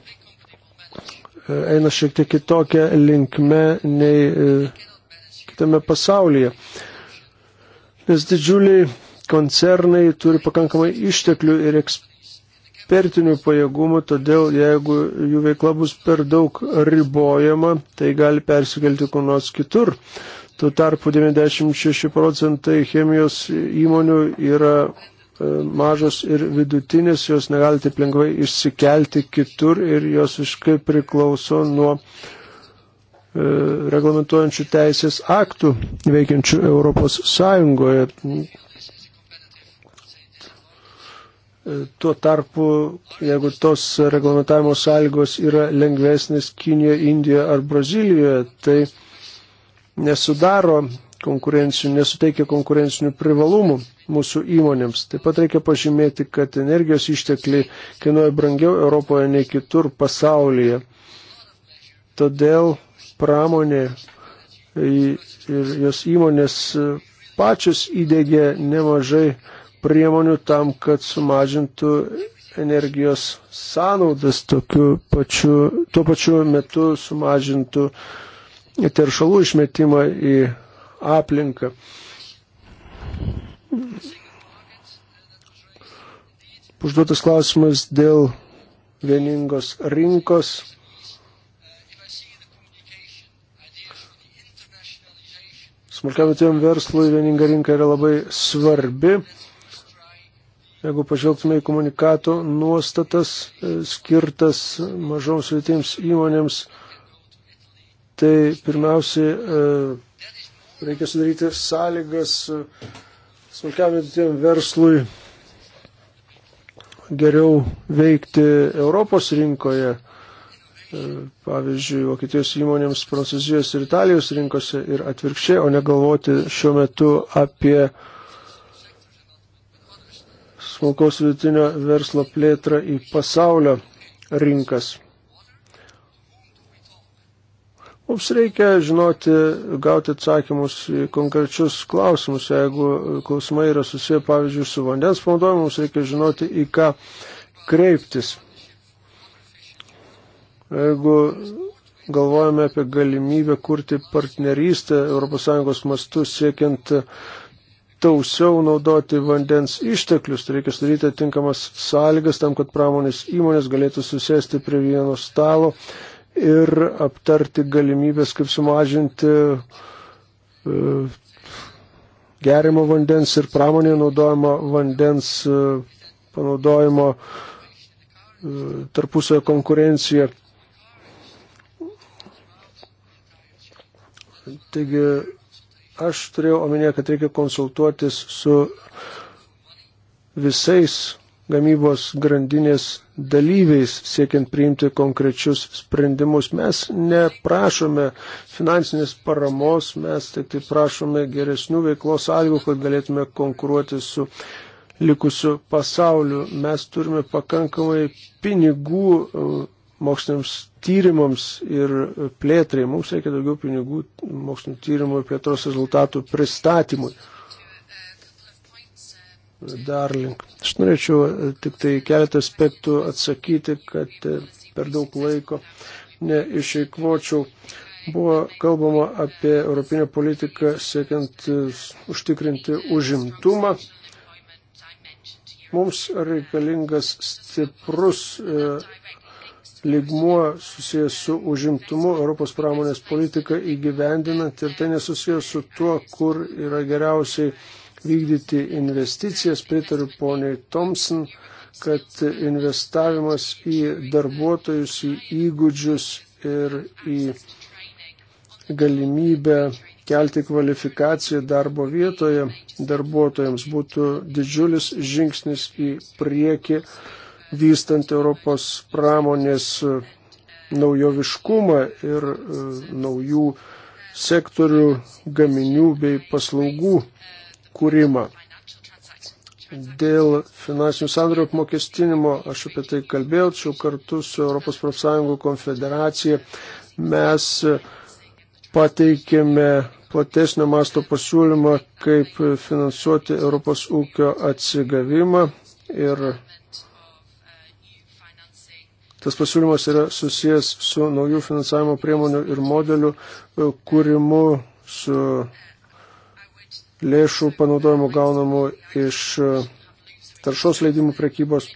S1: eina šiek tiek kitokią linkme nei e, kitame pasaulyje. Nes didžiuliai koncernai turi pakankamai išteklių ir ekspertinių pajėgumų, todėl jeigu jų veikla bus per daug ribojama, tai gali persikelti kur nors kitur. Tuo tarpu 96 procentai chemijos įmonių yra E, mažos ir vidutinės, jos negali taip lengvai išsikelti kitur ir jos iškai priklauso nuo e, reglamentuojančių teisės aktų veikiančių Europos Sąjungoje. E, tuo tarpu, jeigu tos reglamentavimo sąlygos yra lengvesnės Kinijoje, Indijoje ar Brazilijoje, tai nesudaro konkurencinių, nesuteikia konkurencinių privalumų mūsų įmonėms. Taip pat reikia pažymėti, kad energijos ištekliai kainuoja brangiau Europoje nei kitur pasaulyje. Todėl pramonė ir jos įmonės pačios įdėgė nemažai priemonių tam, kad sumažintų energijos sąnaudas tokiu pačiu, tuo pačiu metu sumažintų teršalų išmetimą į aplinką. Užduotas klausimas dėl vieningos rinkos. Smulkiam tiem verslui vieninga rinka yra labai svarbi. Jeigu pažvelgtume į komunikato nuostatas e, skirtas mažoms vietiems įmonėms, tai pirmiausiai e, Reikia sudaryti sąlygas smulkiam vidutiniam verslui geriau veikti Europos rinkoje, e, pavyzdžiui, Vokietijos įmonėms Prancūzijos ir Italijos rinkose ir atvirkščiai, o negalvoti šiuo metu apie smulkaus vidutinio verslo plėtrą į pasaulio rinkas. Mums reikia žinoti, gauti atsakymus į konkrečius klausimus. Jeigu klausimai yra susiję, pavyzdžiui, su vandens panaudojimu, mums reikia žinoti, į ką kreiptis. Jeigu galvojame apie galimybę kurti partnerystę ES mastu siekiant tausiau naudoti vandens išteklius, tai reikia sudaryti atinkamas sąlygas tam, kad pramonės įmonės galėtų susėsti prie vieno stalo ir aptarti galimybės, kaip sumažinti e, gerimo vandens ir pramonėje naudojimo vandens e, panaudojimo e, tarpusoje konkurencija. Taigi aš turėjau omenyje, kad reikia konsultuotis su visais gamybos grandinės dalyviais, siekiant priimti konkrečius sprendimus. Mes neprašome finansinės paramos, mes tik tai prašome geresnių veiklos sąlygų, kad galėtume konkuruoti su likusiu pasauliu. Mes turime pakankamai pinigų e, moksliniams tyrimams ir plėtrai. Mums reikia daugiau pinigų mokslinio tyrimo ir plėtros rezultatų pristatymui. Darling. Aš norėčiau e, tik tai keletą aspektų atsakyti, kad e, per daug laiko neišeikvočiau. Buvo kalbama apie europinę politiką siekiant e, užtikrinti užimtumą. Mums reikalingas stiprus lygmuo susijęs su užimtumu Europos pramonės politiką įgyvendinant ir tai nesusijęs su tuo, kur yra geriausiai vykdyti investicijas. Pritariu poniai Thompson, kad investavimas į darbuotojus, į įgūdžius ir į galimybę kelti kvalifikaciją darbo vietoje darbuotojams būtų didžiulis žingsnis į priekį, vystant Europos pramonės naujoviškumą ir e, naujų sektorių gaminių bei paslaugų kūrimą. Dėl finansinių sandorių apmokestinimo aš apie tai kalbėjau, tačiau kartu su Europos profsąjungų konfederacija mes pateikėme platesnio masto pasiūlymą, kaip finansuoti Europos ūkio atsigavimą ir Tas pasiūlymas yra susijęs su naujų finansavimo priemonių ir modelių e, kūrimu, su lėšų panaudojimų gaunamų iš e, taršos leidimų prekybos.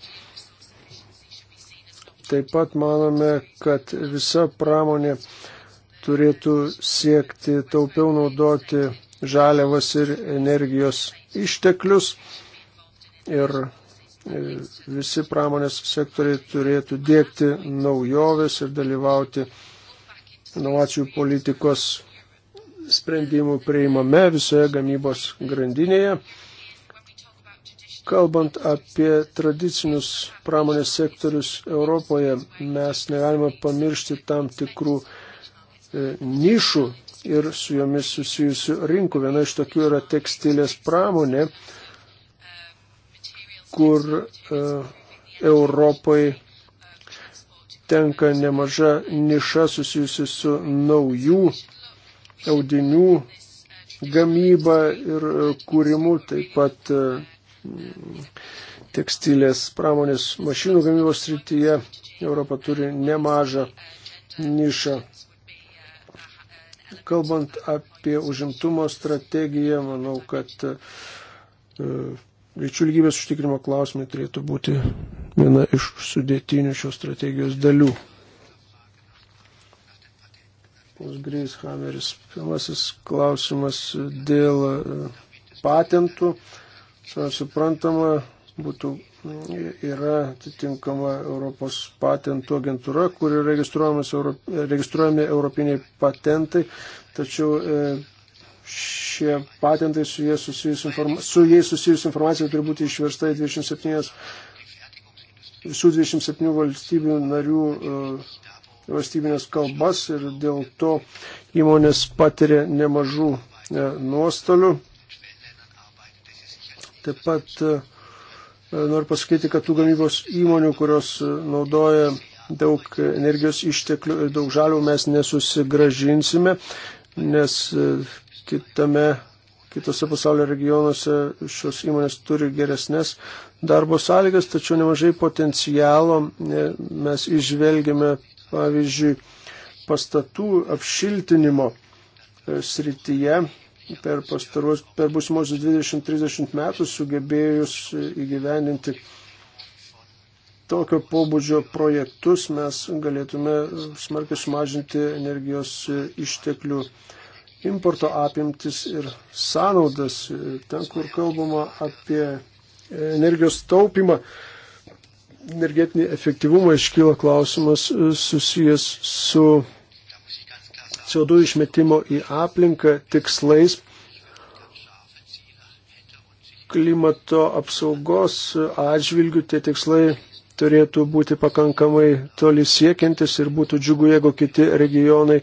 S1: Taip pat manome, kad visa pramonė turėtų siekti taupiau naudoti žaliavas ir energijos išteklius ir e, visi pramonės sektoriai turėtų dėkti naujoves ir dalyvauti inovacijų politikos sprendimų prieimame visoje gamybos grandinėje. Kalbant apie tradicinius pramonės sektorius Europoje, mes negalime pamiršti tam tikrų e, nišų ir su jomis susijusių rinkų. Viena iš tokių yra tekstilės pramonė, kur e, Europai tenka nemaža niša susijusi su naujų audinių gamyba ir kūrimu, taip pat mm, tekstilės pramonės mašinų gamybos srityje Europa turi nemažą nišą. Kalbant apie užimtumo strategiją, manau, kad e, lyčių lygybės užtikrimo klausimai turėtų būti viena iš sudėtinių šios strategijos dalių. Pus Greishameris. Pirmasis klausimas dėl e, patentų. Suprantama, būtų, e, yra atitinkama Europos patentų agentūra, kur Europ, registruojami europiniai patentai, tačiau e, šie patentai su jais susijusi informa, su susijus informacija turi būti išversta į 27 visų 27 valstybių narių uh, valstybinės kalbas ir dėl to įmonės patiria nemažų e, nuostolių. Taip pat e, e, noriu pasakyti, kad tų gamybos įmonių, kurios naudoja daug energijos išteklių ir daug žalių mes nesusigražinsime, nes kitame, kitose pasaulio regionuose šios įmonės turi geresnės darbo sąlygas, tačiau nemažai potencialo mes išvelgiame pavyzdžiui, pastatų apšiltinimo e, srityje per, pastaros, per busimuosius 20-30 metų sugebėjus e, įgyveninti tokio pobūdžio projektus, mes galėtume smarkiai sumažinti energijos e, išteklių importo apimtis ir sąnaudas. Ten, kur kalbama apie energijos taupimą, energetinį efektyvumą iškyla klausimas e, susijęs su CO2 išmetimo į aplinką tikslais klimato apsaugos atžvilgių tie tikslai turėtų būti pakankamai toli siekiantis ir būtų džiugu, jeigu kiti regionai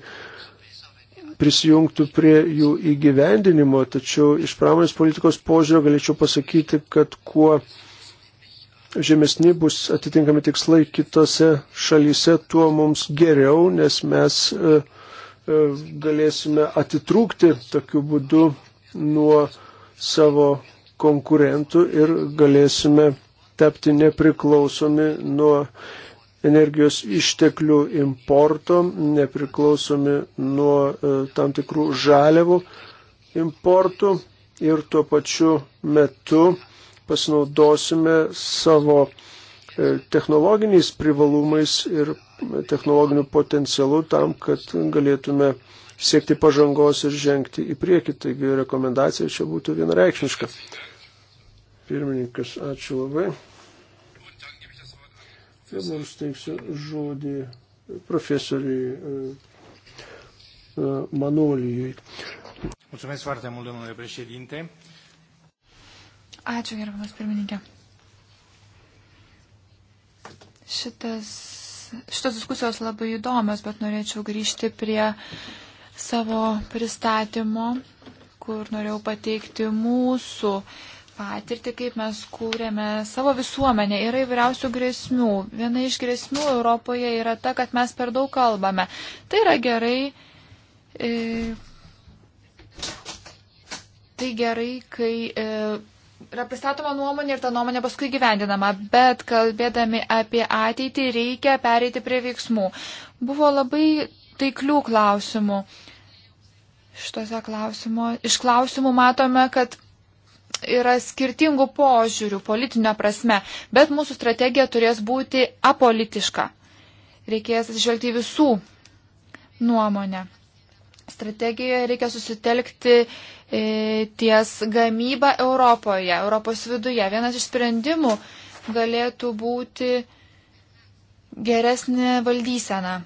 S1: prisijungtų prie jų įgyvendinimo. Tačiau iš pramonės politikos požiūrio galėčiau pasakyti, kad kuo žemesni bus atitinkami tikslai kitose šalyse, tuo mums geriau, nes mes e, e, galėsime atitrūkti tokiu būdu nuo savo konkurentų ir galėsime tapti nepriklausomi nuo energijos išteklių importo, nepriklausomi nuo e, tam tikrų žaliavų importų ir tuo pačiu metu pasinaudosime savo e, technologiniais privalumais ir e, technologiniu potencialu tam, kad galėtume siekti pažangos ir žengti į priekį. Taigi rekomendacija čia būtų vienareikšmiška. Pirmininkas, ačiū labai. Ir mums teiksiu žodį profesoriui e, Manolijui. Mulțumesc foarte mult, domnule președinte.
S3: Ačiū, gerbamas pirmininkė. Šitas, šitas diskusijos labai įdomios, bet norėčiau grįžti prie savo pristatymo, kur norėjau pateikti mūsų patirtį, kaip mes kūrėme savo visuomenę. Yra įvairiausių grėsmių. Viena iš grėsmių Europoje yra ta, kad mes per daug kalbame. Tai yra gerai. E, tai gerai, kai e, yra pristatoma nuomonė ir ta nuomonė paskui gyvendinama, bet kalbėdami apie ateitį reikia pereiti prie veiksmų. Buvo labai taiklių klausimų. Šituose klausimo, iš klausimų matome, kad yra skirtingų požiūrių politinio prasme, bet mūsų strategija turės būti apolitiška. Reikės atsižvelgti visų nuomonę strategijoje reikia susitelkti e, ties gamyba Europoje, Europos viduje. Vienas iš sprendimų galėtų būti geresnė valdysena.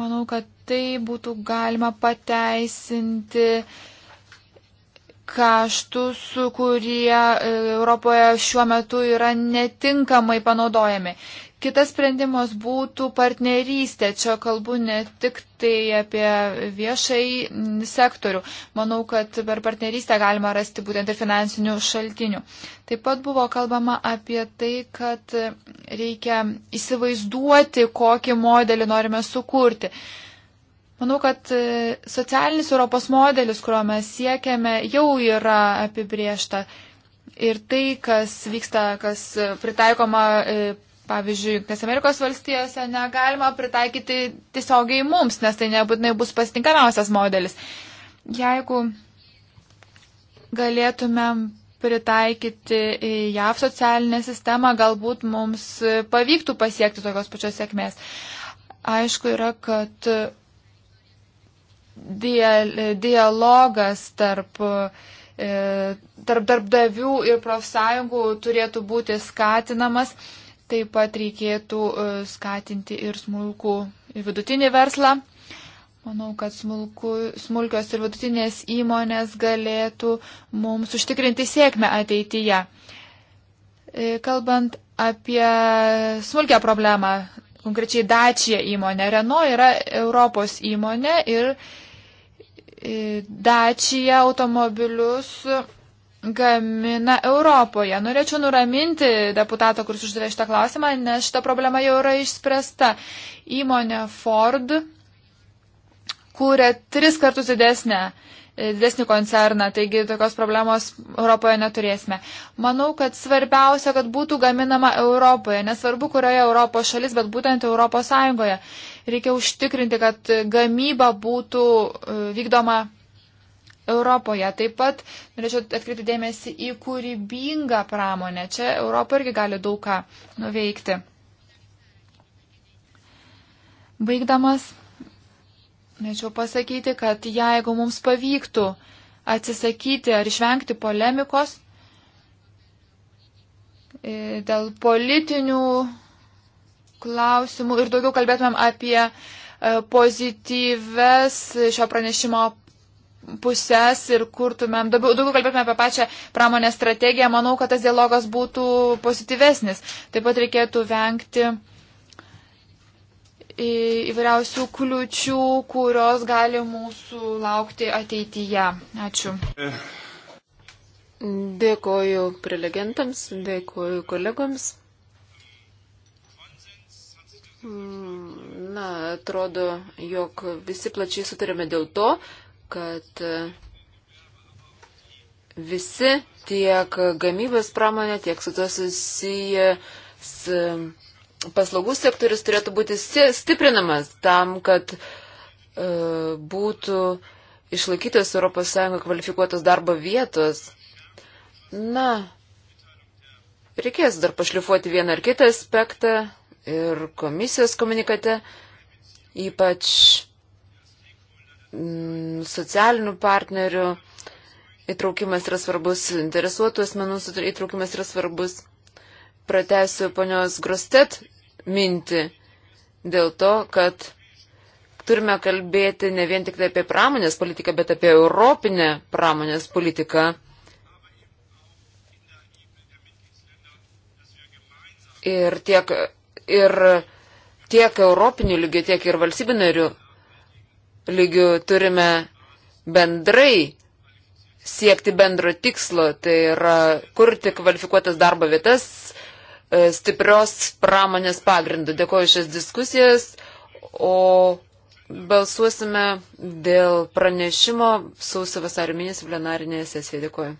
S3: Manau, kad tai būtų galima pateisinti kaštus, kurie e, Europoje šiuo metu yra netinkamai panaudojami. Kitas sprendimas būtų partnerystė. Čia kalbu ne tik tai apie viešai sektorių. Manau, kad per partnerystę galima rasti būtent ir finansinių šaltinių. Taip pat buvo kalbama apie tai, kad reikia įsivaizduoti, kokį modelį norime sukurti. Manau, kad socialinis Europos modelis, kurio mes siekiame, jau yra apibriešta. Ir tai, kas vyksta, kas pritaikoma e, Pavyzdžiui, Junktinės Amerikos valstijose negalima pritaikyti tiesiogiai mums, nes tai nebūtinai bus pasitinkamiausias modelis. Jeigu galėtumėm pritaikyti JAV socialinę sistemą, galbūt mums pavyktų pasiekti tokios pačios sėkmės. Aišku yra, kad dialogas tarp, e, tarp darbdavių ir profsąjungų turėtų būti skatinamas Taip pat reikėtų e, skatinti ir smulkų ir vidutinį verslą. Manau, kad smulku, smulkios ir vidutinės įmonės galėtų mums užtikrinti sėkmę ateityje. E, kalbant apie smulkę problemą, konkrečiai Dačia įmonė. Renault yra Europos įmonė ir e, Dačia automobilius gamina Europoje. Norėčiau nuraminti deputato, kuris uždavė šitą klausimą, nes šita problema jau yra išspręsta. Įmonė Ford kūrė tris kartus didesnę didesnį koncerną, taigi tokios problemos Europoje neturėsime. Manau, kad svarbiausia, kad būtų gaminama Europoje, nesvarbu, kurioje Europos šalis, bet būtent Europos Sąjungoje. Reikia užtikrinti, kad gamyba būtų e, vykdoma Europoje. Taip pat norėčiau atkreipti dėmesį į kūrybingą pramonę. Čia Europa irgi gali daug ką nuveikti. Baigdamas, norėčiau pasakyti, kad jeigu mums pavyktų atsisakyti ar išvengti polemikos e, dėl politinių klausimų ir daugiau kalbėtumėm apie e, pozityves šio pranešimo pusės ir kurtumėm, daugiau, daugiau kalbėtumėm apie pačią pramonės strategiją, manau, kad tas dialogas būtų pozityvesnis. Taip pat reikėtų vengti įvairiausių kliučių, kurios gali mūsų laukti ateityje. Ačiū. Dėkoju prelegentams, dėkoju
S2: kolegoms. Mm, na, atrodo, jog visi plačiai sutarėme dėl to, kad visi tiek gamybos pramonė, tiek su to susijęs paslaugų sektorius turėtų būti stiprinamas tam, kad e, būtų išlaikytos ES kvalifikuotos darbo vietos. Na, reikės dar pašlifuoti vieną ar kitą aspektą ir komisijos komunikate, ypač Mm, socialinių partnerių įtraukimas yra svarbus, interesuotų asmenų įtraukimas yra svarbus. Pratesiu ponios Grostet mintį dėl to, kad turime kalbėti ne vien tik tai apie pramonės politiką, bet apie europinę pramonės politiką. Ir tiek, ir tiek europinių lygių, tiek ir valstybinarių lygių turime bendrai siekti bendro tikslo, tai yra kurti kvalifikuotas darbo vietas e, stiprios pramonės pagrindų. Dėkuoju šias diskusijas, o balsuosime dėl pranešimo sausio vasario mėnesį plenarinėje sesijoje. Dėkuoju.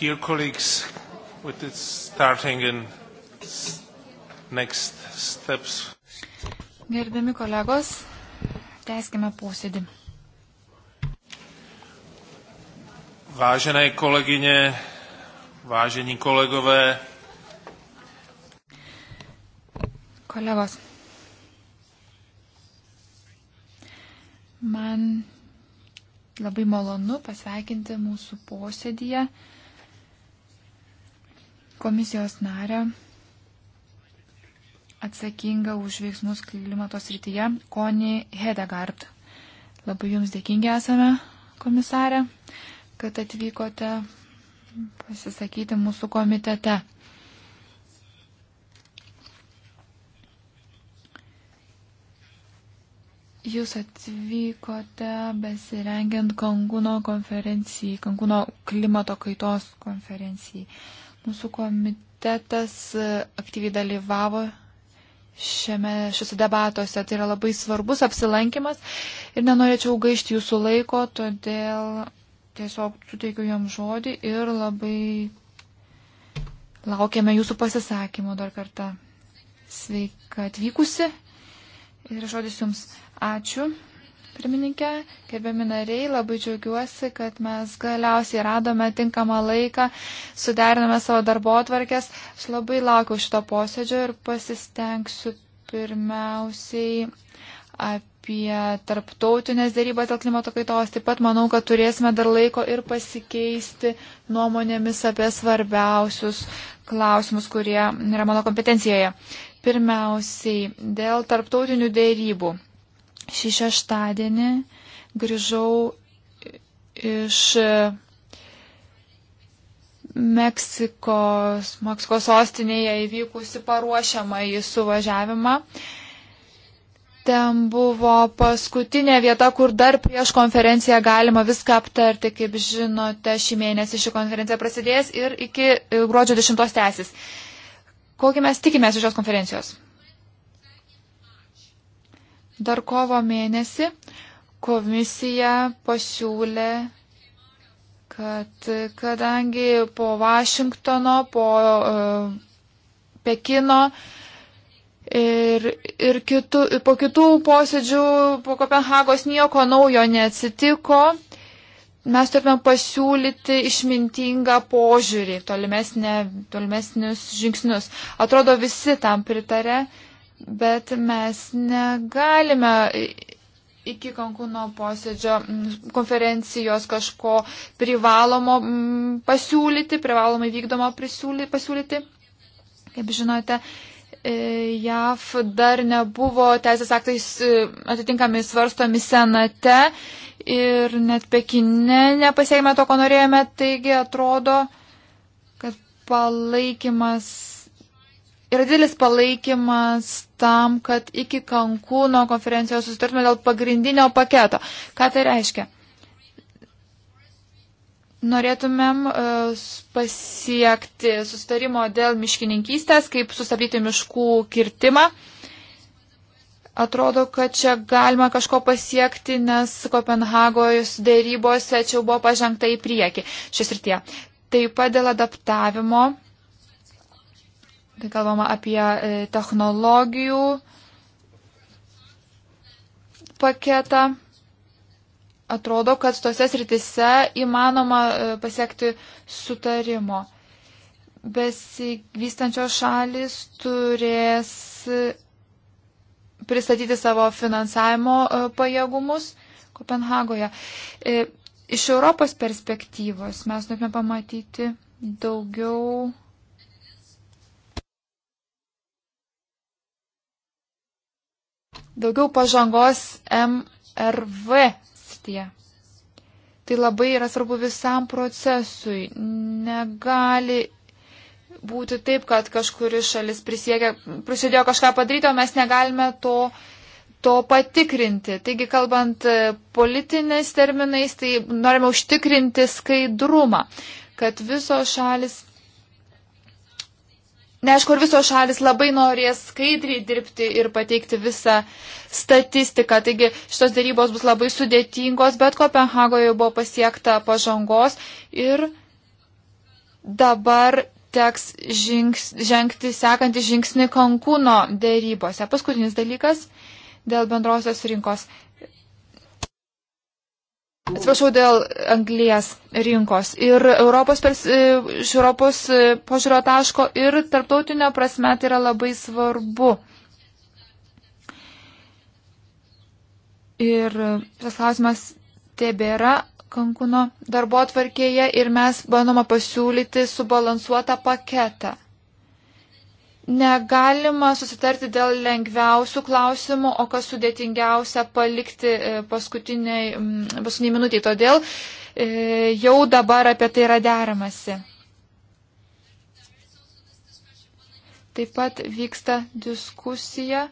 S1: Dear colleagues, with its starting in next steps.
S3: Gerbiami kolegos, tęskime posėdį.
S1: Vážené kolegyně, vážení kolegové.
S3: Kolegos. Man labai malonu pasveikinti mūsų posėdyje komisijos narę atsakinga už veiksmus klimatos rytyje, Koni Hedegard. Labai Jums dėkingi esame, komisarė, kad atvykote pasisakyti mūsų komitete. Jūs atvykote besirengiant Kankūno konferencijai, Kankūno klimato kaitos konferencijai. Mūsų komitetas e, aktyviai dalyvavo šiame, šiuose debatuose. Tai yra labai svarbus apsilankimas ir nenorėčiau gaišti jūsų laiko, todėl tiesiog suteikiu jam žodį ir labai laukiame jūsų pasisakymo dar kartą. Sveika atvykusi ir žodis jums. Ačiū. Pirmininkė, gerbiami nariai, labai džiaugiuosi, kad mes galiausiai radome tinkamą laiką, suderiname savo darbo atvarkės. Aš labai laukiu šito posėdžio ir pasistengsiu pirmiausiai apie tarptautinės dėrybas dėl klimato kaitos. Taip pat manau, kad turėsime dar laiko ir pasikeisti nuomonėmis apie svarbiausius klausimus, kurie yra mano kompetencijoje. Pirmiausiai, dėl tarptautinių dėrybų. Šį šeštadienį grįžau iš Meksikos, Meksikos sostinėje įvykusi paruošiamą į suvažiavimą. Ten buvo paskutinė vieta, kur dar prieš konferenciją galima viską aptarti. Kaip žinote, šį mėnesį ši konferencija prasidės ir iki gruodžio 10 tęsis. Kokį mes tikimės iš šios konferencijos? Dar kovo mėnesį komisija pasiūlė kad kadangi po Vašingtono, po uh, Pekino ir, ir kitų, po kitų posėdžių, po Kopenhagos nieko naujo neatsitiko, mes turime pasiūlyti išmintingą požiūrį, tolimesnė, tolimesnius žingsnius. Atrodo, visi tam pritarė. Uh, bet mes negalime iki Kankūno posėdžio konferencijos kažko privalomo pasiūlyti, privalomai vykdomo pasiūlyti. Kaip žinote, e, JAV dar nebuvo teisės aktais e, atitinkami svarstomi senate ir net Pekine nepasėgėme to, ko norėjome, taigi atrodo, kad palaikymas Yra didelis palaikymas tam, kad iki Kankūno konferencijos susitartume dėl pagrindinio paketo. Ką tai reiškia? Norėtumėm e, pasiekti sustarimo dėl miškininkystės, kaip sustabdyti miškų kirtimą. Atrodo, kad čia galima kažko pasiekti, nes Kopenhagojus dėrybose čia buvo pažengta į priekį šis ir tie. Taip pat dėl adaptavimo Tai kalbama apie e, technologijų paketą. Atrodo, kad tose sritise įmanoma e, pasiekti sutarimo. Besivystančios šalis turės pristatyti savo finansavimo e, pajėgumus Kopenhagoje. Iš Europos perspektyvos mes norime pamatyti daugiau daugiau pažangos MRV srityje. Tai labai yra svarbu visam procesui. Negali būti taip, kad kažkuri šalis prisiekia, prisidėjo kažką padaryti, o mes negalime to, to patikrinti. Taigi, kalbant politiniais terminais, tai norime užtikrinti skaidrumą, kad visos šalis Neaišku, ar visos šalis labai norės skaidriai dirbti ir pateikti visą statistiką. Taigi šitos dėrybos bus labai sudėtingos, bet Kopenhagoje buvo pasiekta pažangos ir dabar teks žings, žengti sekantį žingsnį Kankūno dėrybose. Paskutinis dalykas dėl bendrosios rinkos atsiprašau, dėl anglijas rinkos ir Europos, pers, e, iš Europos e, požiūrio taško ir tarptautinio prasme tai yra labai svarbu. Ir tas klausimas tebėra Kankuno darbo atvarkėje ir mes bandoma pasiūlyti subalansuotą paketą. Negalima susitarti dėl lengviausių klausimų, o kas sudėtingiausia palikti e, paskutiniai, paskutiniai minutiai. Todėl e, jau dabar apie tai yra deramasi. Taip pat vyksta diskusija,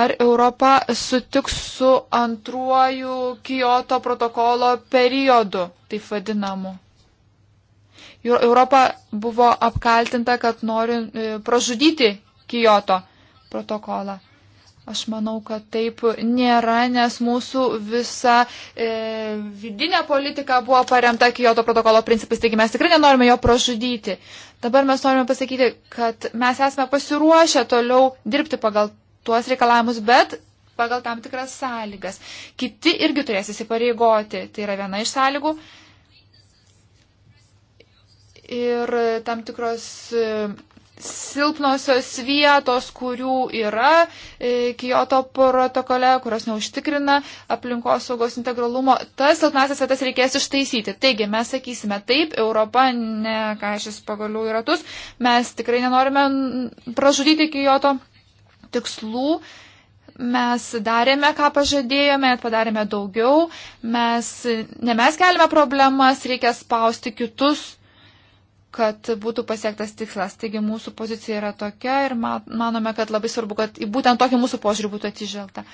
S3: ar Europa sutiks su antruoju Kyoto protokolo periodu, taip vadinamu. Europa buvo apkaltinta, kad nori e, pražudyti Kyoto protokolą. Aš manau, kad taip nėra, nes mūsų visa e, vidinė politika buvo paremta Kyoto protokolo principais, taigi mes tikrai nenorime jo pražudyti. Dabar mes norime pasakyti, kad mes esame pasiruošę toliau dirbti pagal tuos reikalavimus, bet pagal tam tikras sąlygas. Kiti irgi turės įsipareigoti, tai yra viena iš sąlygų. E, ir tam tikros e, silpnosios vietos, kurių yra e, Kyoto protokole, kurios neužtikrina aplinkos saugos integralumo, tas silpnasias vietas reikės ištaisyti. Taigi mes sakysime taip, Europa nekaišys pagalių į ratus, mes tikrai nenorime pražudyti Kyoto tikslų. Mes darėme, ką pažadėjome, padarėme daugiau. Mes, ne mes keliame problemas, reikia spausti kitus kad būtų pasiektas tikslas. Taigi mūsų pozicija yra tokia ir manome, kad labai svarbu, kad būtent tokį mūsų požiūrį būtų atsižvelgta.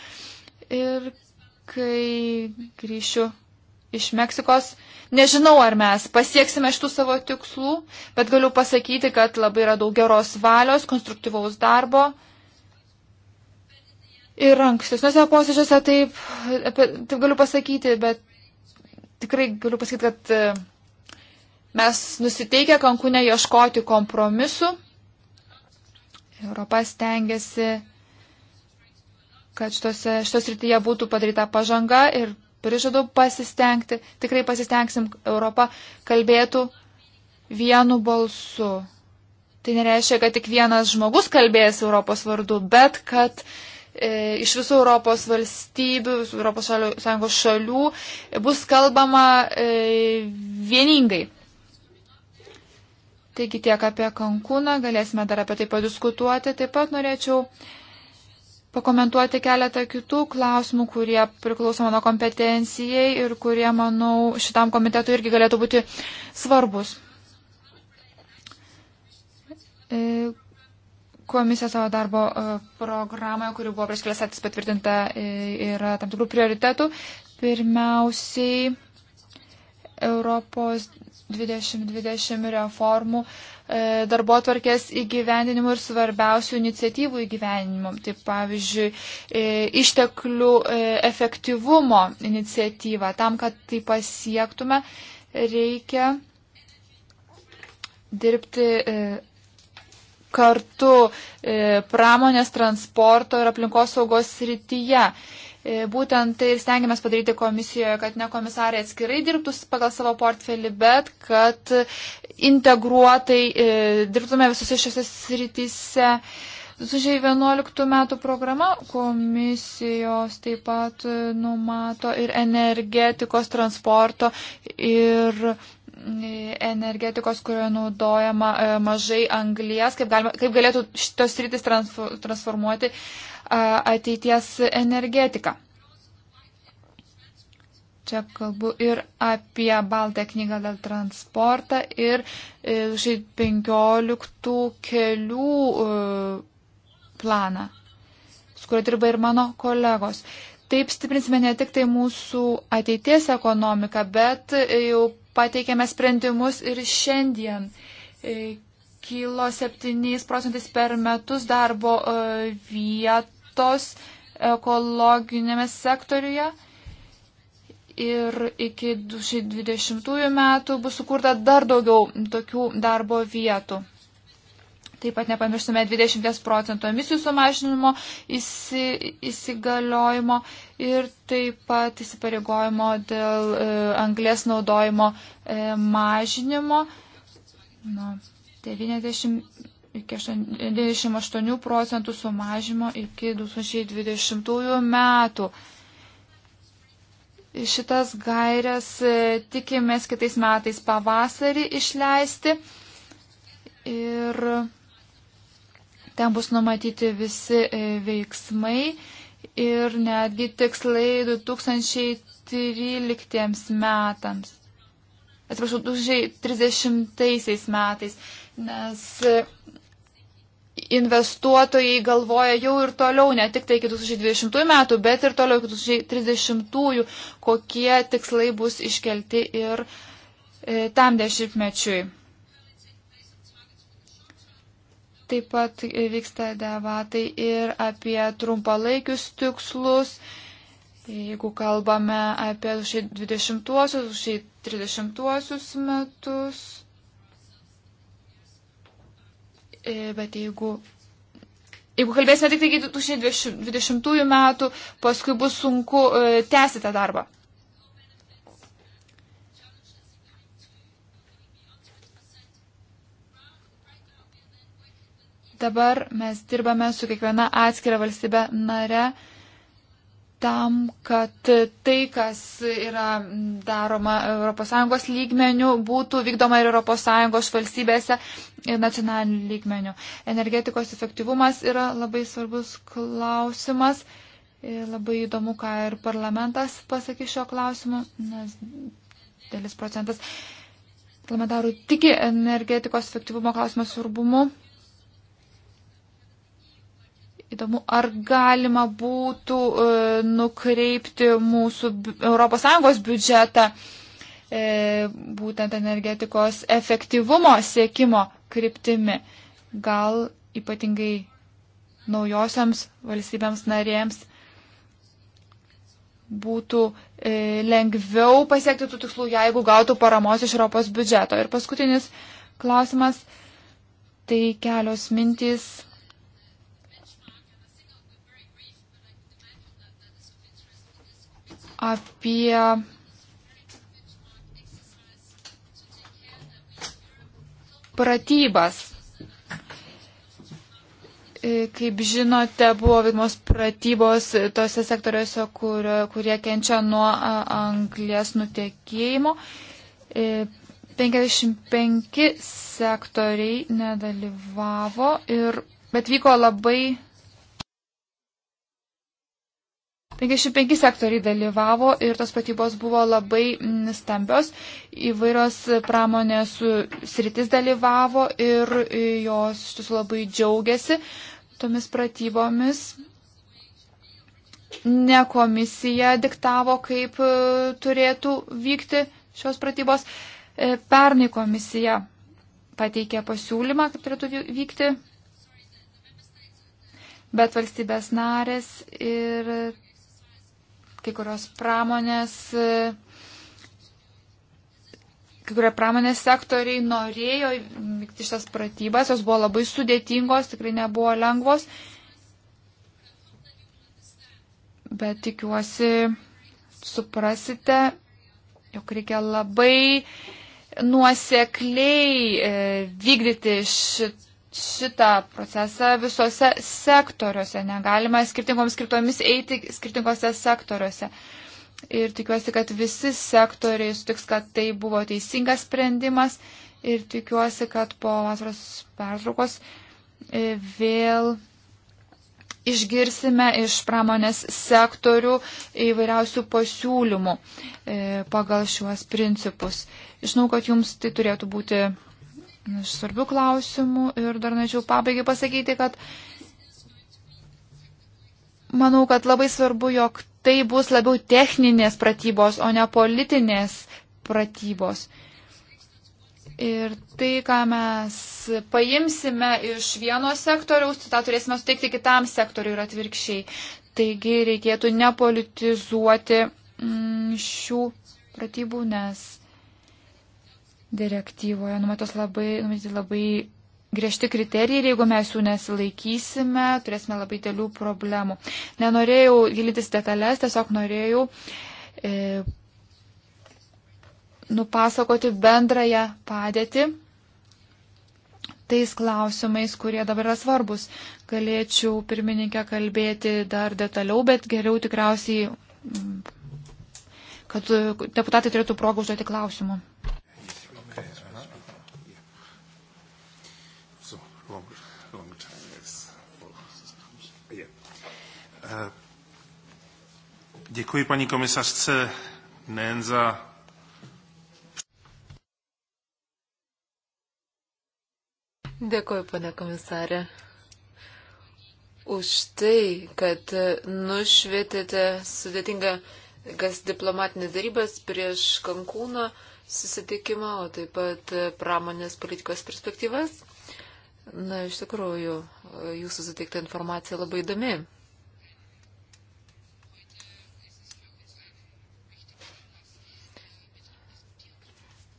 S3: Ir kai grįšiu iš Meksikos, nežinau, ar mes pasieksime šitų savo tikslų, bet galiu pasakyti, kad labai yra daug geros valios, konstruktyvaus darbo. Ir ankstesniuose posėdžiuose taip, taip galiu pasakyti, bet tikrai galiu pasakyti, kad Mes nusiteikę Kankūne ieškoti kompromisu. Europa stengiasi, kad šitose, šitos rytyje būtų padaryta pažanga ir prižadu pasistengti, tikrai pasistengsim, Europa kalbėtų vienu balsu. Tai nereiškia, kad tik vienas žmogus kalbės Europos vardu, bet kad e, iš visų Europos valstybių, visų Europos šalių, sąjungos šalių bus kalbama e, vieningai. Taigi tiek apie Kankūną, galėsime dar apie tai padiskutuoti. Taip pat norėčiau pakomentuoti keletą kitų klausimų, kurie priklauso mano kompetencijai ir kurie, manau, šitam komitetui irgi galėtų būti svarbus. E, komisija savo darbo e, programoje, kuri buvo prieš kelias atis patvirtinta, e, yra tam tikrų prioritetų. Pirmiausiai Europos 2020 reformų e, darbo atvarkės įgyvendinimu ir svarbiausių iniciatyvų įgyvendinimu. Tai pavyzdžiui, e, išteklių e, efektyvumo iniciatyva. Tam, kad tai pasiektume, reikia dirbti kartu pramonės, transporto ir aplinkosaugos srityje. E, būtent tai ir stengiamės padaryti komisijoje, kad ne komisarė atskirai dirbtų pagal savo portfelį, bet kad integruotai e, dirbtume visose šiose srityse. 2011 metų programa komisijos taip pat e, numato ir energetikos, transporto ir energetikos, kurioje naudojama mažai anglijas, kaip, galima, kaip galėtų šitos rytis transformuoti ateities energetiką. Čia kalbu ir apie baltą knygą dėl transportą ir 15 e, kelių e, planą, su kuriuo dirba ir mano kolegos. Taip stiprinsime ne tik tai mūsų ateities ekonomiką, bet e, jau pateikėme sprendimus ir šiandien kilo 7 procentais per metus darbo vietų naftos ekologinėme sektoriuje. Ir iki 2020 metų bus sukurta dar daugiau tokių darbo vietų. Taip pat nepamirštume 20 procentų emisijų sumažinimo įsi, įsigaliojimo ir taip pat įsipareigojimo dėl e, anglės naudojimo e, mažinimo. Nu, 90 iki 98 procentų sumažimo iki 2020 metų. Šitas gairias e, tikimės kitais metais pavasarį išleisti ir ten bus numatyti visi e, veiksmai ir netgi tikslai 2013 metams. Atsiprašau, 2030 metais, nes e, investuotojai galvoja jau ir toliau, ne tik tai iki 2020 metų, bet ir toliau iki 2030, kokie tikslai bus iškelti ir e, tam dešimtmečiui. Taip pat vyksta debatai ir apie trumpalaikius tikslus. Jeigu kalbame apie 20-30 metus, E, bet jeigu Jeigu kalbėsime tik iki 2020 metų, paskui bus sunku e, tęsti tą darbą. Dabar mes dirbame su kiekviena atskira valstybė nare tam, kad tai, kas yra daroma ES lygmenių, būtų vykdoma ir ES valstybėse nacionalinių lygmenių. Energetikos efektyvumas yra labai svarbus klausimas. Labai įdomu, ką ir parlamentas pasakys šio klausimu, nes dėlis procentas parlamentarų tiki energetikos efektyvumo klausimo svarbumu. Įdomu, ar galima būtų e, nukreipti mūsų ES biudžetą e, būtent energetikos efektyvumo siekimo kryptimi. Gal ypatingai naujosiams valstybėms narėms būtų e, lengviau pasiekti tų tikslų, jeigu gautų paramos iš Europos biudžeto. Ir paskutinis klausimas, tai kelios mintys apie pratybas. E, kaip žinote, buvo vykdomos pratybos tose sektoriuose, kur, kurie kenčia nuo anglės nutiekėjimo. 55 e, sektoriai nedalyvavo, ir, bet vyko labai 55 sektoriai dalyvavo ir tos patybos buvo labai mm, stambios, įvairios pramonės sritis dalyvavo ir e, jos iš tiesų labai džiaugiasi tomis pratybomis. Ne komisija diktavo, kaip e, turėtų vykti šios pratybos. E, pernai komisija pateikė pasiūlymą, kaip turėtų vykti, bet valstybės narės ir kai kurios pramonės. Kai kurie pramonės sektoriai norėjo vykti šitas pratybas, jos buvo labai sudėtingos, tikrai nebuvo lengvos, bet tikiuosi suprasite, jog reikia labai nuosekliai e, vykdyti šitą šitą procesą visose sektoriuose. Negalima skirtingoms skriptomis eiti skirtingose sektoriuose. Ir tikiuosi, kad visi sektoriai sutiks, kad tai buvo teisingas sprendimas. Ir tikiuosi, kad po vasaros pertraukos e, vėl išgirsime iš pramonės sektorių įvairiausių pasiūlymų e, pagal šiuos principus. Žinau, kad jums tai turėtų būti svarbių klausimų ir dar norėčiau pabaigai pasakyti, kad manau, kad labai svarbu, jog tai bus labiau techninės pratybos, o ne politinės pratybos. Ir tai, ką mes paimsime iš vieno sektoriaus, tą turėsime suteikti kitam sektoriui ir atvirkščiai. Taigi reikėtų nepolitizuoti mm, šių pratybų, nes direktyvoje numatytos labai, numatyti labai griežti kriterijai ir jeigu mes jų nesilaikysime, turėsime labai dėlių problemų. Nenorėjau gilintis detalės, tiesiog norėjau e, nupasakoti bendrąją padėtį tais klausimais, kurie dabar yra svarbus. Galėčiau pirmininkę kalbėti dar detaliau, bet geriau tikriausiai, mm, kad deputatai turėtų progą užduoti klausimų.
S2: Děkuji paní komisařce nejen za Dėkuoju, pane komisarė, už tai, kad nušvietėte sudėtingą kas diplomatinės darybas prieš Kankūno susitikimą, o taip pat pramonės politikos perspektyvas. Na, iš tikrųjų, jūsų suteikta informacija labai įdomi.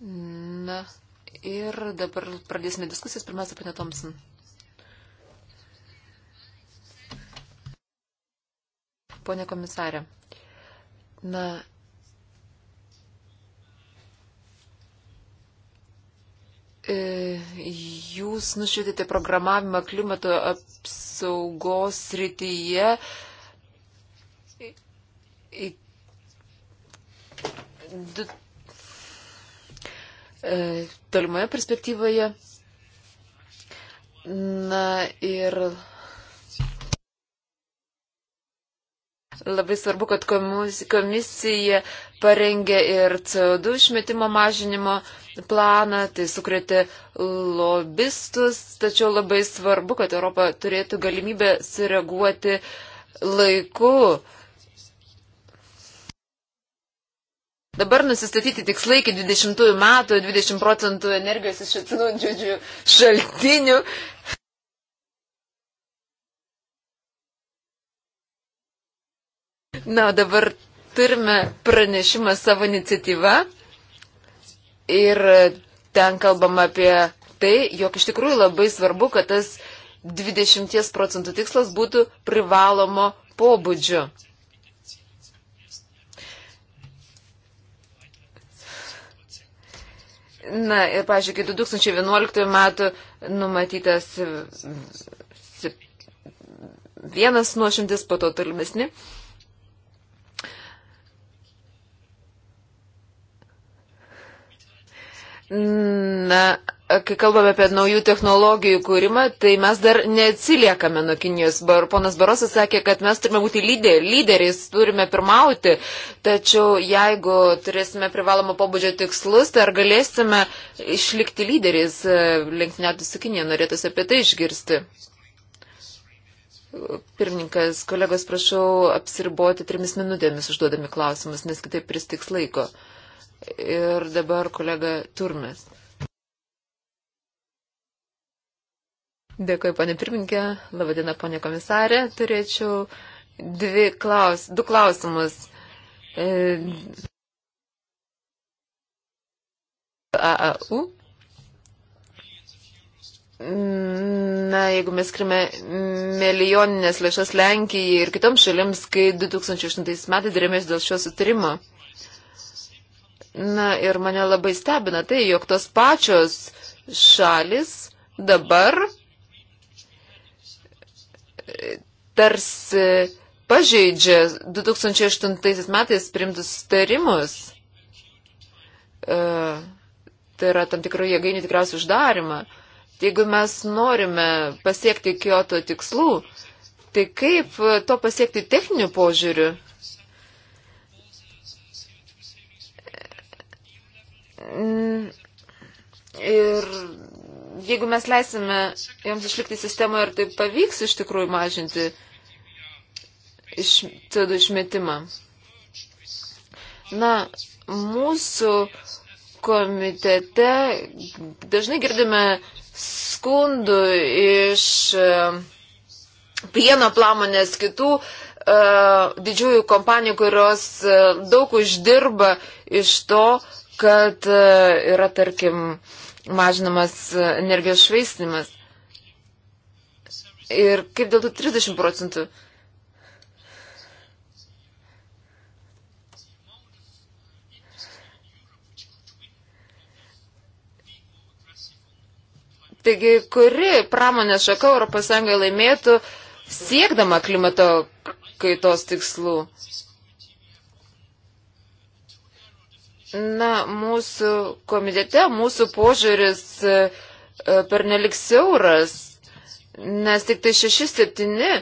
S2: Na ir dabar pradėsime diskusijas. Pirmiausia, panė Thompson. Pone komisarė, na. E, jūs nušvietėte programavimą klimato apsaugos rytyje iki 2000. E, tolimoje perspektyvoje. Na ir labai svarbu, kad komisija parengė ir CO2 išmetimo mažinimo planą, tai sukrėtė lobistus, tačiau labai svarbu, kad Europa turėtų galimybę sureaguoti laiku Dabar nusistatyti tikslai iki 20 metų 20 procentų energijos iš atsinaujančių šaltinių. Na, dabar turime pranešimą savo iniciatyvą ir ten kalbam apie tai, jog iš tikrųjų labai svarbu, kad tas 20 procentų tikslas būtų privalomo pobūdžio. Na ir, pažiūrėk, 2011 metų numatytas vienas nuošimtis, po to tolimesni. Ne? Na, kai kalbame apie naujų technologijų kūrimą, tai mes dar neatsiliekame nuo Kinijos. Bar, ponas Barosas sakė, kad mes turime būti lyder, lyderiais, turime pirmauti, tačiau jeigu turėsime privalomą pobūdžio tikslus, tai ar galėsime išlikti lyderiais e, lenktyniauti su Kinija, norėtųsi apie tai išgirsti. Pirmininkas, kolegos, prašau apsiriboti trimis minutėmis užduodami klausimus, nes kitaip pristiks laiko. Uh, ir dabar kolega Turmes. Dėkui, ponė pirmininkė, labadiena, ponė komisarė. Turėčiau dvi klaus, du klausimus. E, AAU. Na, jeigu mes skirime milijoninės lėšas Lenkijai ir kitoms šalims, kai 2008 metais dėrėmės dėl šio sutarimo. Na ir mane labai stebina tai, jog tos pačios šalis dabar e, tarsi pažeidžia 2008 metais primtus starimus. E, tai yra tam tikrų jėgainių tikriausiai uždarimą. Tai jeigu mes norime pasiekti Kyoto tikslų, tai kaip to pasiekti techniniu požiūriu? Mm. Ir jeigu mes leisime joms išlikti sistemoje, ar tai pavyks iš tikrųjų mažinti iš CO2 išmetimą? Na, mūsų komitete dažnai girdime skundų iš e, plieno plamonės kitų e, didžiųjų kompanijų, kurios e, daug uždirba iš to, kad e, yra, tarkim, mažinamas e, energijos švaistimas. Ir kaip dėl tų 30 procentų? Taigi, kuri pramonės šaka ES laimėtų siekdama klimato kaitos tikslų? Na, mūsų komitete mūsų požiūris e, e, per nelik siauras, nes tik tai 6-7 e,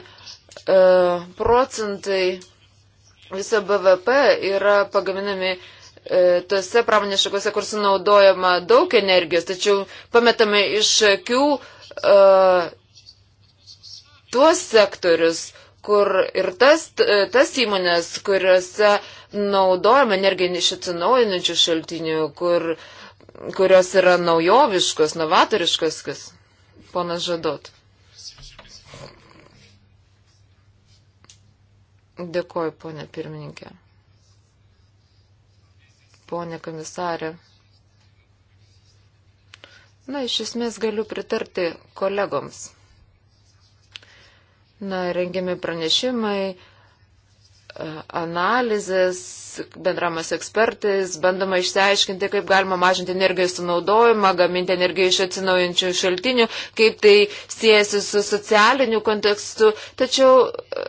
S2: procentai viso BVP yra pagaminami tose pramonės šakose, kur sunaudojama daug energijos, tačiau pametame iš akių tuos sektorius, kur ir tas, tas įmonės, kuriuose naudojama energija iš atsinaujinančių šaltinių, kur, kurios yra naujoviškos, novatoriškos, ponas Žadot. Dėkoju, ponė pirmininkė. Ponė komisarė. Na, iš esmės galiu pritarti kolegoms. Na, rengiami pranešimai, e, analizės, bendramas ekspertais, bandoma išsiaiškinti, kaip galima mažinti energijos sunaudojimą, gaminti energiją iš atsinaujančių šaltinių, kaip tai siejasi su socialiniu kontekstu. Tačiau e,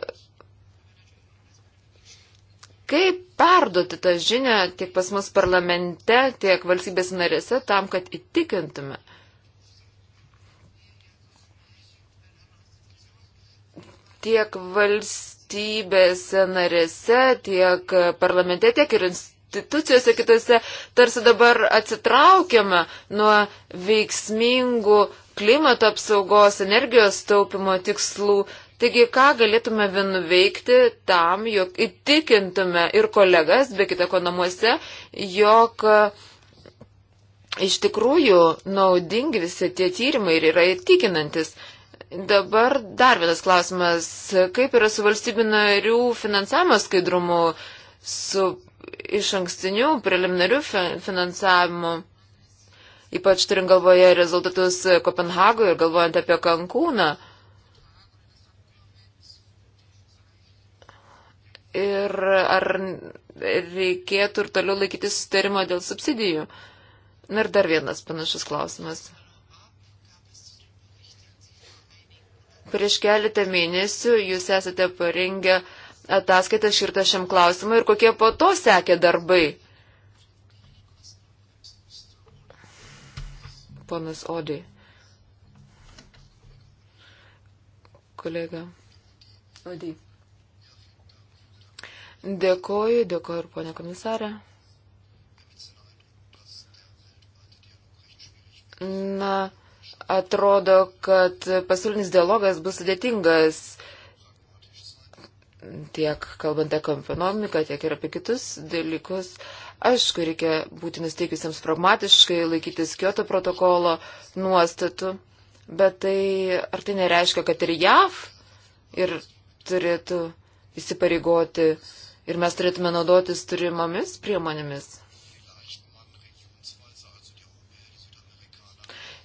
S2: kaip perduoti tą žinią tiek pas mus parlamente, tiek valstybės narėse tam, kad įtikintume tiek valstybėse narėse, tiek parlamente, tiek ir institucijose kitose tarsi dabar atsitraukiama nuo veiksmingų klimato apsaugos, energijos taupimo tikslų. Taigi, ką galėtume nuveikti tam, jog įtikintume ir kolegas, be kita ko namuose, jog e, iš tikrųjų naudingi visi tie tyrimai ir yra įtikinantis. Dabar dar vienas klausimas. Kaip yra su valstybių narių finansavimo skaidrumu, su iš ankstinių preliminarių finansavimu, ypač turint galvoje rezultatus Kopenhagoje ir galvojant apie Kankūną? ir ar reikėtų ir toliau laikyti sustarimo dėl subsidijų? Na ir dar vienas panašus klausimas. Prieš keletą mėnesių jūs esate parengę ataskaitą širtą šiam klausimui ir kokie po to sekė darbai. Ponas Odai. Kolega. Odai. Dėkoju, dėkoju ir ponia komisarė. Na. Atrodo, kad pasaulinis dialogas bus sudėtingas tiek kalbant apie ekonomiką, tiek ir apie kitus dalykus. Aišku, reikia būti nusteikusiems pragmatiškai, laikytis Kyoto protokolo nuostatų, bet tai ar tai nereiškia, kad ir JAV ir turėtų įsipareigoti ir mes turėtume naudotis turimomis priemonėmis?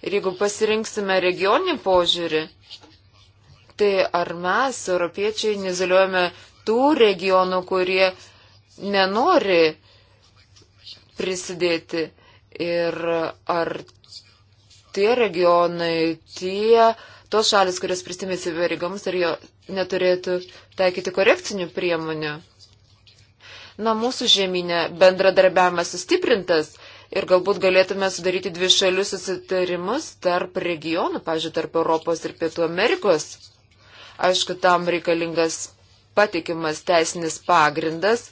S2: Ir jeigu pasirinksime regioninį požiūrį, tai ar mes, europiečiai, nizoliuojame tų regionų, kurie nenori prisidėti. Ir ar tie regionai, tie, tos šalis, kurios pristimėsi pareigoms, ar jo neturėtų taikyti korekcinių priemonių. Na, mūsų žemynė bendradarbiavimas sustiprintas ir galbūt galėtume sudaryti dvi šalių susitarimus tarp regionų, pažiūrėjau, tarp Europos ir Pietų Amerikos. Aišku, tam reikalingas patikimas teisinis pagrindas,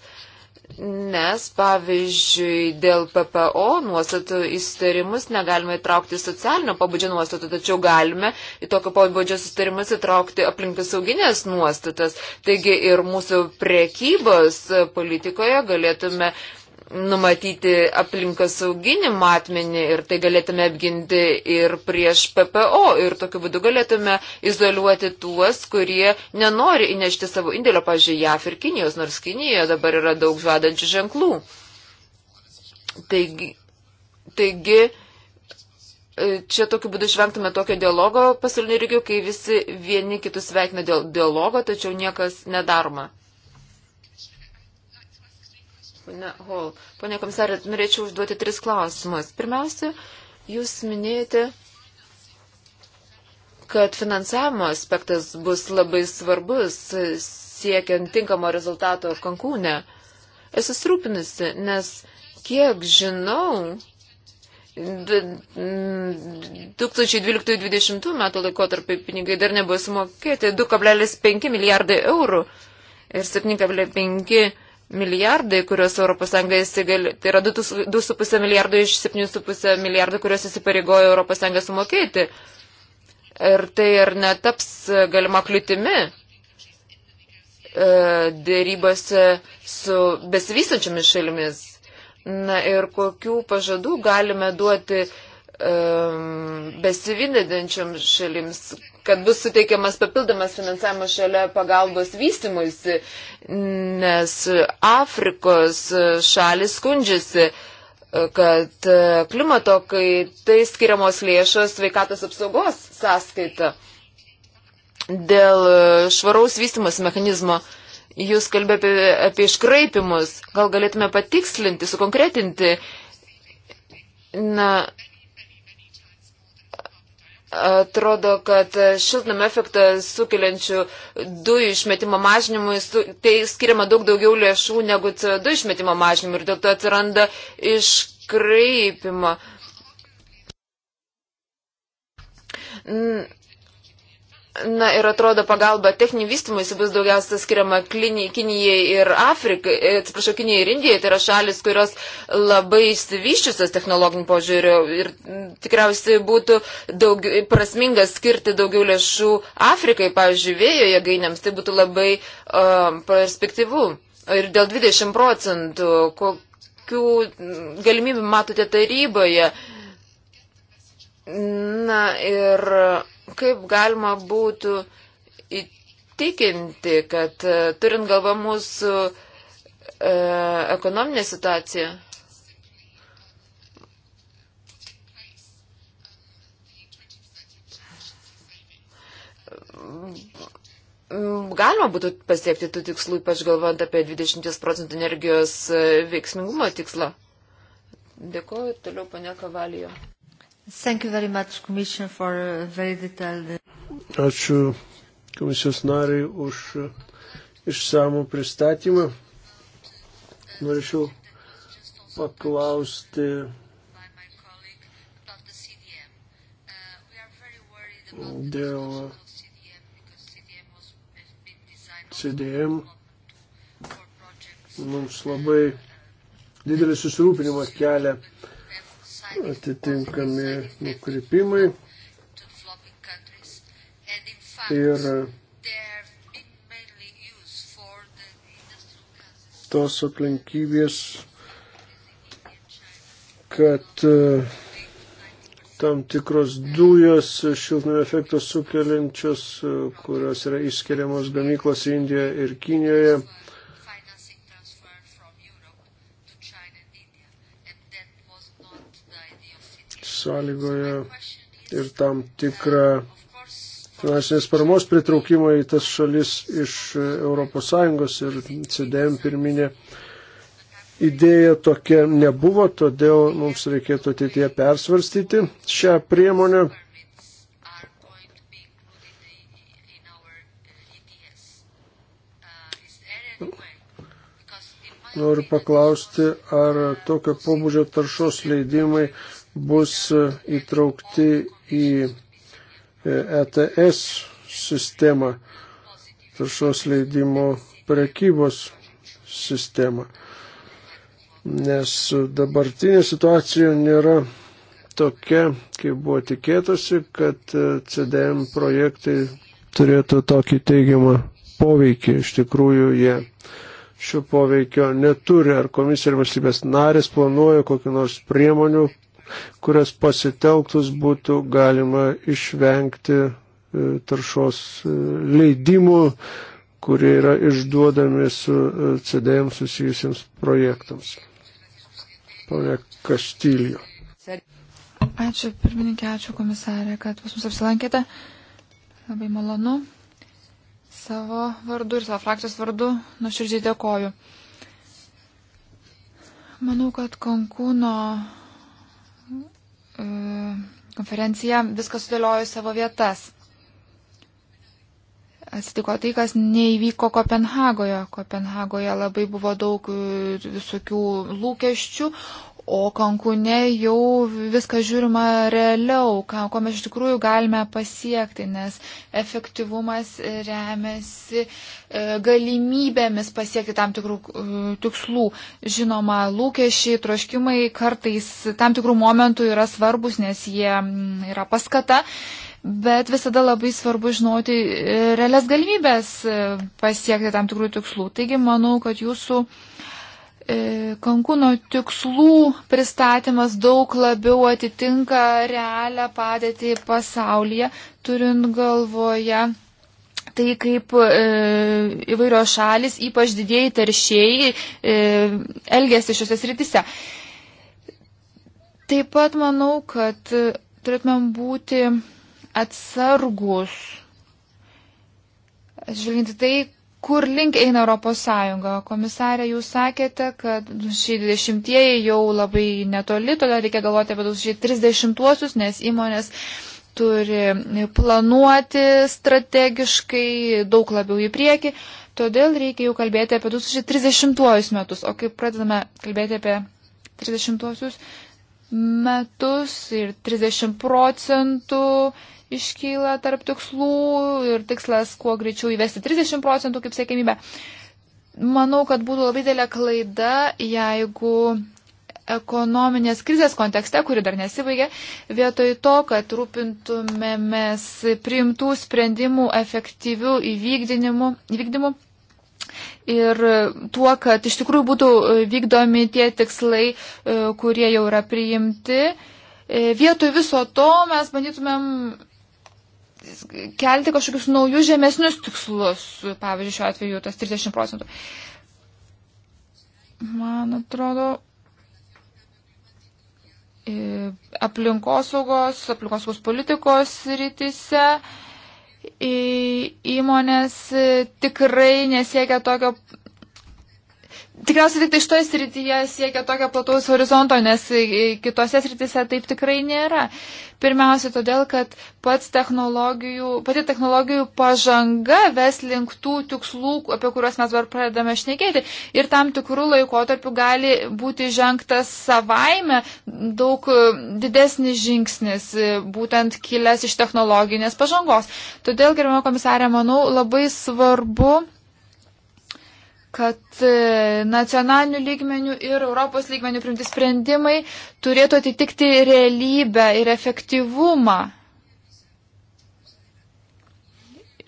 S2: nes, pavyzdžiui, dėl PPO nuostatų įsitarimus negalime įtraukti socialinio pabudžio nuostatų, tačiau galime į tokio pabudžio susitarimus įtraukti aplinkosauginės nuostatas. Taigi ir mūsų priekybos politikoje galėtume numatyti aplinkosauginį matmenį ir tai galėtume apginti ir prieš PPO ir tokiu būdu galėtume izoliuoti tuos, kurie nenori įnešti savo indėlio, pažiūrėjau, JAF ir Kinijos, nors Kinijoje dabar yra daug žadančių ženklų. Taigi, taigi e, čia tokiu būdu išvengtume tokio dialogo pasaulinio lygio, kai visi vieni kitus sveikina dėl dialogo, tačiau niekas nedaroma ponia Hall. Pone komisarė, norėčiau užduoti tris klausimus. Pirmiausia, jūs minėjote, kad finansavimo aspektas bus labai svarbus siekiant tinkamo rezultato Kankūne. Esu srūpinusi, nes kiek žinau, 2012-2020 metų laikotarpį pinigai dar nebuvo sumokėti 2,5 milijardai eurų ir 7,5 milijardai milijardai, kuriuos ES įsigali, tai yra 2,5 milijardo iš 7,5 milijardo, kuriuos įsipareigojo ES sumokėti. Ir tai ir netaps galima kliūtimi e, dėrybose su besivystančiomis šalimis. Na ir kokių pažadų galime duoti um, e, besivydančiam šalims, kad bus suteikiamas papildomas finansavimas šalia pagalbos vystimuisi, nes Afrikos šalis skundžiasi, kad klimato kaitai skiriamos lėšos sveikatos apsaugos sąskaita. Dėl švaraus vystimas mechanizmo jūs kalbėjote apie, apie iškraipimus. Gal galėtume patikslinti, sukonkretinti? Na, Atrodo, kad šiltnamio efektą sukeliančių dujų išmetimo mažinimui tai skiriama daug daugiau lėšų negu CO2 išmetimo mažinimui ir dėl to atsiranda iškreipimo. N Na ir atrodo pagalba techninių vystimuisi bus daugiausia skiriama Kinijai ir Afrikai, e, atsiprašau, Kinijai ir Indijai, tai yra šalis, kurios labai išsivyščiusios technologinių požiūrių ir tikriausiai būtų daug, prasminga skirti daugiau lėšų Afrikai, pavyzdžiui, vėjo jėgainėms, tai būtų labai um, perspektyvu. Ir dėl 20 procentų, kokių galimybių matote taryboje? Na ir kaip galima būtų įtikinti, kad e, turint galvą mūsų e, ekonominę situaciją. Galima būtų pasiekti tų tikslų, ypač galvojant apie 20 procentų energijos e, veiksmingumo tikslą. Dėkuoju, toliau pane Kavalijo. Thank you very much, Commission, for uh, very detailed. Uh,
S1: Ačiū komisijos nariai už uh, išsamų pristatymą. Norėčiau paklausti dėl CDM. Mums labai didelį susirūpinimą kelia atitinkami nukrypimai. Ir tos aplinkybės, kad e, tam tikros dujos šiltnamio efektą sukeliančios, e, kurios yra išskiriamos gamyklos Indijoje ir Kinijoje, sąlygoja ir tam tikrą finansinės paramos pritraukimą į tas šalis iš ES ir CDM pirminė idėja tokia nebuvo, todėl mums reikėtų ateityje persvarstyti šią priemonę. Noriu paklausti, ar tokio pobūdžio taršos leidimai bus e, įtraukti į ETS e sistemą, taršos leidimo prekybos sistemą. Nes dabartinė situacija nėra tokia, kaip buvo tikėtasi, kad e, CDM projektai turėtų tokį teigiamą poveikį. Iš tikrųjų, jie šio poveikio neturi. Ar komisija ir valstybės narės planuoja kokiu nors priemonių kurias pasitelktus būtų galima išvengti e, taršos e, leidimų, kurie yra išduodami su e, CDM susijusiems projektams. Pone Kaštylio.
S3: Ačiū pirmininkė, ačiū komisarė, kad pas mus apsilankėte. Labai malonu. Savo vardu ir savo frakcijos vardu nuoširdžiai dėkoju. Manau, kad Konkūno konferenciją viską sudėliojo į savo vietas. Atsitiko tai, kas neįvyko Kopenhagoje. Kopenhagoje labai buvo daug e, visokių lūkesčių, O Kankune jau viską žiūrima realiau, ką, ko mes iš tikrųjų galime pasiekti, nes efektyvumas remiasi e, galimybėmis pasiekti tam tikrų e, tikslų. Žinoma, lūkesčiai, troškimai kartais tam tikrų momentų yra svarbus, nes jie mm, yra paskata. Bet visada labai svarbu žinoti e, realias galimybės pasiekti tam tikrų tikslų. Taigi manau, kad jūsų uh, E, Konkuno tikslų pristatymas daug labiau atitinka realią padėtį pasaulyje, turint galvoje tai, kaip e, įvairios šalis, ypač didėjai taršėjai, e, elgėsi šiuose srityse. Taip pat manau, kad turėtumėm būti atsargus, žvelginti tai, kur link eina Europos Sąjunga. Komisarė, jūs sakėte, kad šį 20-ieji jau labai netoli, todėl reikia galvoti apie 2030-uosius, nes įmonės turi planuoti strategiškai daug labiau į priekį, todėl reikia jau kalbėti apie 2030-uosius metus. O kai pradedame kalbėti apie 30-uosius metus ir 30 procentų iškyla tarp tikslų ir tikslas kuo greičiau įvesti 30 procentų kaip sėkimybę. Manau, kad būtų labai dėlė klaida, jeigu ekonominės krizės kontekste, kuri dar nesibaigė, vietoj to, kad rūpintumėmės priimtų sprendimų efektyvių įvykdinimu, įvykdymu ir tuo, kad iš tikrųjų būtų vykdomi tie tikslai, e, kurie jau yra priimti, e, vietoj viso to mes bandytumėm kelti kažkokius naujus žemesnius tikslus, pavyzdžiui, šiuo atveju tas 30 procentų. Man atrodo, e, aplinkosaugos, aplinkosaugos politikos rytise e, įmonės e, tikrai nesiekia tokio Tikriausiai tik tai šitoje srityje siekia tokio plataus horizonto, nes kitose srityse taip tikrai nėra. Pirmiausia, todėl, kad technologijų, pati technologijų pažanga ves link tų tikslų, apie kuriuos mes dabar pradedame šnekėti. Ir tam tikrų laikotarpių gali būti žengtas savaime daug e, didesnis žingsnis, e, būtent kilęs iš technologinės pažangos. Todėl, gerbimo komisarė, manau, labai svarbu kad e, nacionalinių lygmenių ir Europos lygmenių primti sprendimai turėtų atitikti realybę ir efektyvumą.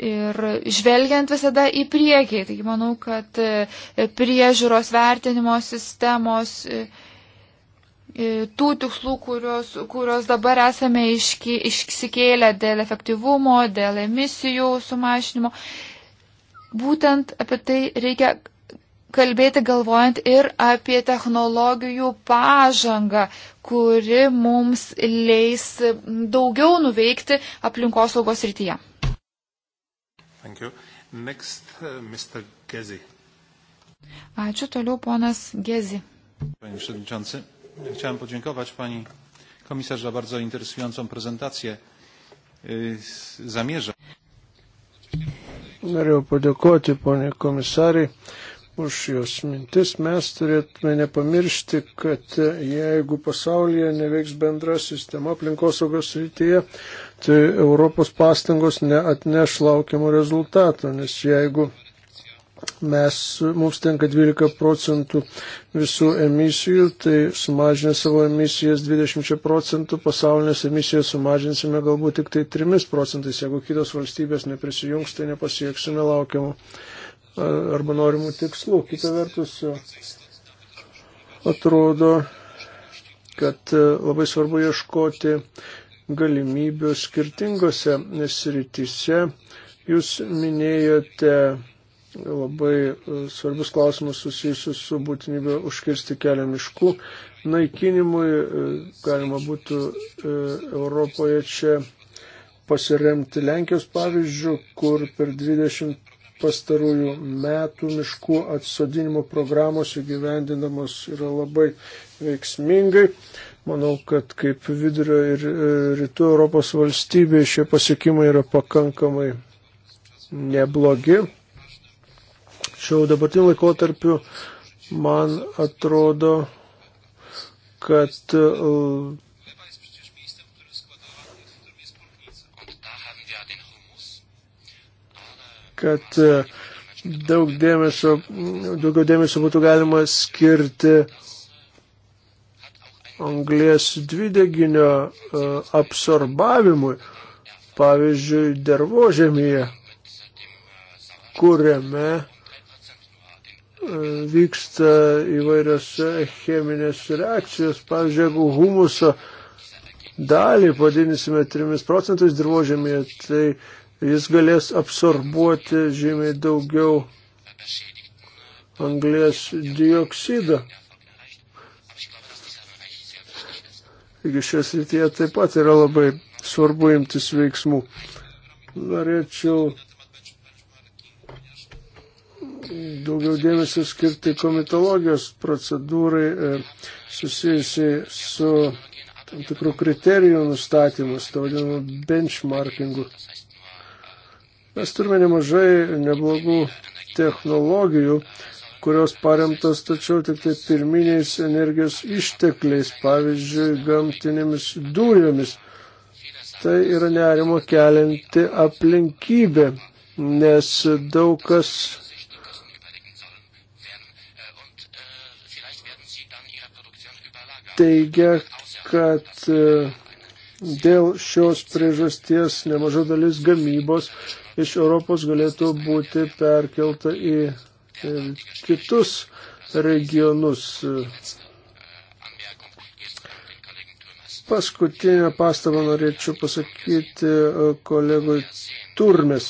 S3: Ir žvelgiant visada į priekį, taigi manau, kad e, priežiūros vertinimo sistemos e, tų tikslų, kurios, kurios dabar esame iški, išsikėlę dėl efektyvumo, dėl emisijų sumažinimo. Būtent apie tai reikia kalbėti galvojant ir apie technologijų pažangą, kuri mums leis daugiau nuveikti aplinkosaugos rytyje.
S1: Next, uh,
S3: Ačiū toliau, ponas Gezi.
S1: Panie Przewodniczący, chciałem podziękować Pani Komisarz za bardzo interesującą prezentację zamierza. Norėjau padėkoti, ponė komisarė, už jos mintis. Mes turėtume nepamiršti, kad jeigu pasaulyje neveiks bendra sistema aplinkosaugos rytyje, tai Europos pastangos neatneš laukiamų rezultatų, nes jeigu mes, mums tenka 12 procentų visų emisijų, tai sumažinę savo emisijas 20 procentų, pasaulinės emisijas sumažinsime galbūt tik tai 3 procentais, jeigu kitos valstybės neprisijungs, tai nepasieksime laukiamų arba norimų tikslų. Kita vertus, atrodo, kad e, labai svarbu ieškoti galimybių skirtingose srityse. Jūs minėjote labai e, svarbus klausimus susijusius su būtinybė užkirsti kelią miškų naikinimui. E, galima būtų Europoje čia pasiremti Lenkijos pavyzdžių, kur per 20 pastarųjų metų miškų atsodinimo programos įgyvendinamos yra labai veiksmingai. Manau, kad kaip vidurio ir e, rytų Europos valstybė šie pasiekimai yra pakankamai neblogi. Šiau dabartiniu laikotarpiu man atrodo, kad e, kad e, daug dėmesio, daugiau dėmesio būtų galima skirti anglės dvideginio e, absorbavimui, pavyzdžiui, dervožemėje, kuriame e, vyksta įvairios cheminės reakcijos. Pavyzdžiui, jeigu humuso dalį padidinsime 3 procentais dirbožėmėje, tai jis galės absorbuoti žymiai daugiau anglės dioksidą. Taigi šios rytyje taip pat yra labai svarbu imtis veiksmų. Norėčiau daugiau dėmesio skirti komitologijos procedūrai e, susijusiai su tam tikrų kriterijų nustatymus, to vadinamu benchmarkingu. Mes turime nemažai neblogų technologijų, kurios paremtas tačiau tik tai pirminiais energijos ištekliais, pavyzdžiui, gamtinėmis dujomis. Tai yra nerimo kelianti aplinkybė, nes daug kas teigia, kad e, dėl šios priežasties nemaža dalis gamybos iš Europos galėtų būti perkelta į kitus regionus. Paskutinę pastabą norėčiau pasakyti e, kolegui Turmes.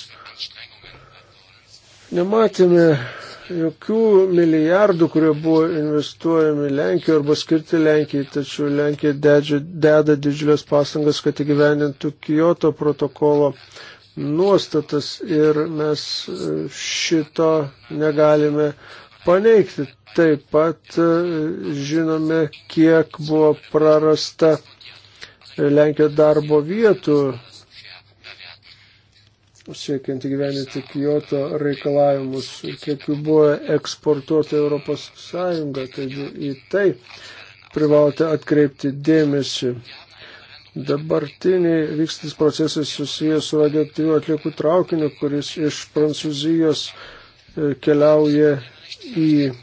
S1: Nematėme jokių milijardų, kurie buvo investuojami Lenkijoje arba skirti Lenkijai, tačiau Lenkija dedžia, deda didžiulės pastangas, kad įgyvendintų Kyoto protokolo uh, nuostatas ir mes e, šito negalime paneigti. Taip pat e, žinome, kiek buvo prarasta Lenkijos darbo vietų siekiant įgyveninti Kyoto reikalavimus, kiek jų buvo eksportuota Europos Sąjunga, taigi į tai privalote atkreipti dėmesį. Dabartiniai vykstantis procesai susijęs su radioaktyvių atliekų traukiniu, kuris iš Prancūzijos e, keliauja į e,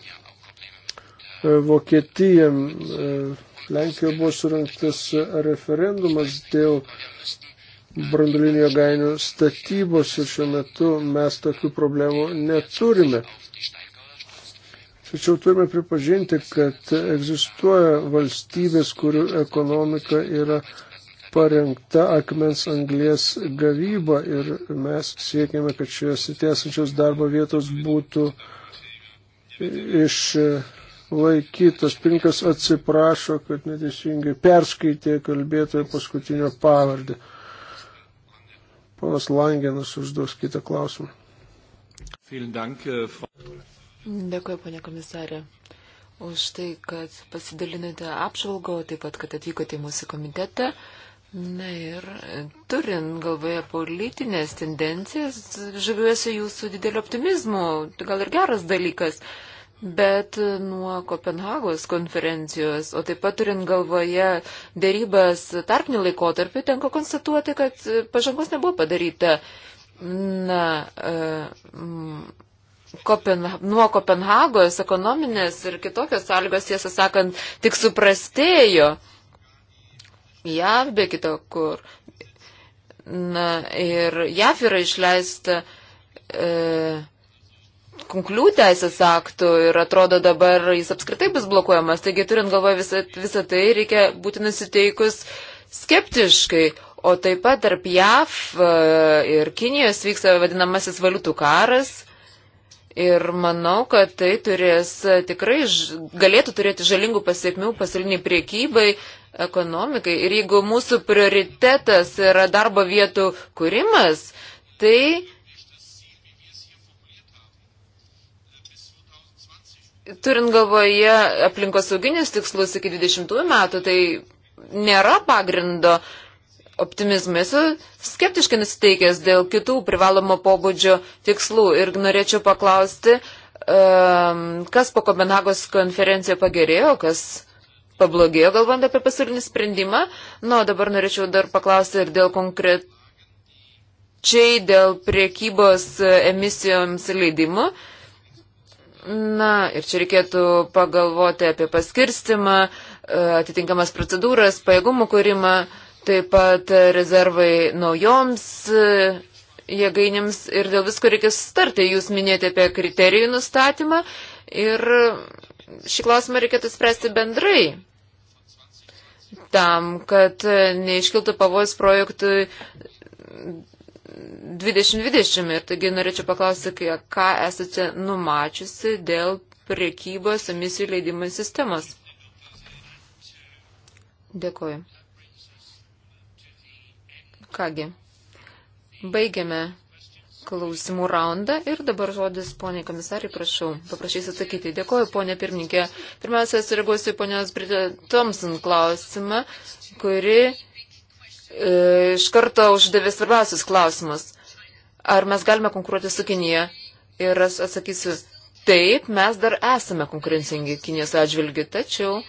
S1: Vokietiją. E, Lenkijoje buvo surinktas referendumas dėl brandulinio jėgainių statybos ir šiuo metu mes tokių problemų neturime. Tačiau turime pripažinti, kad egzistuoja valstybės, kurių ekonomika yra parengta akmens anglės gavyba ir mes siekime, kad šioje sitiesančios darbo vietos būtų išlaikytos. Pinkas atsiprašo, kad neteisingai perskaitė kalbėtojo paskutinio pavardę. Ponas Langenas užduos kitą klausimą. Äh,
S2: Dėkuoju, ponė komisarė už tai, kad pasidalinote apžvalgo, taip pat, kad atvykote į mūsų komitetą. Na ir turint galvoje politinės tendencijas, žaviuosi jūsų dideliu optimizmu, gal ir geras dalykas, bet nuo Kopenhagos konferencijos, o taip pat turint galvoje dėrybas tarpnių laikotarpį, tenko konstatuoti, kad pažangos nebuvo padaryta. Na, uh, Kopenha nuo Kopenhagos ekonominės ir kitokios sąlygos, tiesą sakant, tik suprastėjo. Uh, JAV be kito kur. Na ir JAV yra išleista. E, kunklių teisės aktų ir atrodo dabar jis apskritai bus blokuojamas. Taigi, turint galvoje visą, visą tai, reikia būti nusiteikus skeptiškai. O taip pat tarp JAV e, ir Kinijos vyksta vadinamasis valiutų karas. Ir manau, kad tai turės e, tikrai galėtų turėti žalingų pasiekmių pasauliniai priekybai, ekonomikai. Ir jeigu mūsų prioritetas yra darbo vietų kūrimas, tai turint galvoje aplinkosauginius tikslus iki 20 metų, tai nėra pagrindo optimizmui. Esu skeptiškai nusiteikęs dėl kitų privalomo pobūdžio tikslų ir norėčiau paklausti, ehm, kas po Kopenhagos konferencijoje pagerėjo, kas pablogėjo, galvant apie pasaulinį sprendimą. Na, nu, dabar norėčiau dar paklausti ir dėl konkrečiai dėl priekybos emisijoms leidimų. Na, ir čia reikėtų pagalvoti apie paskirstimą, e, atitinkamas procedūras, pajėgumų kūrimą, taip pat rezervai naujoms e, jėgainėms ir dėl visko reikia sustarti. Jūs minėjote apie kriterijų nustatymą ir šį klausimą reikėtų spręsti bendrai tam, kad neiškiltų pavojus projektui 2020. Ir taigi norėčiau paklausti, ką esate numačiusi dėl priekybos emisijų leidimų sistemos. Dėkuoju. Kągi, baigiame klausimų raundą ir dabar žodis poniai komisarai, prašau, paprašysiu atsakyti. Dėkoju, ponė pirmininkė. Pirmiausia, sureaguosiu ponios Britė Thompson klausimą, kuri e, iš karto uždavė svarbiausius klausimus. Ar mes galime konkuruoti su Kinija? Ir aš atsakysiu, taip, mes dar esame konkurencingi Kinijos atžvilgiu, tačiau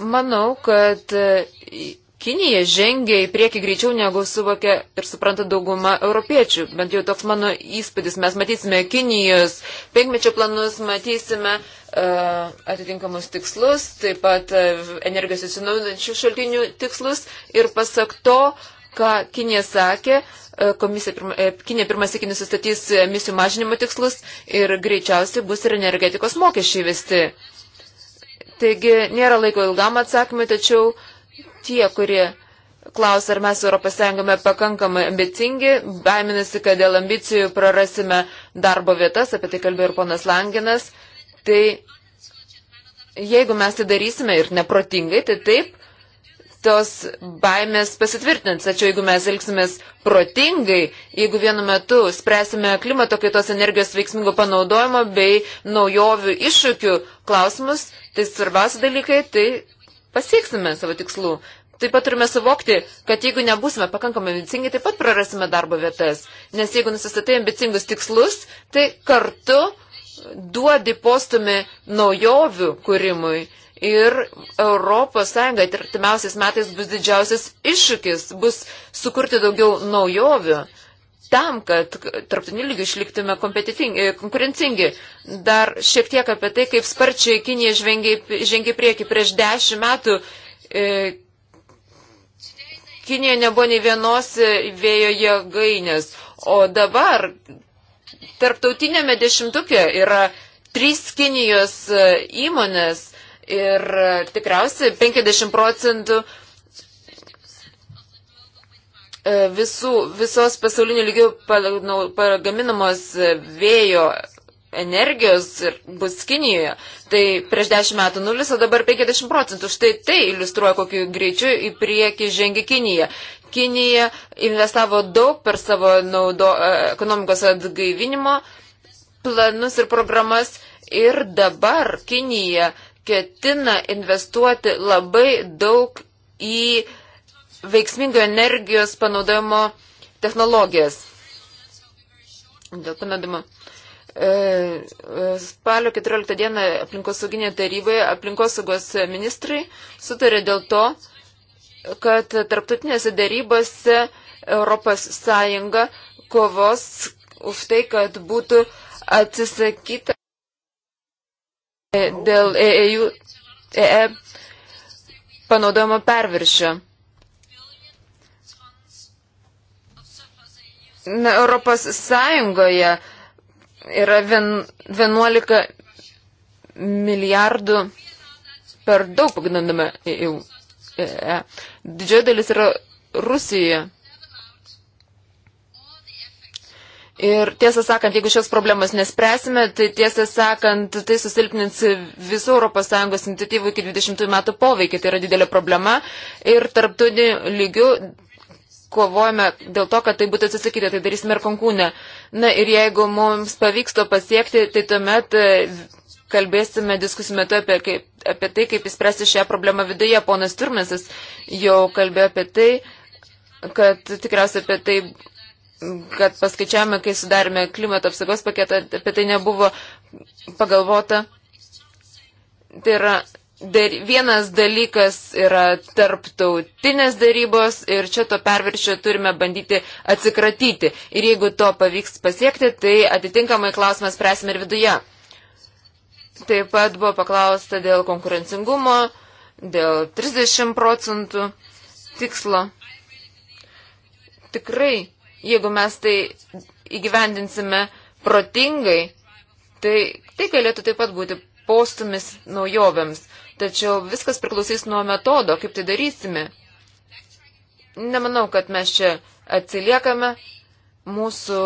S2: manau, kad e, Kinija žengia į priekį greičiau negu suvokia ir supranta dauguma europiečių. Bent jau toks mano įspūdis. Mes matysime Kinijos penkmečio planus, matysime uh, atitinkamus tikslus, taip pat uh, energijos atsinaujančių šaltinių tikslus. Ir pasak to, ką Kinija sakė, e, komisija, Kinė pirmas iki nusistatys emisijų mažinimo tikslus ir greičiausiai bus ir energetikos mokesčiai vesti. Taigi nėra laiko ilgam atsakymui, tačiau uh, tie, kurie klausia, ar mes Europos Sąjungame pakankamai ambicingi, baiminasi, kad dėl ambicijų prarasime darbo vietas, apie tai kalbėjo ir ponas Langinas, tai jeigu mes tai darysime ir neprotingai, tai taip, tos baimės pasitvirtins. Tačiau jeigu mes elgsimės protingai, jeigu vienu metu spręsime klimato kaitos energijos veiksmingo panaudojimo bei naujovių iššūkių klausimus, tai svarbiausi dalykai, tai pasieksime savo tikslų taip pat turime suvokti, kad jeigu nebusime pakankamai ambicingi, taip pat prarasime darbo vietas. Nes jeigu nusistatai ambicingus tikslus, tai kartu duodi postumi naujovių kūrimui. Ir Europos Sąjunga artimiausiais metais bus didžiausias iššūkis, bus sukurti daugiau naujovių tam, kad tarptautiniu lygiu išliktume e, konkurencingi. Dar šiek tiek apie tai, kaip sparčiai Kinija žengė prieki. Prieš dešimt metų e, Kinijoje nebuvo nei vienos e, vėjo jėgainės, o dabar tarptautinėme dešimtukė yra trys Kinijos e, įmonės ir e, tikriausiai 50 procentų visų, visos pasaulinių lygių pagaminamos vėjo energijos ir bus Kinijoje. Tai prieš 10 metų nulis, o dabar 50 procentų. Štai tai iliustruoja, kokiu greičiu į priekį žengia Kinija. Kinija investavo daug per savo naudo, e, ekonomikos atgaivinimo planus ir programas ir dabar Kinija ketina investuoti labai daug į veiksmingo energijos panaudojimo technologijas. Dėl panaudojimo E, e, spalio 14 dieną aplinkosauginė taryboje aplinkosaugos ministrai sutarė dėl to, kad tarptautinėse darybose Europos Sąjunga kovos už tai, kad būtų atsisakyta dėl EEU EE panaudojimo perviršio. Na, Europos Sąjungoje uh, yra 11 milijardų per daug pagrindame EU. Didžioji dalis yra Rusija. Ir tiesą sakant, jeigu šios problemas nespręsime, tai tiesą sakant, tai susilpnins visų ES iniciatyvų iki 20 metų poveikį. Tai yra didelė problema ir tarptautiniu lygiu kovojame dėl to, kad tai būtų atsisakyti, tai darysime ir konkūnę. Na ir jeigu mums pavyks to pasiekti, tai tuomet e, kalbėsime diskusijų metu apie, kaip, apie tai, kaip įspręsti šią problemą viduje. Ponas Turmesis jau kalbėjo apie tai, kad tikriausiai apie tai kad paskaičiavome, kai sudarėme klimato apsaugos paketą, apie tai nebuvo pagalvota. Tai yra dar, vienas dalykas yra tarptautinės darybos ir čia to perviršio turime bandyti atsikratyti. Ir jeigu to pavyks pasiekti, tai atitinkamai klausimas spręsime ir viduje. Taip pat buvo paklausta dėl konkurencingumo, dėl 30 procentų tikslo. Tikrai, jeigu mes tai įgyvendinsime protingai, tai tai galėtų taip pat būti postumis naujovėms. Tačiau viskas priklausys nuo metodo, kaip tai darysime. Nemanau, kad mes čia atsiliekame. Mūsų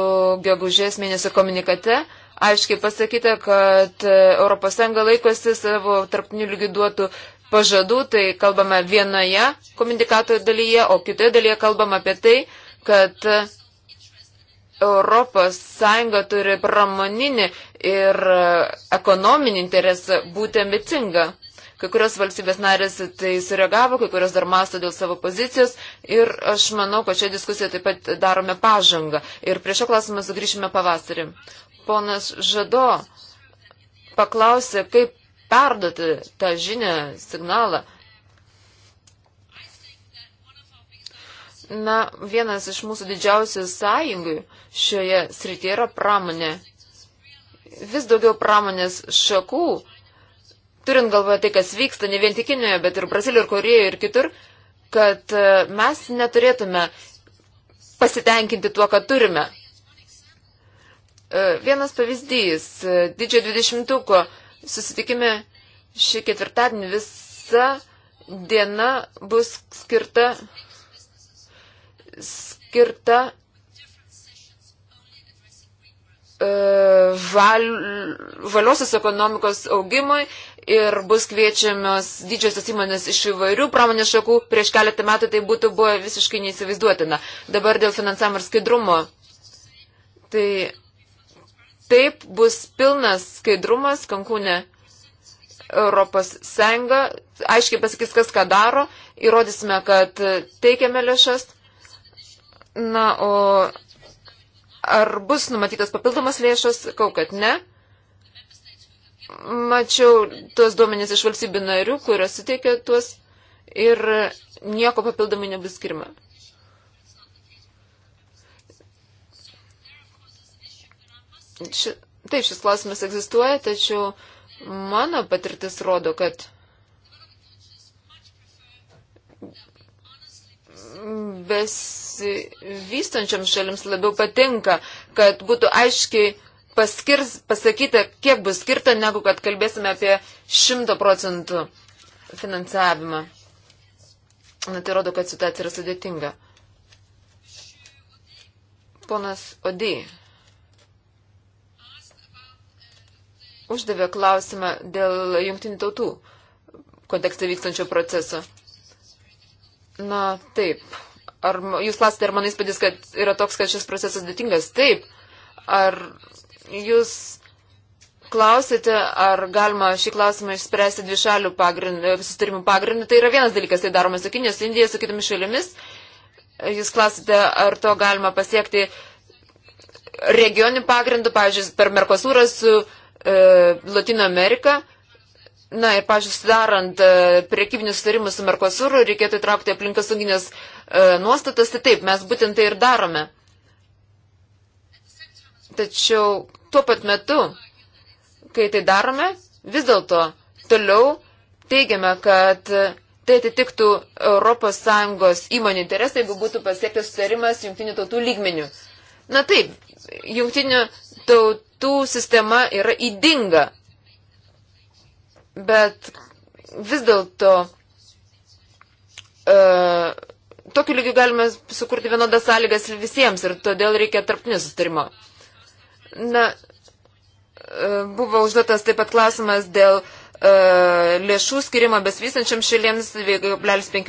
S2: gegužės mėnesio komunikate aiškiai pasakyta, kad ES laikosi savo tarptinių lygių duotų pažadų, tai kalbame vienoje komunikato dalyje, o kitoje dalyje kalbame apie tai, kad Europos Sąjunga turi pramoninį ir ekonominį interesą būti ambicinga. Kai kurios valstybės narės tai sureagavo, kai kurios dar masto dėl savo pozicijos ir aš manau, kad čia diskusijoje taip pat darome pažangą. Ir prie šio klausimą sugrįšime pavasarį. Ponas Žado paklausė, kaip perduoti tą žinę, signalą. Na, vienas iš mūsų didžiausių sąjungų šioje srityje yra pramonė. Vis daugiau pramonės šakų turint galvoje tai, kas vyksta ne vien tik Kinijoje, bet ir Brazilijoje, ir Korejoje, ir kitur, kad e, mes neturėtume pasitenkinti tuo, ką turime. E, vienas pavyzdys. E, didžiojo 20-uko susitikime šį ketvirtadienį visa diena bus skirta, skirta E, val, valiosios ekonomikos augimui ir bus kviečiamios didžiosios įmonės iš įvairių pramonės šakų. Prieš keletą metų tai būtų buvo visiškai neįsivaizduotina. Dabar dėl finansavimo ir skaidrumo. Tai taip bus pilnas skaidrumas Kankūne Europos Sąjunga. Aiškiai pasakys, kas ką daro. Įrodysime, kad teikiame lėšas. Na, o Ar bus numatytas papildomas lėšas, kau kad ne. Mačiau tuos duomenys iš valstybių narių, kurios suteikia tuos ir nieko papildomai nebus skirma. Ši, taip, šis klausimas egzistuoja, tačiau mano patirtis rodo, kad besivystančiams šalims labiau patinka, kad būtų aiškiai paskirs, pasakyta, kiek bus skirta, negu kad kalbėsime apie 100 procentų finansavimą. Na, tai rodo, kad situacija yra sudėtinga. Ponas Odį uždavė klausimą dėl jungtinių tautų kontekste vykstančio proceso. Na, taip. Ar jūs klausite, ar man įspūdis, kad yra toks, kad šis procesas dėtingas? Taip. Ar jūs klausite, ar galima šį klausimą išspręsti dvišalių pagrindų, e, susitarimų pagrindų? Tai yra vienas dalykas, tai daroma su Kinė, su Indija, su kitomis šalimis. Jūs klausite, ar to galima pasiekti regionių pagrindų, pavyzdžiui, per Merkosūrą su e, Latino Amerika. E, Na ir, pažiūrėjau, sudarant e, priekybinius sutarimus su Merkosuru, reikėtų įtraukti aplinkosauginės e, nuostatas, tai taip, mes būtent tai ir darome. Tačiau tuo pat metu, kai tai darome, vis dėlto toliau teigiame, kad tai atitiktų ES įmonių interesą, jeigu būtų pasiektas sutarimas jungtinių tautų lygmenių. Na taip, jungtinių tautų sistema yra įdinga Bet vis dėlto uh, tokiu lygiu galime sukurti vienodas sąlygas visiems ir todėl reikia tarptinio sustarimo. Na, uh, buvo užduotas taip pat klausimas dėl uh, lėšų skirimo besvystančiam šalims 2,5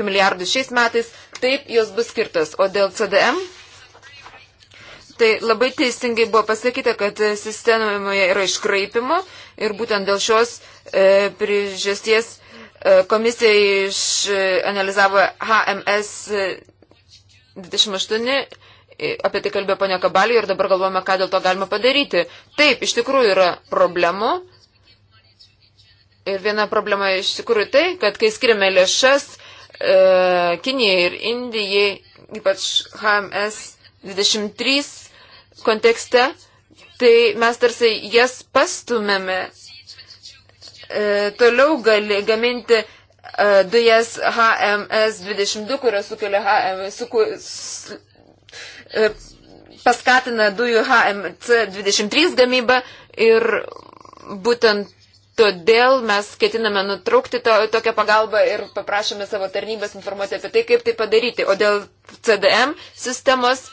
S2: milijardų šiais metais, taip jos bus skirtas. O dėl CDM Tai labai teisingai buvo pasakyta, kad sistemoje yra iškraipimo ir būtent dėl šios e, priežasties e, komisija išanalizavo e, HMS 28, e, apie tai kalbėjo ponia Kabalį ir dabar galvojame, ką dėl to galima padaryti. Taip, iš tikrųjų yra problemų. Ir viena problema iš tikrųjų tai, kad kai skiriame lėšas e, Kinijai ir Indijai, ypač HMS 23 kontekste, tai mes tarsi jas pastumėme e, toliau gali gaminti e, dujas HMS22, kurios sukelia HMS, su, su, e, paskatina dujų HMC23 gamybą ir būtent todėl mes ketiname nutraukti to, tokią pagalbą ir paprašome savo tarnybės informuoti apie tai, kaip tai padaryti. O dėl CDM sistemos,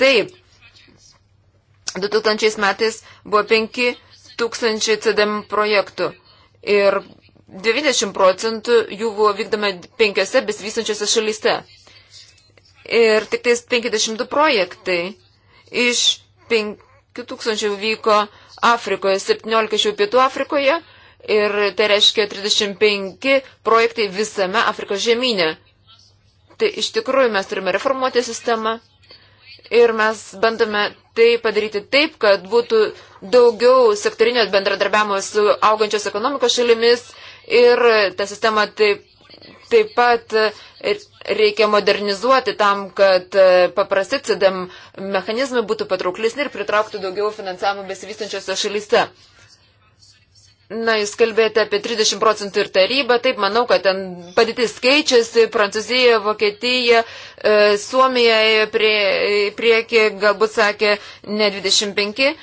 S2: taip, 2000 metais buvo 5000 CDM projektų ir 20 procentų jų buvo vykdoma penkiose besivystančiose šalyse. Ir tik tais 52 projektai iš 5000 vyko Afrikoje, 17 iš jų Pietų Afrikoje ir tai reiškia 35 projektai visame Afrikos žemynė. Tai iš tikrųjų mes turime reformuoti sistemą Ir mes bandome tai padaryti taip, kad būtų daugiau sektorinio bendradarbiavimo su augančios ekonomikos šalimis ir tą sistemą taip, taip pat reikia modernizuoti tam, kad paprasti CDM mechanizmai būtų patrauklesni ir pritrauktų daugiau finansavimo besivystančiose šalyse. Na, jūs kalbėjote apie 30 procentų ir tarybą, taip manau, kad ten padėtis keičiasi, Prancūzija, Vokietija, e, Suomija prie, prieki galbūt sakė ne 25, e,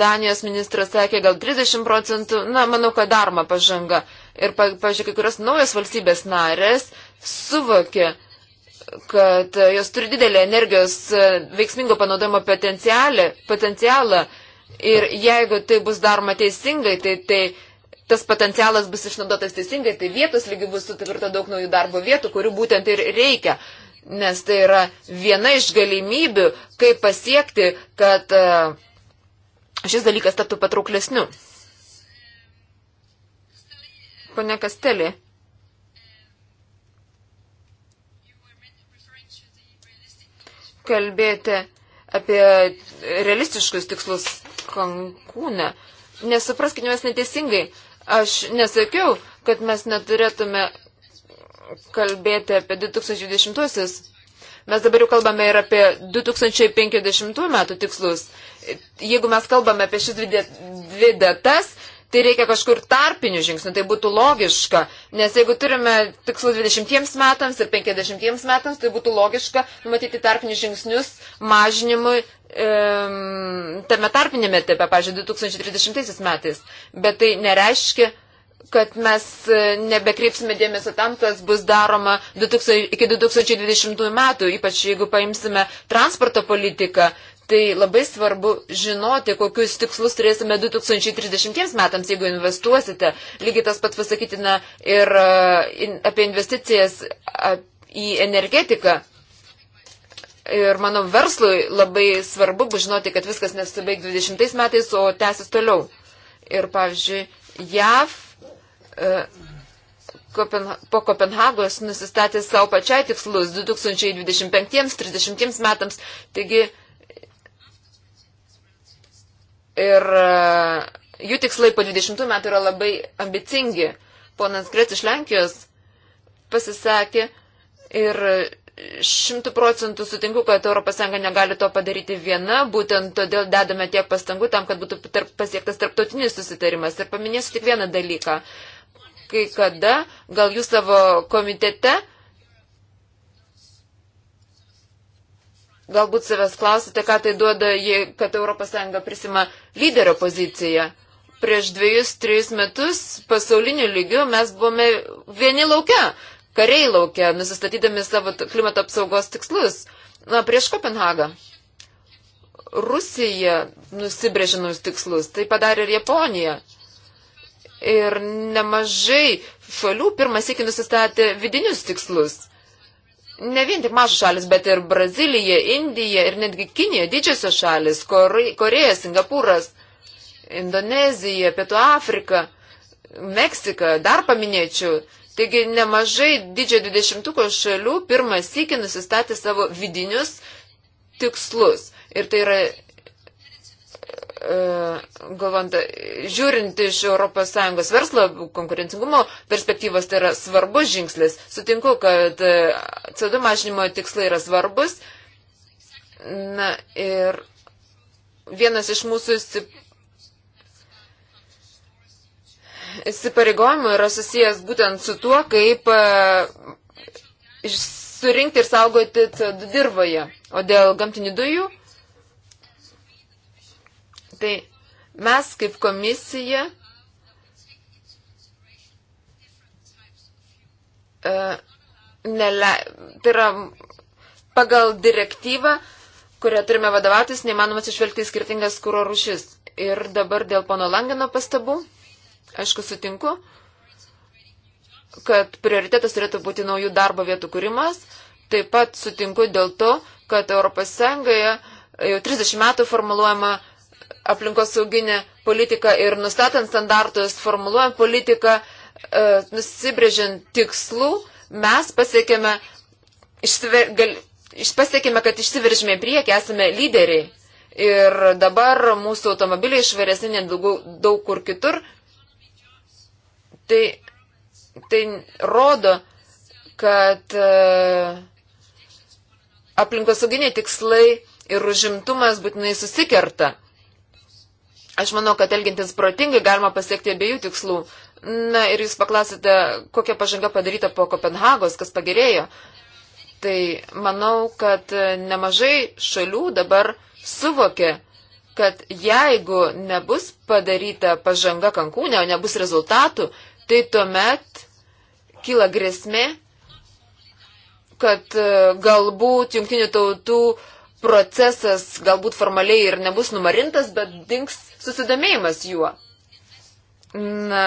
S2: Danijos ministras sakė gal 30 procentų, na, manau, kad daroma pažanga. Ir, pažiūrėk, kai kurios naujos valstybės narės suvokė, kad jos turi didelį energijos e, veiksmingo panaudojimo potencialą. potencialą Ir jeigu tai bus daroma teisingai, tai, tai tas potencialas bus išnaudotas teisingai, tai vietos lygi bus sutvirta daug naujų darbo vietų, kurių būtent ir reikia. Nes tai yra viena iš galimybių, kaip pasiekti, kad e, šis dalykas taptų patrauklesniu. Pone Kastelė. Kalbėti apie realistiškus tikslus Kankūne. Nesupraskime mes neteisingai. Aš nesakiau, kad mes neturėtume kalbėti apie 2020-uosius. Mes dabar jau kalbame ir apie 2050 metų tikslus. Jeigu mes kalbame apie šis dvi datas, tai reikia kažkur tarpinių žingsnių, tai būtų logiška, nes jeigu turime tikslų 20 metams ir 50 metams, tai būtų logiška numatyti tarpinius žingsnius mažinimui e, tame tarpinėme etape, pavyzdžiui, 2030 metais. Bet tai nereiškia, kad mes e, nebekreipsime dėmesio tam, kas bus daroma 2000, iki 2020 metų, ypač jeigu paimsime transporto politiką, Tai labai svarbu žinoti, kokius tikslus turėsime 2030 metams, jeigu investuosite. Lygiai tas pat pasakytina ir e, apie investicijas į energetiką. Ir mano verslui labai svarbu bus žinoti, kad viskas nesibaig 20 metais, o tęsis toliau. Ir pavyzdžiui, JAV e, po Kopenhagos nusistatė savo pačiai tikslus 2025-30 metams. Taigi, Ir e, jų tikslai po 20 metų yra labai ambicingi. Ponas Grec iš Lenkijos pasisakė ir šimtų procentų sutinku, kad ES negali to padaryti viena, būtent todėl dedame tiek pastangų tam, kad būtų tarp, pasiektas tarptautinis susitarimas. Ir paminėsiu tik vieną dalyką. Kai kada, gal jūs savo komitete galbūt savęs klausite, ką tai duoda, jei, kad ES prisima lyderio poziciją. Prieš dviejus, trejus metus pasauliniu lygiu mes buvome vieni laukia, kariai laukia, nusistatydami savo klimato apsaugos tikslus. Na, prieš Kopenhagą. Rusija nusibrėžė naujus tikslus, tai padarė ir Japonija. Ir nemažai šalių pirmąjį nusistatė vidinius tikslus ne vien tik mažos šalis, bet ir Brazilija, Indija ir netgi Kinija, didžiosios šalis, Koreja, Singapūras, Indonezija, Pietų Afrika, Meksika, dar paminėčiau. Taigi nemažai didžiojo dvidešimtuko šalių pirmas iki nusistatė savo vidinius tikslus. Ir tai yra galvant, žiūrint iš ES verslo konkurencingumo perspektyvos, tai yra svarbus žingsnis. Sutinku, kad e, CO2 mažinimo tikslai yra svarbus. Na ir vienas iš mūsų įsipareigojimų yra susijęs būtent su tuo, kaip e, surinkti ir saugoti CO2 dirboje. O dėl gamtinių dujų Tai mes kaip komisija e, nele, tai yra pagal direktyvą, kurią turime vadovautis, neįmanomas išvelgti į skirtingas kūro rušis. Ir dabar dėl pono Langino pastabų, aišku, sutinku, kad prioritetas turėtų būti naujų darbo vietų kūrimas. Taip pat sutinku dėl to, kad ES jau 30 metų formuluojama aplinkosauginę politiką ir nustatant standartus, formuluojant politiką, e, nusibrėžiant tikslų, mes pasiekėme, išsiver, gal, pasiekėme kad išsiveržėme priekį, esame lyderiai. Ir dabar mūsų automobiliai švaresni net daug, daug kur kitur. Tai, tai rodo, kad e, aplinkosauginiai tikslai ir užimtumas būtinai susikerta. Aš manau, kad elgintis protingai galima pasiekti abiejų tikslų. Na ir jūs paklausite, kokia pažanga padaryta po Kopenhagos, kas pagerėjo. Tai manau, kad nemažai šalių dabar suvokė, kad jeigu nebus padaryta pažanga kankūne, o nebus rezultatų, tai tuomet kyla grėsmė, kad e, galbūt jungtinių tautų procesas galbūt formaliai ir nebus numarintas, bet dinks susidomėjimas juo. Na,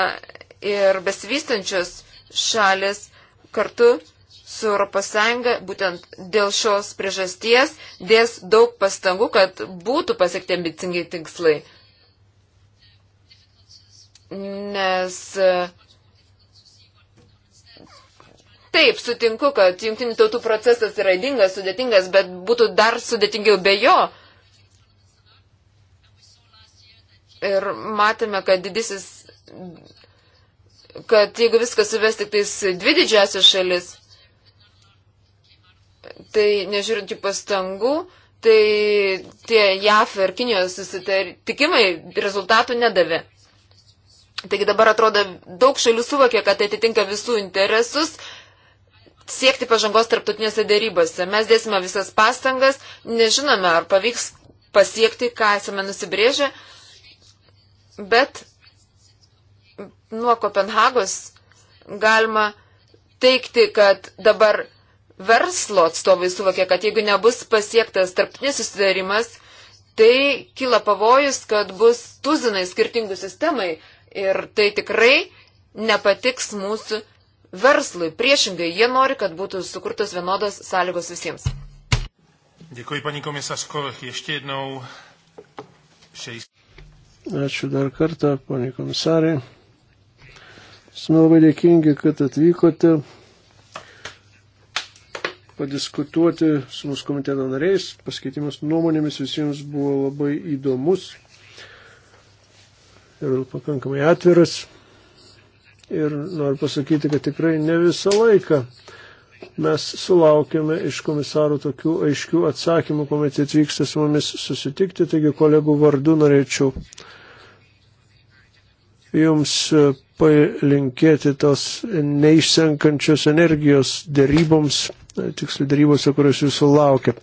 S2: ir besivystančios šalis kartu su ES būtent dėl šios priežasties dės daug pastangų, kad būtų pasiekti ambicingi tikslai. Nes taip, sutinku, kad jungtinių tautų procesas yra įdingas, sudėtingas, bet būtų dar sudėtingiau be jo. Uh, Ir matėme, kad didysis, kad jeigu viskas suves tik tais dvi didžiasios šalis, tai nežiūrint jų pastangų, tai tie JAF ir Kinijos susitikimai rezultatų nedavė. Taigi dabar atrodo, daug šalių suvokė, kad tai atitinka visų interesus siekti pažangos tarptautinėse dėrybose. Mes dėsime visas pastangas, nežinome, ar pavyks pasiekti, ką esame nusibrėžę. Uh, bet nuo Kopenhagos galima teikti, kad dabar verslo atstovai suvokia, kad jeigu nebus pasiektas tarptinis susidarimas, tai kyla pavojus, kad bus tuzinai skirtingų sistemai ir tai tikrai nepatiks mūsų verslui. Priešingai, jie nori, kad būtų sukurtos vienodos sąlygos visiems. Děkuji, paní komisařko, ještě jednou. Šeis.
S1: Ačiū dar kartą, poniai komisarai. Esame labai dėkingi, kad atvykote padiskutuoti su mūsų komiteto nariais. Paskeitimas nuomonėmis visiems buvo labai įdomus ir pakankamai atviras. Ir noriu pasakyti, kad tikrai ne visą laiką mes sulaukėme iš komisarų tokių aiškių atsakymų, kuomet atvyksta su mumis susitikti. Taigi kolegų vardu norėčiau Jums e, palinkėti tos neišsenkančios energijos deryboms, e, tiksliai derybose, kurios jūsų laukia.